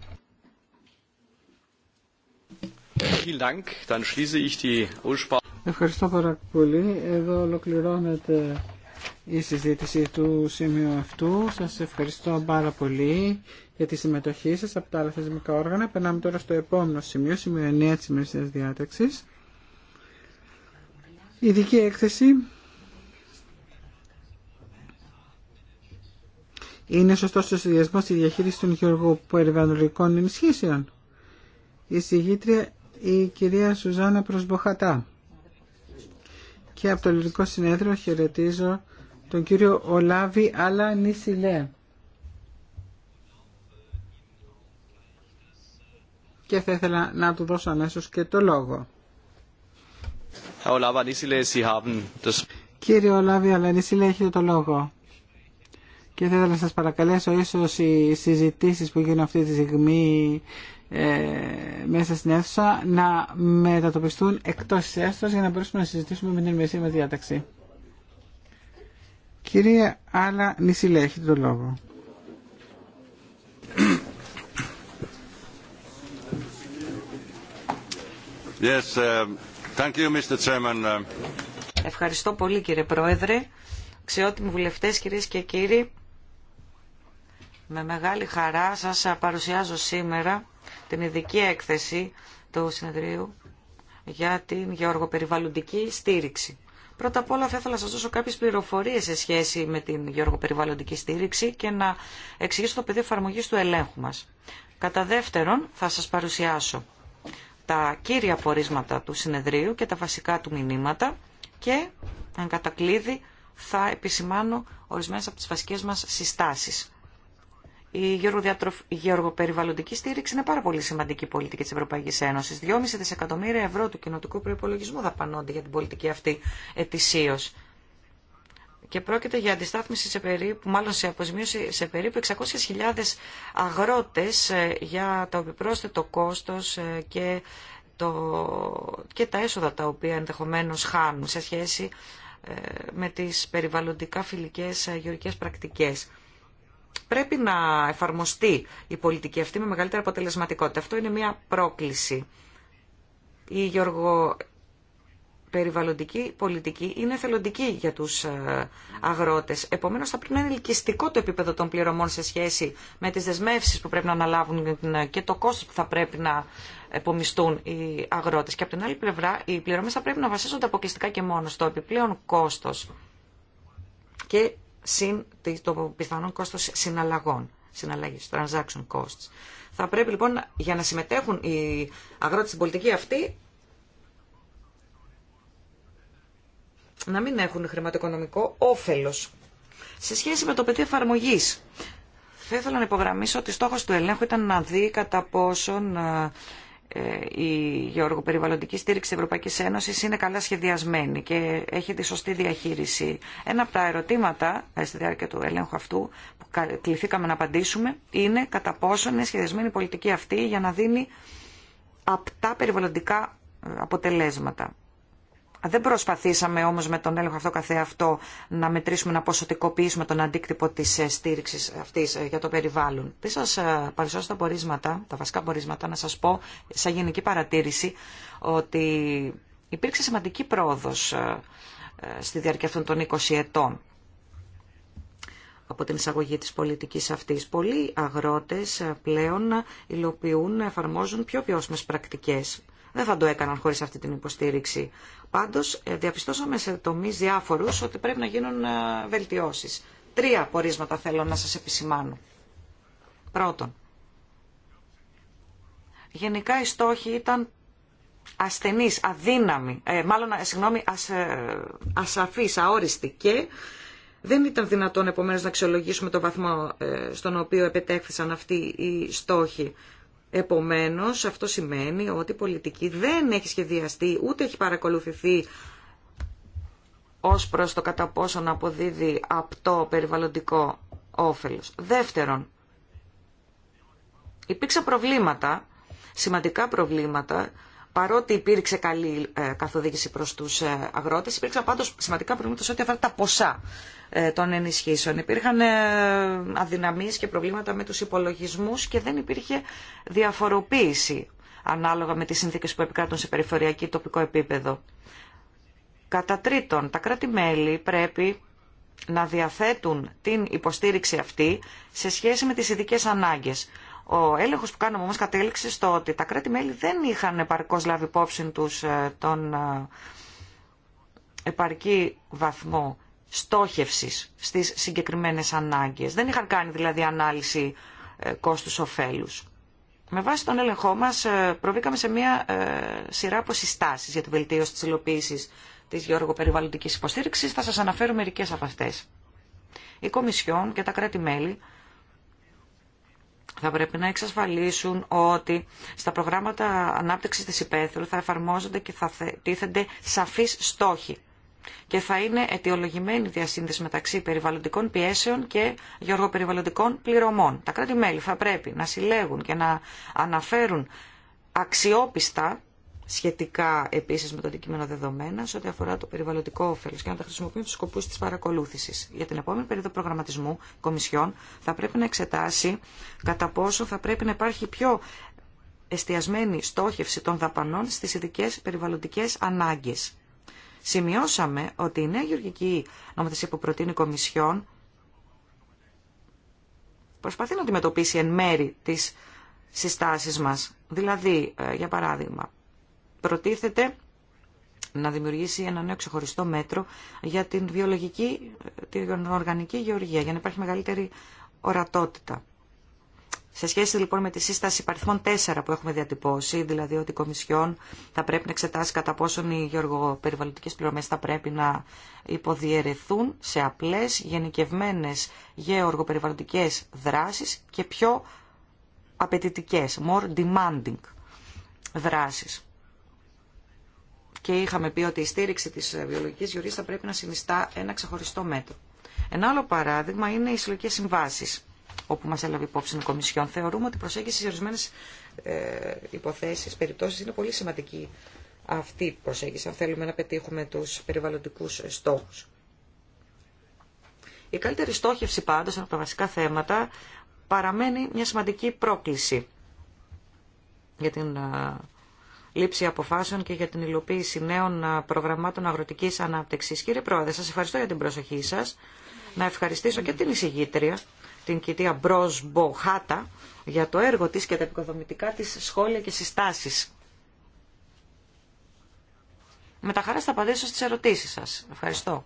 Ευχαριστώ πάρα πολύ. Εδώ ολοκληρώνεται η συζήτηση του σημείου αυτού. Σας ευχαριστώ πάρα πολύ για τη συμμετοχή σας από τα άλλα θεσμικά όργανα. Περνάμε τώρα στο επόμενο σημείο, σημείο 9 της ημερησίας διάταξης. Ειδική έκθεση Είναι σωστό ο συνδυασμό στη διαχείριση των γεωργοπεριβαλλοντικών ενισχύσεων. Η συγγήτρια η κυρία Σουζάνα Προσμποχατά. Και από το Ελληνικό Συνέδριο χαιρετίζω τον κύριο Ολάβη Αλα Και θα ήθελα να του δώσω αμέσως και το λόγο. Κύριε Ολάβη Αλανίσιλε, έχετε το λόγο. Και θα ήθελα να σας παρακαλέσω ίσως οι συζητήσεις που γίνουν αυτή τη στιγμή ε, μέσα στην αίθουσα να μετατοπιστούν εκτός της αίθουσας για να μπορέσουμε να συζητήσουμε με την ημερησία διάταξη. Κυρία Άλλα Νησιλέ, έχετε το λόγο. Yes, uh, thank you, Mr. Chairman. Uh, Ευχαριστώ πολύ κύριε Πρόεδρε, αξιότιμοι βουλευτές κυρίες και κύριοι. Με μεγάλη χαρά σας παρουσιάζω σήμερα την ειδική έκθεση του συνεδρίου για την γεωργοπεριβαλλοντική στήριξη. Πρώτα απ' όλα θα ήθελα να σας δώσω κάποιες πληροφορίες σε σχέση με την γεωργοπεριβαλλοντική στήριξη και να εξηγήσω το πεδίο εφαρμογή του ελέγχου μας. Κατά δεύτερον θα σας παρουσιάσω τα κύρια πορίσματα του συνεδρίου και τα βασικά του μηνύματα και αν κατακλείδη θα επισημάνω ορισμένες από τις βασικές μας συστάσεις η γεωργοπεριβαλλοντική στήριξη είναι πάρα πολύ σημαντική πολιτική τη Ευρωπαϊκή Ένωση. 2,5 δισεκατομμύρια ευρώ του κοινοτικού προπολογισμού δαπανώνται για την πολιτική αυτή ετησίω. Και πρόκειται για αντιστάθμιση σε περίπου, μάλλον σε αποσμίωση σε περίπου 600.000 αγρότε ε, για το επιπρόσθετο κόστο ε, και, και τα έσοδα τα οποία ενδεχομένω χάνουν σε σχέση ε, με τις περιβαλλοντικά φιλικές γεωργικές πρακτικές πρέπει να εφαρμοστεί η πολιτική αυτή με μεγαλύτερη αποτελεσματικότητα. Αυτό είναι μια πρόκληση. Η Γιώργο περιβαλλοντική πολιτική είναι θελοντική για τους ε, αγρότες. Επομένως θα πρέπει να είναι ελκυστικό το επίπεδο των πληρωμών σε σχέση με τις δεσμεύσεις που πρέπει να αναλάβουν και το κόστος που θα πρέπει να επομιστούν οι αγρότες. Και από την άλλη πλευρά οι πληρωμές θα πρέπει να βασίζονται αποκλειστικά και μόνο στο επιπλέον κόστος συν το πιθανό κόστος συναλλαγών, συναλλαγής, transaction costs. Θα πρέπει λοιπόν για να συμμετέχουν οι αγρότες στην πολιτική αυτή να μην έχουν χρηματοοικονομικό όφελος. Σε σχέση με το πεδίο εφαρμογή. θα ήθελα να υπογραμμίσω ότι στόχος του ελέγχου ήταν να δει κατά πόσον ε, ε, η γεωργοπεριβαλλοντική στήριξη Ευρωπαϊκής Ένωσης είναι καλά σχεδιασμένη και έχει τη σωστή διαχείριση. Ένα από τα ερωτήματα ε, στη διάρκεια του έλεγχου αυτού που κληθήκαμε να απαντήσουμε είναι κατά πόσο είναι σχεδιασμένη η πολιτική αυτή για να δίνει απτά περιβαλλοντικά ε, αποτελέσματα. Δεν προσπαθήσαμε όμως με τον έλεγχο αυτό καθεαυτό να μετρήσουμε, να ποσοτικοποιήσουμε τον αντίκτυπο της ε, στήριξης αυτής ε, για το περιβάλλον. Δεν σας ε, παρουσιάσω τα πορίσματα, τα βασικά πορίσματα, να σας πω σαν γενική παρατήρηση ότι υπήρξε σημαντική πρόοδος στη διάρκεια αυτών των 20 ετών από την εισαγωγή της πολιτικής αυτής. Πολλοί αγρότες πλέον υλοποιούν, εφαρμόζουν πιο βιώσιμες πρακτικές δεν θα το έκαναν χωρίς αυτή την υποστήριξη. Πάντως, ε, διαπιστώσαμε σε τομείς διάφορους ότι πρέπει να γίνουν ε, βελτιώσεις. Τρία πορίσματα θέλω να σας επισημάνω. Πρώτον, γενικά οι στόχοι ήταν ασθενείς, αδύναμοι, ε, μάλλον ε, συγγνώμη, ας, ασαφείς, αόριστοι και δεν ήταν δυνατόν επομένως να αξιολογήσουμε το βαθμό στον οποίο επετέχθησαν αυτοί οι στόχοι. Επομένως, αυτό σημαίνει ότι η πολιτική δεν έχει σχεδιαστεί, ούτε έχει παρακολουθηθεί ως προς το κατά πόσο να αποδίδει απτό περιβαλλοντικό όφελος. Δεύτερον, υπήρξαν προβλήματα, σημαντικά προβλήματα, παρότι υπήρξε καλή ε, καθοδήγηση προς τους ε, αγρότες, υπήρξαν πάντως σημαντικά προβλήματα σε ό,τι αφορά τα ποσά ε, των ενισχύσεων. Υπήρχαν αδυναμίες και προβλήματα με τους υπολογισμούς και δεν υπήρχε διαφοροποίηση ανάλογα με τις συνθήκες που επικράτουν σε περιφερειακή τοπικό επίπεδο. Κατά τρίτον, τα κράτη-μέλη πρέπει να διαθέτουν την υποστήριξη αυτή σε σχέση με τις ειδικές ανάγκες. Ο έλεγχος που κάναμε όμως κατέληξε στο ότι τα κράτη-μέλη δεν είχαν επαρκώς λάβει υπόψη τους ε, τον ε, επαρκή βαθμό στόχευσης στις συγκεκριμένες ανάγκες. Δεν είχαν κάνει δηλαδή κόστου ε, κόστους-οφέλους. Με βάση τον έλεγχό μας προβήκαμε σε μια σειρά από για τη βελτίωση της υλοποίησης της γεωργοπεριβαλλοντικής υποστήριξη, Θα σα αναφέρω μερικέ από αυτέ. Η Κομισιόν και τα κράτη-μέλη θα πρέπει να εξασφαλίσουν ότι στα προγράμματα ανάπτυξης της υπαίθρου θα εφαρμόζονται και θα τίθενται σαφείς στόχοι και θα είναι αιτιολογημένη διασύνδεση μεταξύ περιβαλλοντικών πιέσεων και γεωργοπεριβαλλοντικών πληρωμών. Τα κράτη-μέλη θα πρέπει να συλλέγουν και να αναφέρουν αξιόπιστα σχετικά επίση με το αντικείμενο δεδομένα σε ό,τι αφορά το περιβαλλοντικό όφελο και να τα χρησιμοποιούν στου σκοπού τη παρακολούθηση. Για την επόμενη περίοδο προγραμματισμού κομισιών θα πρέπει να εξετάσει κατά πόσο θα πρέπει να υπάρχει πιο εστιασμένη στόχευση των δαπανών στι ειδικέ περιβαλλοντικέ ανάγκε. Σημειώσαμε ότι η νέα γεωργική νομοθεσία που προτείνει η Κομισιόν προσπαθεί να αντιμετωπίσει εν μέρη τις συστάσεις μας. Δηλαδή, ε, για παράδειγμα, προτίθεται να δημιουργήσει ένα νέο ξεχωριστό μέτρο για την βιολογική, την οργανική γεωργία, για να υπάρχει μεγαλύτερη ορατότητα. Σε σχέση λοιπόν με τη σύσταση παριθμών 4 που έχουμε διατυπώσει, δηλαδή ότι η Κομισιόν θα πρέπει να εξετάσει κατά πόσον οι γεωργοπεριβαλλοντικέ πληρωμέ θα πρέπει να υποδιαιρεθούν σε απλέ, γενικευμένε γεωργοπεριβαλλοντικέ δράσει και πιο απαιτητικέ, more demanding δράσεις και είχαμε πει ότι η στήριξη της ε, βιολογικής γεωργίας θα πρέπει να συνιστά ένα ξεχωριστό μέτρο. Ένα άλλο παράδειγμα είναι οι συλλογικέ συμβάσει, όπου μα έλαβε υπόψη η Κομισιόν. Θεωρούμε ότι η προσέγγιση σε ορισμένε υποθέσει, περιπτώσει είναι πολύ σημαντική αυτή η προσέγγιση, αν θέλουμε να πετύχουμε του περιβαλλοντικού στόχου. Η καλύτερη στόχευση πάντως από τα βασικά θέματα παραμένει μια σημαντική πρόκληση για την ε, λήψη αποφάσεων και για την υλοποίηση νέων προγραμμάτων αγροτικής ανάπτυξη. Κύριε Πρόεδρε, σα ευχαριστώ για την προσοχή σας. Να ευχαριστήσω και την εισηγήτρια, την κυρία Μπρος Μποχάτα, για το έργο της και τα επικοδομητικά της σχόλια και συστάσεις. Με τα χαρά θα απαντήσω στις ερωτήσεις σας. Ευχαριστώ.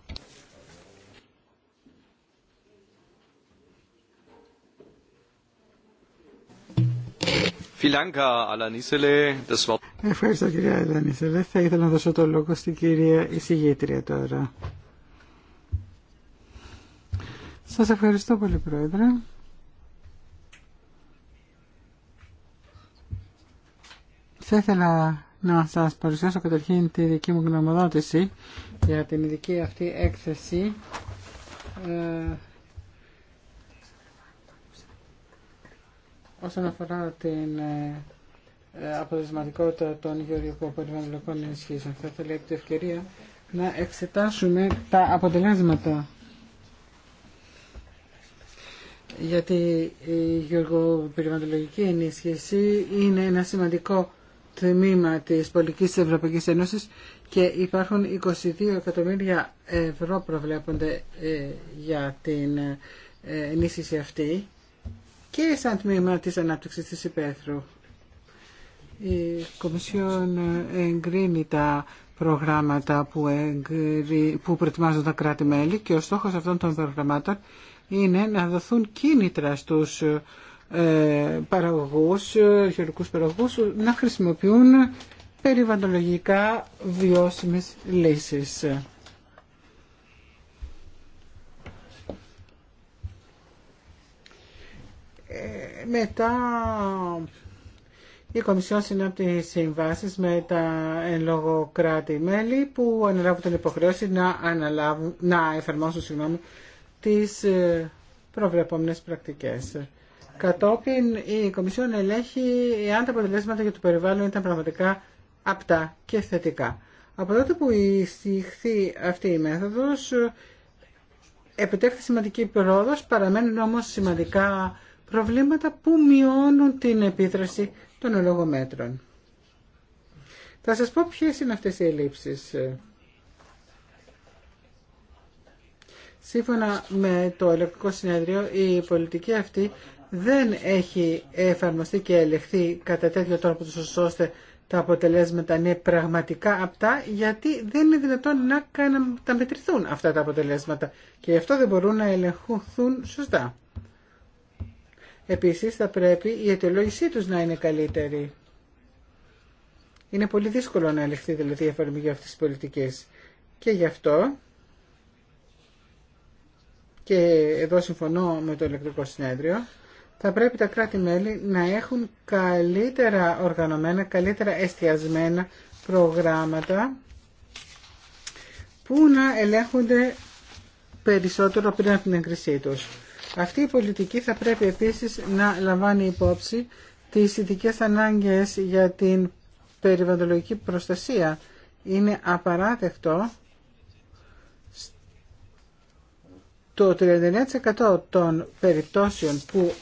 Ευχαριστώ κυρία Αλανίσελε. Θα ήθελα να δώσω το λόγο στην κυρία εισηγήτρια τώρα. Σας ευχαριστώ πολύ πρόεδρε. Θα ήθελα να σας παρουσιάσω καταρχήν τη δική μου γνωμοδότηση για την ειδική αυτή έκθεση ε, Όσον αφορά την ε, ε, αποτελεσματικότητα των γεωργικών περιβαλλοντικών ενισχύσεων, θα ήθελα επί ευκαιρία να εξετάσουμε τα αποτελέσματα. Γιατί η γεωργοπεριβαλλοντική ενίσχυση είναι ένα σημαντικό τμήμα της πολιτικής της Ευρωπαϊκής Ένωσης και υπάρχουν 22 εκατομμύρια ευρώ προβλέπονται ε, για την ενίσχυση αυτή και σαν τμήμα της ανάπτυξης της υπαίθρου. Η Κομισιόν εγκρίνει τα προγράμματα που, εγκρι... προετοιμάζουν τα κράτη-μέλη και ο στόχος αυτών των προγραμμάτων είναι να δοθούν κίνητρα στους ε, παραγωγούς, χειρουργούς παραγωγούς, να χρησιμοποιούν περιβαλλοντολογικά βιώσιμες λύσεις. Ε, μετά η Κομισιόν συνάπτει συμβάσεις με τα εν λόγω κράτη-μέλη που αναλάβουν την υποχρέωση να, αναλάβουν, να εφαρμόσουν συγγνώμη, τις ε, προβλεπόμενες πρακτικές. Κατόπιν η Κομισιόν ελέγχει αν τα αποτελέσματα για το περιβάλλον ήταν πραγματικά απτά και θετικά. Από τότε που εισηχθεί αυτή η μέθοδος ε, επιτέχθη σημαντική πρόοδος, παραμένουν όμως σημαντικά προβλήματα που μειώνουν την επίδραση των ολογομέτρων. Θα σας πω ποιες είναι αυτές οι ελλείψεις. Σύμφωνα με το Ελεκτικό Συνέδριο, η πολιτική αυτή δεν έχει εφαρμοστεί και ελεχθεί κατά τέτοιο τρόπο τους ώστε τα αποτελέσματα είναι πραγματικά απτά, γιατί δεν είναι δυνατόν να τα μετρηθούν αυτά τα αποτελέσματα και αυτό δεν μπορούν να ελεγχθούν σωστά. Επίσης θα πρέπει η αιτιολόγησή τους να είναι καλύτερη. Είναι πολύ δύσκολο να ελεγχθεί δηλαδή η εφαρμογή αυτής της πολιτικής. Και γι' αυτό και εδώ συμφωνώ με το ηλεκτρικό συνέδριο, θα πρέπει τα κράτη-μέλη να έχουν καλύτερα οργανωμένα, καλύτερα εστιασμένα προγράμματα που να ελέγχονται περισσότερο πριν από την εγκρισή τους. Αυτή η πολιτική θα πρέπει επίσης να λαμβάνει υπόψη τις ειδικέ ανάγκες για την περιβαλλοντολογική προστασία. Είναι απαράδεκτο το 39% των περιπτώσεων που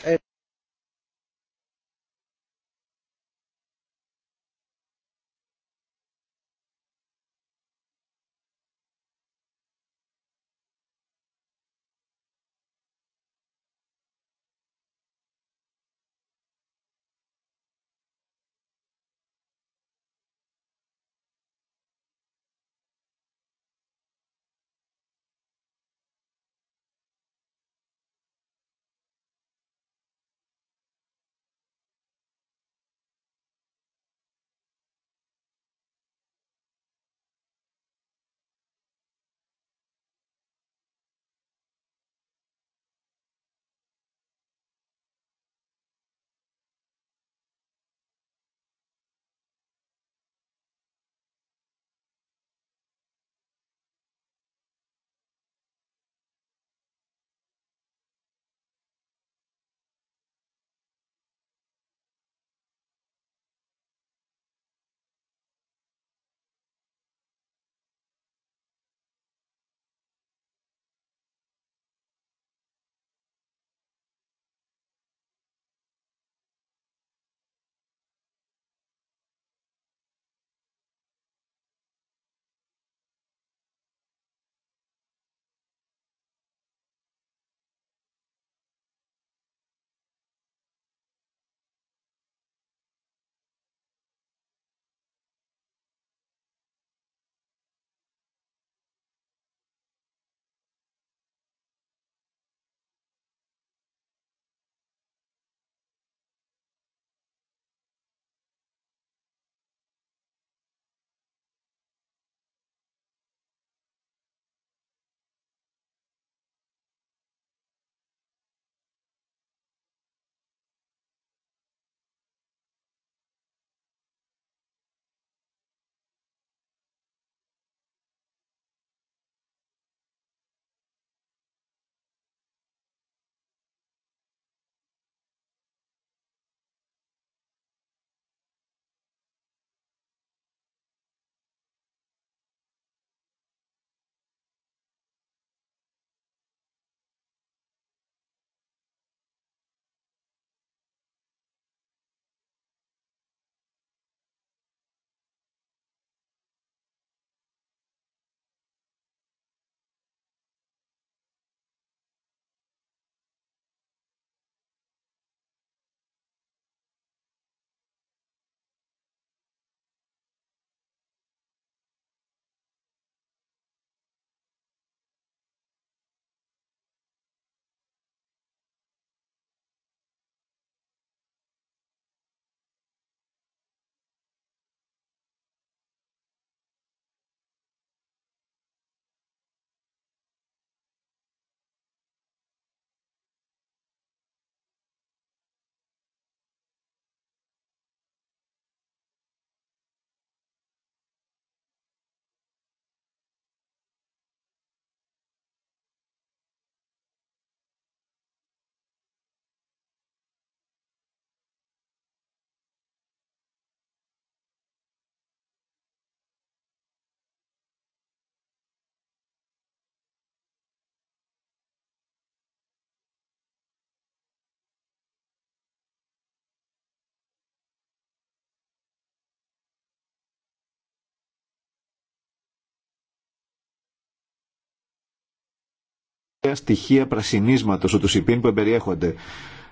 στοιχεία πρασινίσματος του ΣΥΠΗΝ που εμπεριέχονται.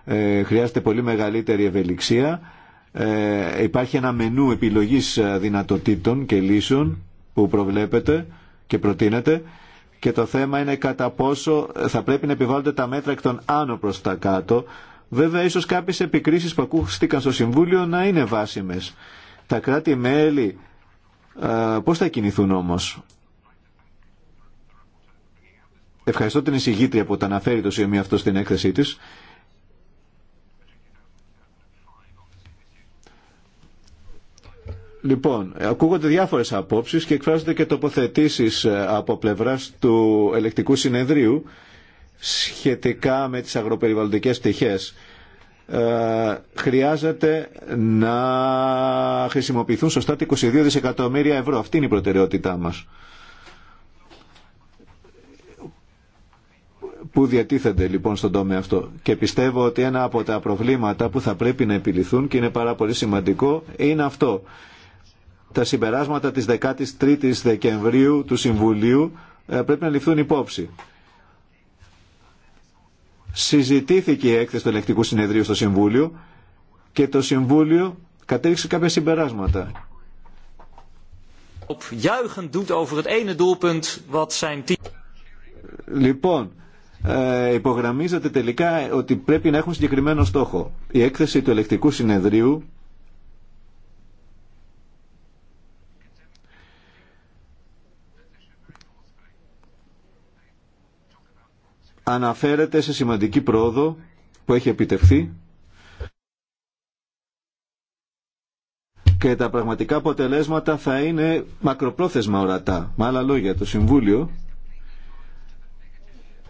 Ε, χρειάζεται πολύ μεγαλύτερη ευελιξία. Ε, υπάρχει ένα μενού επιλογής ε, δυνατοτήτων και λύσεων που προβλέπεται και προτείνεται και το θέμα είναι κατά πόσο θα πρέπει να επιβάλλονται τα μέτρα εκ των άνω προς τα κάτω. Βέβαια, ίσως κάποιες επικρίσεις που ακούστηκαν στο Συμβούλιο να είναι βάσιμες. Τα κράτη-μέλη ε, πώς θα κινηθούν όμως. Ευχαριστώ την εισηγήτρια που τα αναφέρει το σημείο αυτό στην έκθεσή της. Λοιπόν, ακούγονται διάφορες απόψεις και εκφράζονται και τοποθετήσεις ε, από πλευράς του ελεκτικού συνεδρίου σχετικά με τις αγροπεριβαλλοντικές πτυχές. Ε, χρειάζεται να χρησιμοποιηθούν σωστά τα 22 δισεκατομμύρια ευρώ. Αυτή είναι η προτεραιότητά μας. που διατίθενται λοιπόν στον τομέα αυτό. Και πιστεύω ότι ένα από τα προβλήματα που θα πρέπει να επιληθούν και είναι πάρα πολύ σημαντικό είναι αυτό. Τα συμπεράσματα της 13ης Δεκεμβρίου του Συμβουλίου ε, πρέπει να ληφθούν υπόψη. Συζητήθηκε η έκθεση του ελεκτικού συνεδρίου στο Συμβούλιο και το Συμβούλιο κατέληξε κάποια συμπεράσματα Λοιπόν, ε, υπογραμμίζεται τελικά ότι πρέπει να έχουν συγκεκριμένο στόχο. Η έκθεση του ελεκτικού συνεδρίου αναφέρεται σε σημαντική πρόοδο που έχει επιτευχθεί και τα πραγματικά αποτελέσματα θα είναι μακροπρόθεσμα ορατά. Με άλλα λόγια, το Συμβούλιο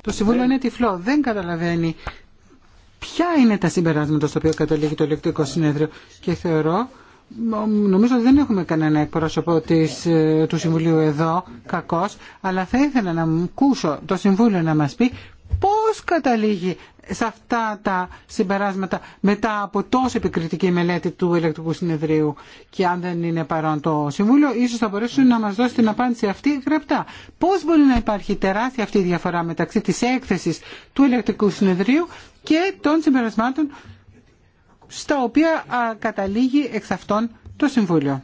το Συμβούλιο είναι τυφλό, δεν καταλαβαίνει ποια είναι τα συμπεράσματα στο οποίο καταλήγει το ηλεκτρικό συνέδριο και θεωρώ Νομίζω ότι δεν έχουμε κανένα εκπρόσωπο της, ε, του Συμβουλίου εδώ, κακός, αλλά θα ήθελα να μου ακούσω το Συμβούλιο να μας πει πώς καταλήγει σε αυτά τα συμπεράσματα μετά από τόσο επικριτική μελέτη του ηλεκτρικού συνεδρίου και αν δεν είναι παρόν το Συμβούλιο, ίσως θα μπορέσουν να μας δώσει την απάντηση αυτή γραπτά. Πώς μπορεί να υπάρχει τεράστια αυτή η διαφορά μεταξύ της έκθεσης του ηλεκτρικού συνεδρίου και των συμπερασμάτων στα οποία καταλήγει εξ αυτών το Συμβούλιο.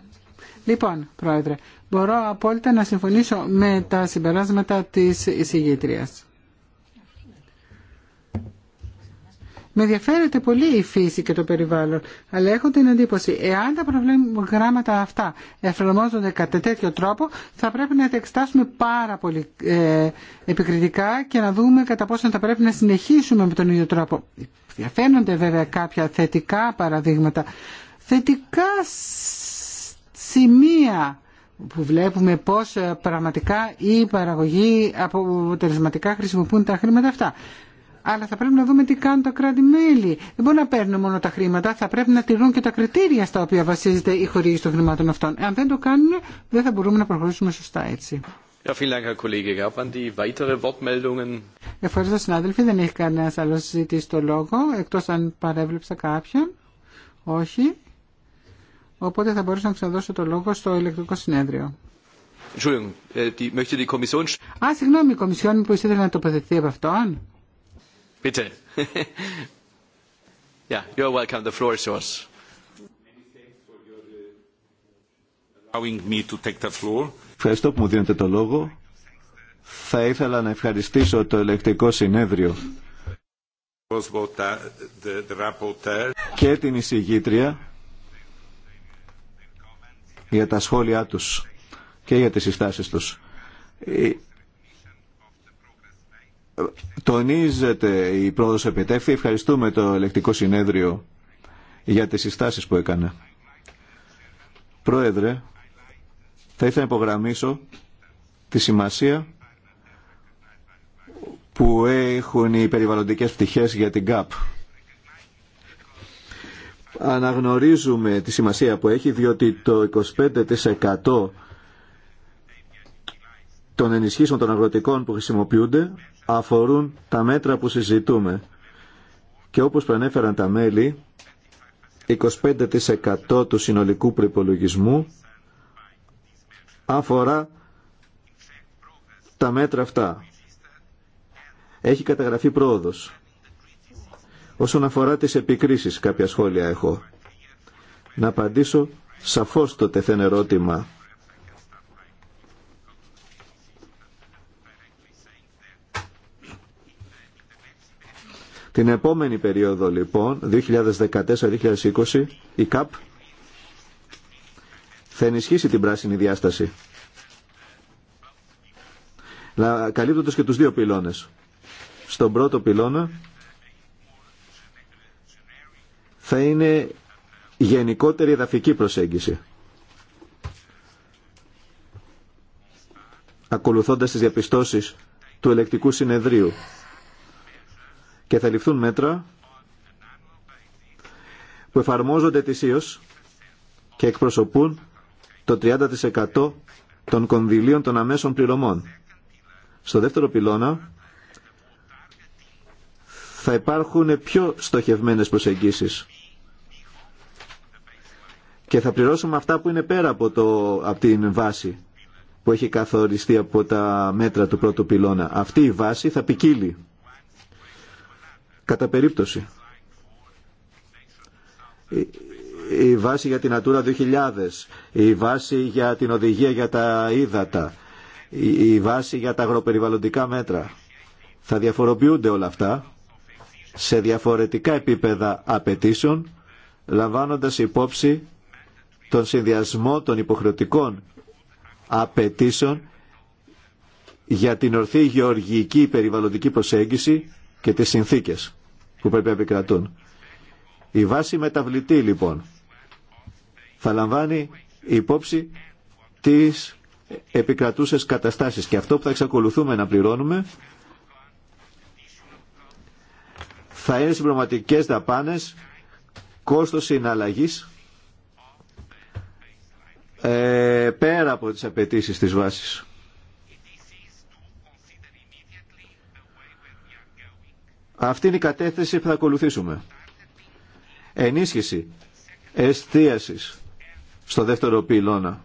Λοιπόν, Πρόεδρε, μπορώ απόλυτα να συμφωνήσω με τα συμπεράσματα της εισηγήτριας. Με ενδιαφέρεται πολύ η φύση και το περιβάλλον, αλλά έχω την εντύπωση, εάν τα προβλήματα αυτά εφαρμόζονται κατά τέτοιο τρόπο, θα πρέπει να τα εξετάσουμε πάρα πολύ ε, επικριτικά και να δούμε κατά πόσο θα πρέπει να συνεχίσουμε με τον ίδιο τρόπο. Διαφαίνονται βέβαια κάποια θετικά παραδείγματα, θετικά σημεία που βλέπουμε πώς ε, πραγματικά οι παραγωγοί αποτελεσματικά χρησιμοποιούν τα χρήματα αυτά αλλά θα πρέπει να δούμε τι κάνουν τα κράτη-μέλη. Δεν μπορούν να παίρνουν μόνο τα χρήματα, θα πρέπει να τηρούν και τα κριτήρια στα οποία βασίζεται η χορήγηση των χρημάτων αυτών. Αν δεν το κάνουν, δεν θα μπορούμε να προχωρήσουμε σωστά έτσι. Ευχαριστώ, συνάδελφοι. Δεν έχει κανένα άλλο συζήτηση το λόγο, εκτό αν παρέβλεψα κάποιον. Όχι. Οπότε θα μπορούσα να ξαναδώσω το λόγο στο ηλεκτρικό συνέδριο. Äh, Α, συγγνώμη, η Κομισιόν που ήθελε να τοποθετηθεί από αυτόν. Bitte. (laughs) Yeah, you're welcome. The floor Ευχαριστώ που μου δίνετε το λόγο. Θα ήθελα να ευχαριστήσω το ελεκτικό συνέδριο και την εισηγήτρια για τα σχόλιά τους και για τις συστάσεις τους. Τονίζεται η πρόοδος επιτεύχθη. Ευχαριστούμε το ελεκτικό συνέδριο για τις συστάσεις που έκανε. Πρόεδρε, θα ήθελα να υπογραμμίσω τη σημασία που έχουν οι περιβαλλοντικές πτυχές για την ΚΑΠ. Αναγνωρίζουμε τη σημασία που έχει διότι το 25% των ενισχύσεων των αγροτικών που χρησιμοποιούνται αφορούν τα μέτρα που συζητούμε. Και όπως προανέφεραν τα μέλη, 25% του συνολικού προϋπολογισμού αφορά τα μέτρα αυτά. Έχει καταγραφεί πρόοδος. Όσον αφορά τις επικρίσεις, κάποια σχόλια έχω. Να απαντήσω σαφώς το τεθέν ερώτημα Την επόμενη περίοδο λοιπόν, 2014-2020, η ΚΑΠ θα ενισχύσει την πράσινη διάσταση. Καλύπτοντας και τους δύο πυλώνες. Στον πρώτο πυλώνα θα είναι γενικότερη εδαφική προσέγγιση. Ακολουθώντας τις διαπιστώσεις του ελεκτικού συνεδρίου και θα ληφθούν μέτρα που εφαρμόζονται ετησίως και εκπροσωπούν το 30% των κονδυλίων των αμέσων πληρωμών. Στο δεύτερο πυλώνα θα υπάρχουν πιο στοχευμένες προσεγγίσεις και θα πληρώσουμε αυτά που είναι πέρα από, το, από την βάση που έχει καθοριστεί από τα μέτρα του πρώτου πυλώνα. Αυτή η βάση θα ποικίλει κατά περίπτωση. Η βάση για την Ατούρα 2000, η βάση για την οδηγία για τα ύδατα, η βάση για τα αγροπεριβαλλοντικά μέτρα. Θα διαφοροποιούνται όλα αυτά σε διαφορετικά επίπεδα απαιτήσεων, λαμβάνοντας υπόψη τον συνδυασμό των υποχρεωτικών απαιτήσεων για την ορθή γεωργική περιβαλλοντική προσέγγιση και τις συνθήκες που πρέπει να επικρατούν. Η βάση μεταβλητή λοιπόν θα λαμβάνει υπόψη τις επικρατούσες καταστάσεις και αυτό που θα εξακολουθούμε να πληρώνουμε θα είναι συμπληρωματικές δαπάνες κόστος συναλλαγής ε, πέρα από τις απαιτήσει της βάσης. Αυτή είναι η κατέθεση που θα ακολουθήσουμε. Ενίσχυση εστίασης στο δεύτερο πυλώνα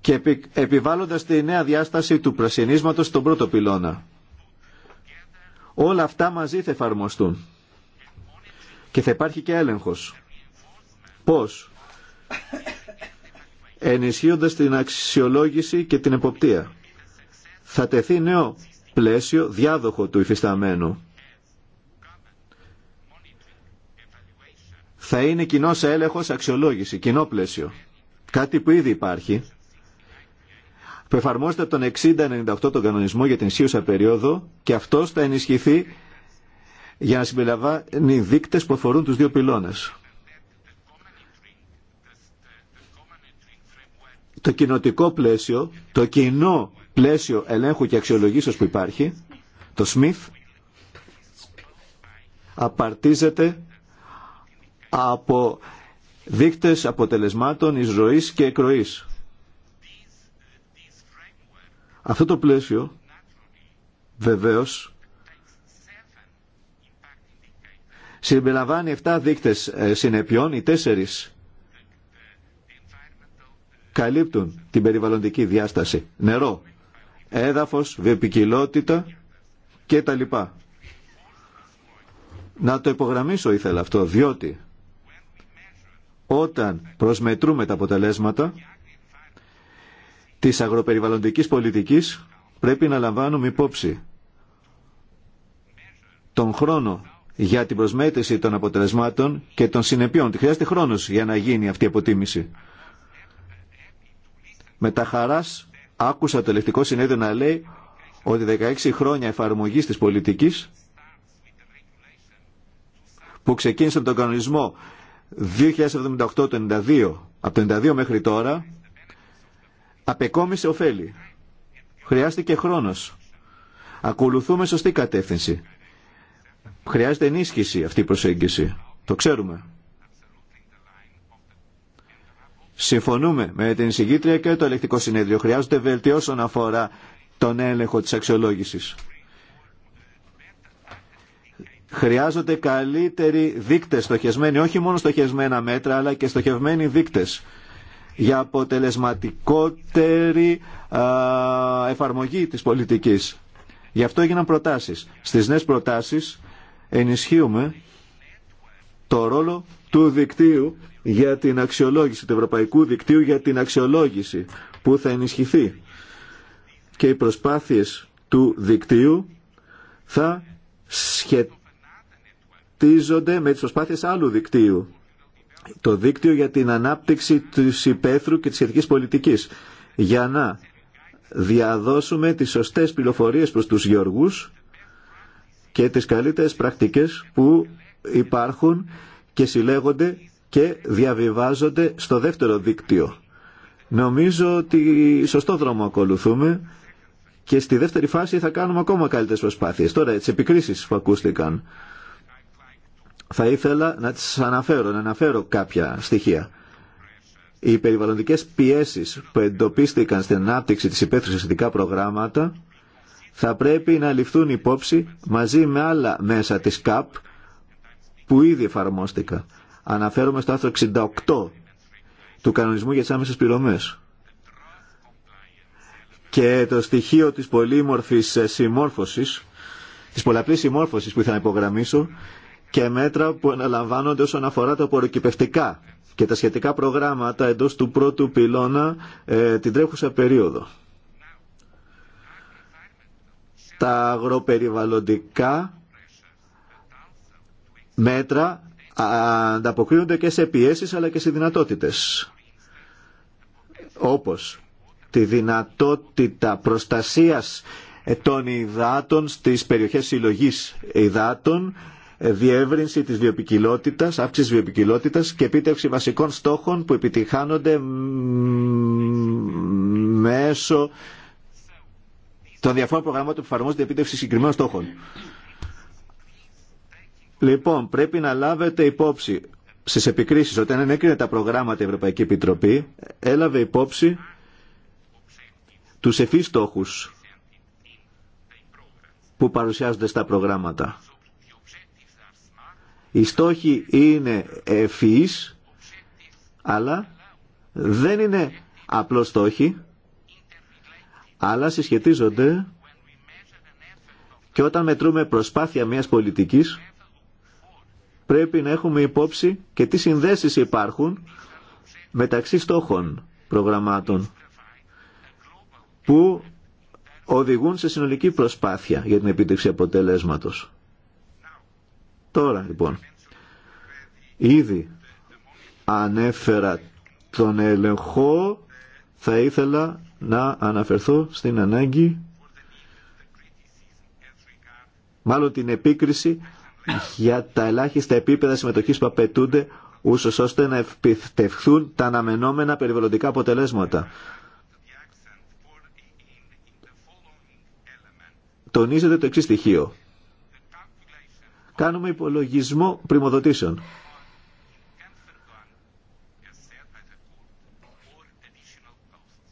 και επιβάλλοντας τη νέα διάσταση του πρασινίσματος στον πρώτο πυλώνα. Όλα αυτά μαζί θα εφαρμοστούν και θα υπάρχει και έλεγχος. Πώς? Ενισχύοντας την αξιολόγηση και την εποπτεία. Θα τεθεί νέο πλαίσιο διάδοχο του υφισταμένου. Θα είναι κοινό έλεγχος αξιολόγηση, κοινό πλαίσιο. Κάτι που ήδη υπάρχει, που εφαρμόζεται από τον 60-98 τον κανονισμό για την ισχύουσα περίοδο και αυτός θα ενισχυθεί για να συμπεριλαμβάνει δείκτες που αφορούν τους δύο πυλώνες. Το κοινοτικό πλαίσιο, το κοινό πλαίσιο ελέγχου και αξιολογήσεως που υπάρχει, το SMIF, απαρτίζεται από δείκτες αποτελεσμάτων ροής και εκροής. Αυτό το πλαίσιο βεβαίως συμπεριλαμβάνει 7 δείκτες ε, συνεπειών, οι 4 καλύπτουν την περιβαλλοντική διάσταση. Νερό, έδαφος, βεπικιλότητα και τα λοιπά. Να το υπογραμμίσω ήθελα αυτό, διότι όταν προσμετρούμε τα αποτελέσματα της αγροπεριβαλλοντικής πολιτικής πρέπει να λαμβάνουμε υπόψη τον χρόνο για την προσμέτρηση των αποτελεσμάτων και των συνεπειών. Χρειάζεται χρόνος για να γίνει αυτή η αποτίμηση. Με τα χαράς Άκουσα το ελεκτικό συνέδριο να λέει ότι 16 χρόνια εφαρμογής της πολιτικής που ξεκίνησε από τον κανονισμό 2078 92, από το 92 μέχρι τώρα, απεκόμισε ωφέλη. Χρειάστηκε χρόνος. Ακολουθούμε σωστή κατεύθυνση. Χρειάζεται ενίσχυση αυτή η προσέγγιση. Το ξέρουμε. Συμφωνούμε με την εισηγήτρια και το ελεκτικό συνέδριο. Χρειάζονται βελτιώσει όσον αφορά τον έλεγχο της αξιολόγησης. Χρειάζονται καλύτεροι δείκτες στοχευμένοι, όχι μόνο στοχευμένα μέτρα, αλλά και στοχευμένοι δείκτες για αποτελεσματικότερη εφαρμογή της πολιτικής. Γι' αυτό έγιναν προτάσεις. Στις νέες προτάσεις ενισχύουμε το ρόλο του δικτύου για την αξιολόγηση, του Ευρωπαϊκού Δικτύου για την αξιολόγηση που θα ενισχυθεί και οι προσπάθειες του δικτύου θα σχετίζονται με τις προσπάθειες άλλου δικτύου. Το δίκτυο για την ανάπτυξη της υπαίθρου και της σχετικής πολιτικής για να διαδώσουμε τις σωστές πληροφορίες προς τους γεωργούς και τις καλύτερες πρακτικές που υπάρχουν και συλλέγονται και διαβιβάζονται στο δεύτερο δίκτυο. Νομίζω ότι σωστό δρόμο ακολουθούμε και στη δεύτερη φάση θα κάνουμε ακόμα καλύτερες προσπάθειες. Τώρα, τις επικρίσεις που ακούστηκαν, θα ήθελα να τις αναφέρω, να αναφέρω κάποια στοιχεία. Οι περιβαλλοντικές πιέσεις που εντοπίστηκαν στην ανάπτυξη της υπαίθρωσης ειδικά προγράμματα θα πρέπει να ληφθούν υπόψη μαζί με άλλα μέσα της ΚΑΠ που ήδη εφαρμόστηκαν Αναφέρομαι στο άρθρο 68 του κανονισμού για τις άμεσες πληρωμές. Και το στοιχείο της πολύμορφης συμμόρφωσης, της πολλαπλής συμμόρφωσης που θα υπογραμμίσω, και μέτρα που αναλαμβάνονται όσον αφορά τα απορροκυπευτικά και τα σχετικά προγράμματα εντός του πρώτου πυλώνα ε, την τρέχουσα περίοδο. Τα αγροπεριβαλλοντικά μέτρα ανταποκρίνονται και σε πιέσεις αλλά και σε δυνατότητες. Όπως τη δυνατότητα προστασίας ε, των υδάτων στις περιοχές συλλογή υδάτων, ε, διεύρυνση της βιοπικιλότητας, αύξηση της και επίτευξη βασικών στόχων που επιτυχάνονται μέσω των διαφόρων προγραμμάτων που εφαρμόζονται επίτευξη συγκεκριμένων στόχων. Λοιπόν, πρέπει να λάβετε υπόψη στι επικρίσει όταν ενέκρινε τα προγράμματα η Ευρωπαϊκή Επιτροπή, έλαβε υπόψη του ευφύ στόχου που παρουσιάζονται στα προγράμματα. Οι στόχοι είναι ευφύς, αλλά δεν είναι απλό στόχοι, αλλά συσχετίζονται και όταν μετρούμε προσπάθεια μιας πολιτικής, πρέπει να έχουμε υπόψη και τι συνδέσεις υπάρχουν μεταξύ στόχων προγραμμάτων που οδηγούν σε συνολική προσπάθεια για την επίτευξη αποτελέσματος. Τώρα λοιπόν, ήδη ανέφερα τον ελεγχό, θα ήθελα να αναφερθώ στην ανάγκη, μάλλον την επίκριση για τα ελάχιστα επίπεδα συμμετοχής που απαιτούνται ούσω ώστε να επιτευχθούν τα αναμενόμενα περιβαλλοντικά αποτελέσματα. Τονίζεται το εξή στοιχείο. Κάνουμε υπολογισμό πρημοδοτήσεων.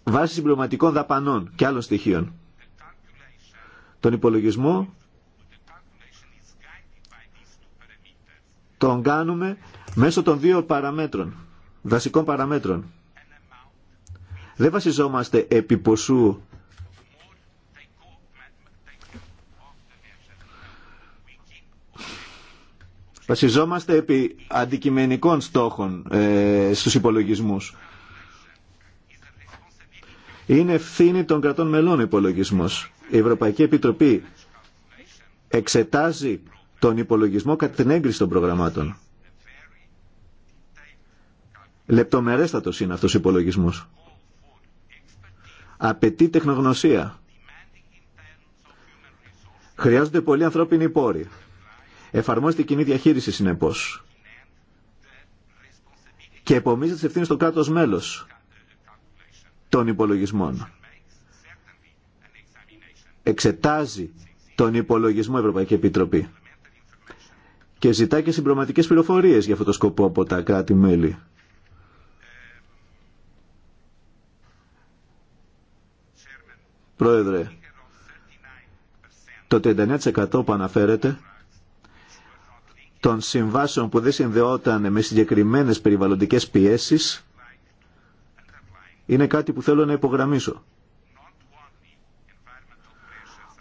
Βάσει συμπληρωματικών δαπανών και άλλων στοιχείων. Τον υπολογισμό τον κάνουμε μέσω των δύο παραμέτρων, δασικών παραμέτρων. Δεν βασιζόμαστε επί ποσού Βασιζόμαστε επί αντικειμενικών στόχων ε, στους υπολογισμούς. Είναι ευθύνη των κρατών μελών υπολογισμός. Η Ευρωπαϊκή Επιτροπή εξετάζει τον υπολογισμό κατά την έγκριση των προγραμμάτων. Λεπτομερέστατος είναι αυτός ο υπολογισμός. Απαιτεί τεχνογνωσία. Χρειάζονται πολλοί ανθρώπινοι πόροι. Εφαρμόζεται η κοινή διαχείριση συνεπώς. Και επομίζεται τις ευθύνες στο κράτος μέλος των υπολογισμών. Εξετάζει τον υπολογισμό Ευρωπαϊκή Επιτροπή και ζητάει και συμπροματικέ πληροφορίε για αυτό το σκοπό από τα κράτη-μέλη. Πρόεδρε, το 39% που αναφέρεται των συμβάσεων που δεν συνδεόταν με συγκεκριμένες περιβαλλοντικές πιέσεις είναι κάτι που θέλω να υπογραμμίσω.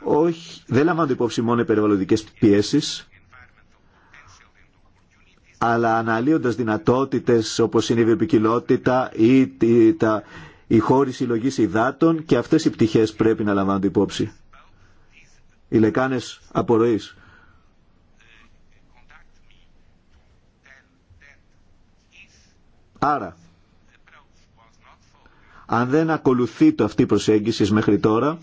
Όχι, δεν λαμβάνονται υπόψη μόνο οι περιβαλλοντικές πιέσεις, αλλά αναλύοντας δυνατότητες όπως είναι η βιοπικιλότητα ή τα, η χώρη συλλογή υδάτων και αυτές οι πτυχές πρέπει να λαμβάνονται υπόψη. Οι λεκάνες απορροής. Άρα, αν δεν ακολουθεί το αυτή η προσέγγιση μέχρι τώρα,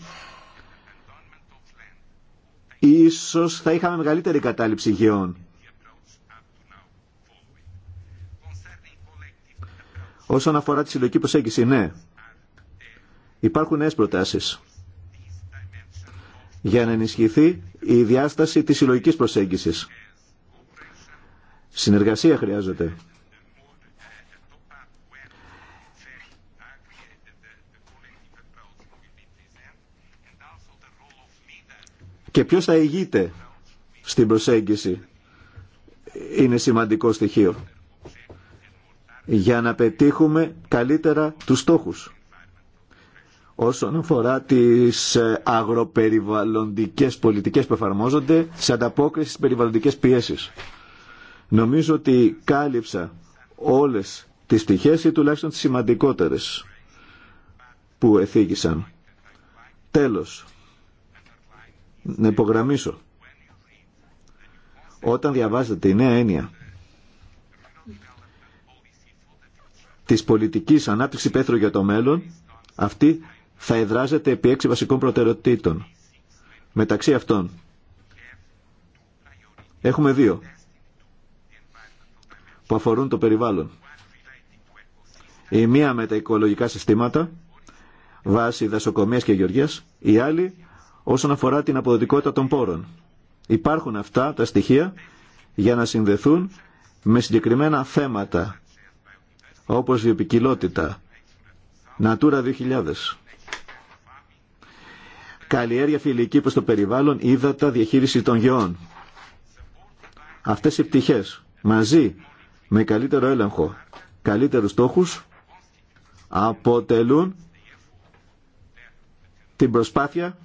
ίσως θα είχαμε μεγαλύτερη κατάληψη γεών Όσον αφορά τη συλλογική προσέγγιση, ναι, υπάρχουν νέες προτάσεις για να ενισχυθεί η διάσταση της συλλογικής προσέγγισης. Συνεργασία χρειάζεται. Και ποιος θα ηγείται στην προσέγγιση είναι σημαντικό στοιχείο για να πετύχουμε καλύτερα τους στόχους. Όσον αφορά τις ε, αγροπεριβαλλοντικές πολιτικές που εφαρμόζονται σε ανταπόκριση στις περιβαλλοντικές πιέσεις. Νομίζω ότι κάλυψα όλες τις πτυχές ή τουλάχιστον τις σημαντικότερες που εθίγησαν. Τέλος, να υπογραμμίσω. Όταν διαβάζετε τη νέα έννοια της πολιτικής ανάπτυξης πέθρου για το μέλλον, αυτή θα εδράζεται επί έξι βασικών προτεραιοτήτων. Μεταξύ αυτών έχουμε δύο που αφορούν το περιβάλλον. Η μία με τα οικολογικά συστήματα, βάση δασοκομείας και γεωργίας, η άλλη όσον αφορά την αποδοτικότητα των πόρων. Υπάρχουν αυτά τα στοιχεία για να συνδεθούν με συγκεκριμένα θέματα όπως βιοπικιλότητα, Natura 2000, καλλιέργεια φιλική προς το περιβάλλον, ύδατα, διαχείριση των γεών. Αυτές οι πτυχές μαζί με καλύτερο έλεγχο, καλύτερους στόχους αποτελούν την προσπάθεια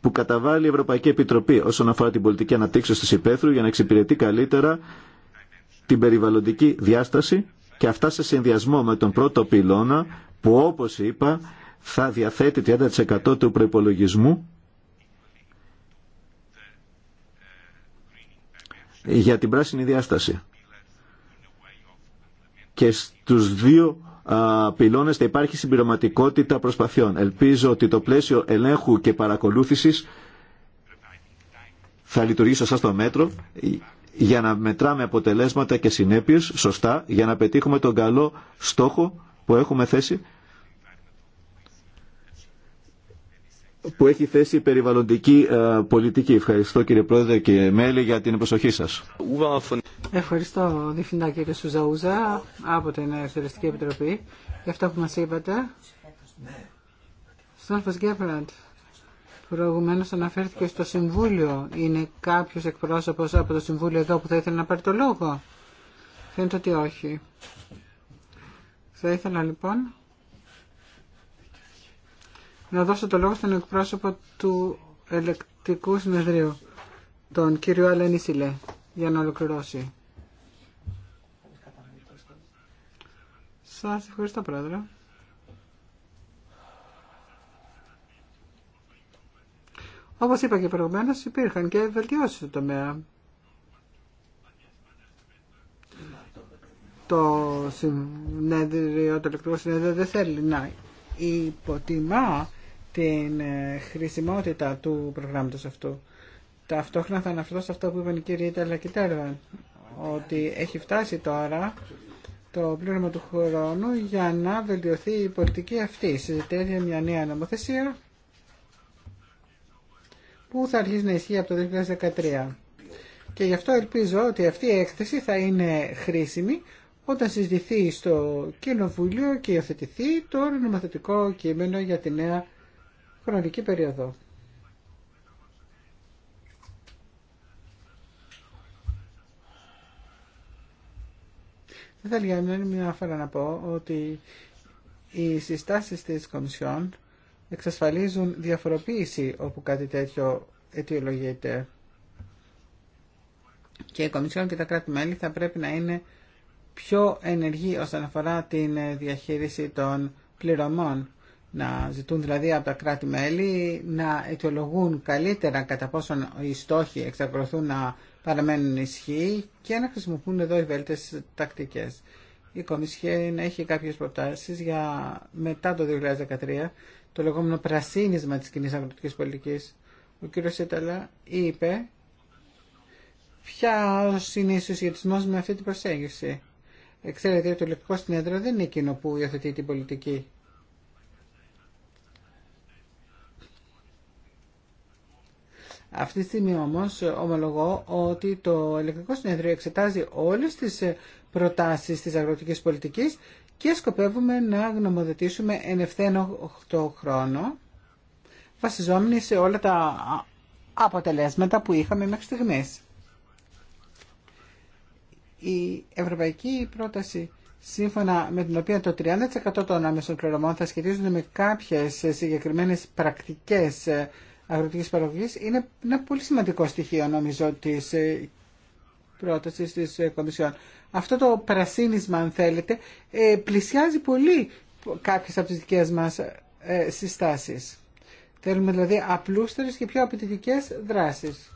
που καταβάλει η Ευρωπαϊκή Επιτροπή όσον αφορά την πολιτική αναπτύξεως της υπαίθρου για να εξυπηρετεί καλύτερα την περιβαλλοντική διάσταση και αυτά σε συνδυασμό με τον πρώτο πυλώνα που όπως είπα θα διαθέτει 30% του προϋπολογισμού για την πράσινη διάσταση. Και στους δύο πυλώνες θα υπάρχει συμπληρωματικότητα προσπαθειών. Ελπίζω ότι το πλαίσιο ελέγχου και παρακολούθησης θα λειτουργήσει σωστά στο μέτρο για να μετράμε αποτελέσματα και συνέπειες σωστά, για να πετύχουμε τον καλό στόχο που έχουμε θέσει, που έχει θέσει η περιβαλλοντική ε, πολιτική. Ευχαριστώ κύριε Πρόεδρε και μέλη για την προσοχή σας. Ευχαριστώ Διευθυντά κύριε Σουζαούζα από την Ευθεριστική Επιτροπή για αυτά που μας είπατε. Προηγουμένως αναφέρθηκε στο Συμβούλιο. Είναι κάποιος εκπρόσωπος από το Συμβούλιο εδώ που θα ήθελε να πάρει το λόγο. Φαίνεται ότι όχι. Θα ήθελα λοιπόν να δώσω το λόγο στον εκπρόσωπο του Ελεκτικού Συνεδρίου, τον κύριο Αλένη Σιλέ, για να ολοκληρώσει. Σας ευχαριστώ πρόεδρε. Όπως είπα και προηγουμένως, υπήρχαν και βελτιώσεις στο τομέα. Το συνέδριο, το ηλεκτρικό συνέδριο δεν θέλει να υποτιμά την ε, χρησιμότητα του προγράμματος αυτού. Ταυτόχρονα θα αναφερθώ σε αυτό που είπαν οι κύριοι Ιταλα και ότι έχει φτάσει τώρα το πλήρωμα του χρόνου για να βελτιωθεί η πολιτική αυτή. Συζητείται μια νέα νομοθεσία που θα αρχίσει να ισχύει από το 2013. Και γι' αυτό ελπίζω ότι αυτή η έκθεση θα είναι χρήσιμη όταν συζητηθεί στο Κοινοβούλιο και υιοθετηθεί το νομοθετικό κείμενο για τη νέα χρονική περίοδο. Δεν θα για μια φορά να πω ότι οι συστάσεις της Κομισιόν εξασφαλίζουν διαφοροποίηση όπου κάτι τέτοιο αιτιολογείται. Και η Κομισιόν και τα κράτη-μέλη θα πρέπει να είναι πιο ενεργοί όσον αφορά την διαχείριση των πληρωμών. Να ζητούν δηλαδή από τα κράτη-μέλη να αιτιολογούν καλύτερα κατά πόσον οι στόχοι εξακολουθούν να παραμένουν ισχύοι και να χρησιμοποιούν εδώ οι βέλτες τακτικές. Η Κομισιόν έχει κάποιες προτάσεις για μετά το 2013 το λεγόμενο πρασίνισμα της κοινή αγροτικής πολιτικής. Ο κύριος Ιταλά είπε ποια είναι η συσχετισμός με αυτή την προσέγγιση. Ξέρετε, το ηλεκτρικό συνέδριο δεν είναι εκείνο που υιοθετεί την πολιτική. Αυτή τη στιγμή όμως ομολογώ ότι το ηλεκτρικό συνέδριο εξετάζει όλες τις προτάσεις της αγροτικής πολιτικής και σκοπεύουμε να γνωμοδοτήσουμε εν ευθένω 8 χρόνο βασιζόμενοι σε όλα τα αποτελέσματα που είχαμε μέχρι στιγμής. Η ευρωπαϊκή πρόταση σύμφωνα με την οποία το 30% των άμεσων πληρωμών θα σχετίζονται με κάποιες συγκεκριμένες πρακτικές αγροτικής παραγωγής είναι ένα πολύ σημαντικό στοιχείο νομίζω της ε, πρότασης της ε, Κομισιόν. Αυτό το πρασίνισμα, αν θέλετε, ε, πλησιάζει πολύ κάποιες από τις δικές μας ε, συστάσεις. Θέλουμε δηλαδή απλούστερες και πιο απαιτητικέ δράσεις.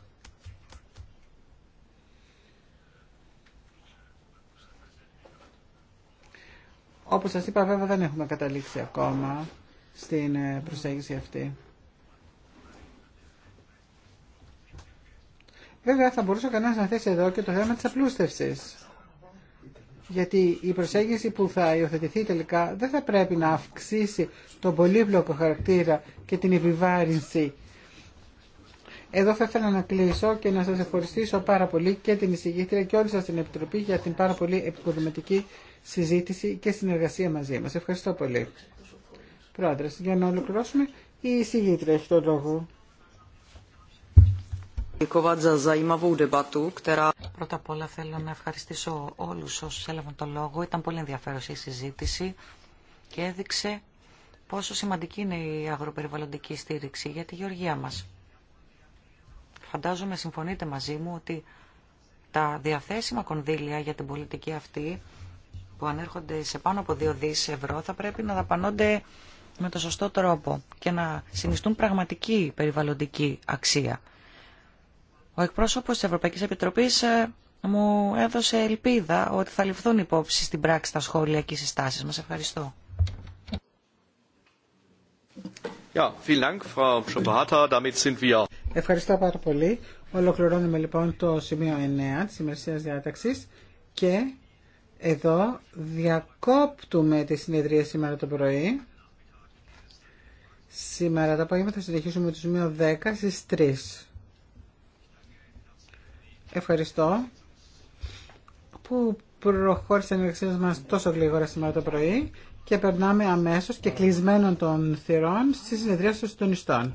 Όπως σας είπα βέβαια δεν έχουμε καταλήξει ακόμα στην ε, προσέγγιση αυτή. Βέβαια θα μπορούσε κανένας να θέσει εδώ και το θέμα της απλούστευσης γιατί η προσέγγιση που θα υιοθετηθεί τελικά δεν θα πρέπει να αυξήσει τον πολύπλοκο χαρακτήρα και την επιβάρυνση. Εδώ θα ήθελα να κλείσω και να σας ευχαριστήσω πάρα πολύ και την εισηγήτρια και όλη σας την Επιτροπή για την πάρα πολύ επικοδηματική συζήτηση και συνεργασία μαζί μας. Ευχαριστώ πολύ. Πρόεδρε, για να ολοκληρώσουμε, η εισηγήτρια έχει τον λόγο. Πρώτα απ' όλα θέλω να ευχαριστήσω όλους όσους έλαβαν το λόγο. Ήταν πολύ ενδιαφέρουσα η συζήτηση και έδειξε πόσο σημαντική είναι η αγροπεριβαλλοντική στήριξη για τη γεωργία μας. Φαντάζομαι συμφωνείτε μαζί μου ότι τα διαθέσιμα κονδύλια για την πολιτική αυτή που ανέρχονται σε πάνω από 2 δις ευρώ θα πρέπει να δαπανώνται με το σωστό τρόπο και να συνιστούν πραγματική περιβαλλοντική αξία. Ο εκπρόσωπος της Ευρωπαϊκής Επιτροπής ε, μου έδωσε ελπίδα ότι θα ληφθούν υπόψη στην πράξη τα σχόλια και οι συστάσεις μας. Ευχαριστώ. Ευχαριστώ πάρα πολύ. Ολοκληρώνουμε λοιπόν το σημείο 9 της ημερησίας διάταξης και εδώ διακόπτουμε τη συνεδρία σήμερα το πρωί. Σήμερα το απόγευμα θα συνεχίσουμε το σημείο 10 στις 3. Ευχαριστώ που προχώρησε η εργασία μας τόσο γλίγορα σήμερα το πρωί και περνάμε αμέσως και κλεισμένων των θυρών στη συνεδρία των συντονιστών.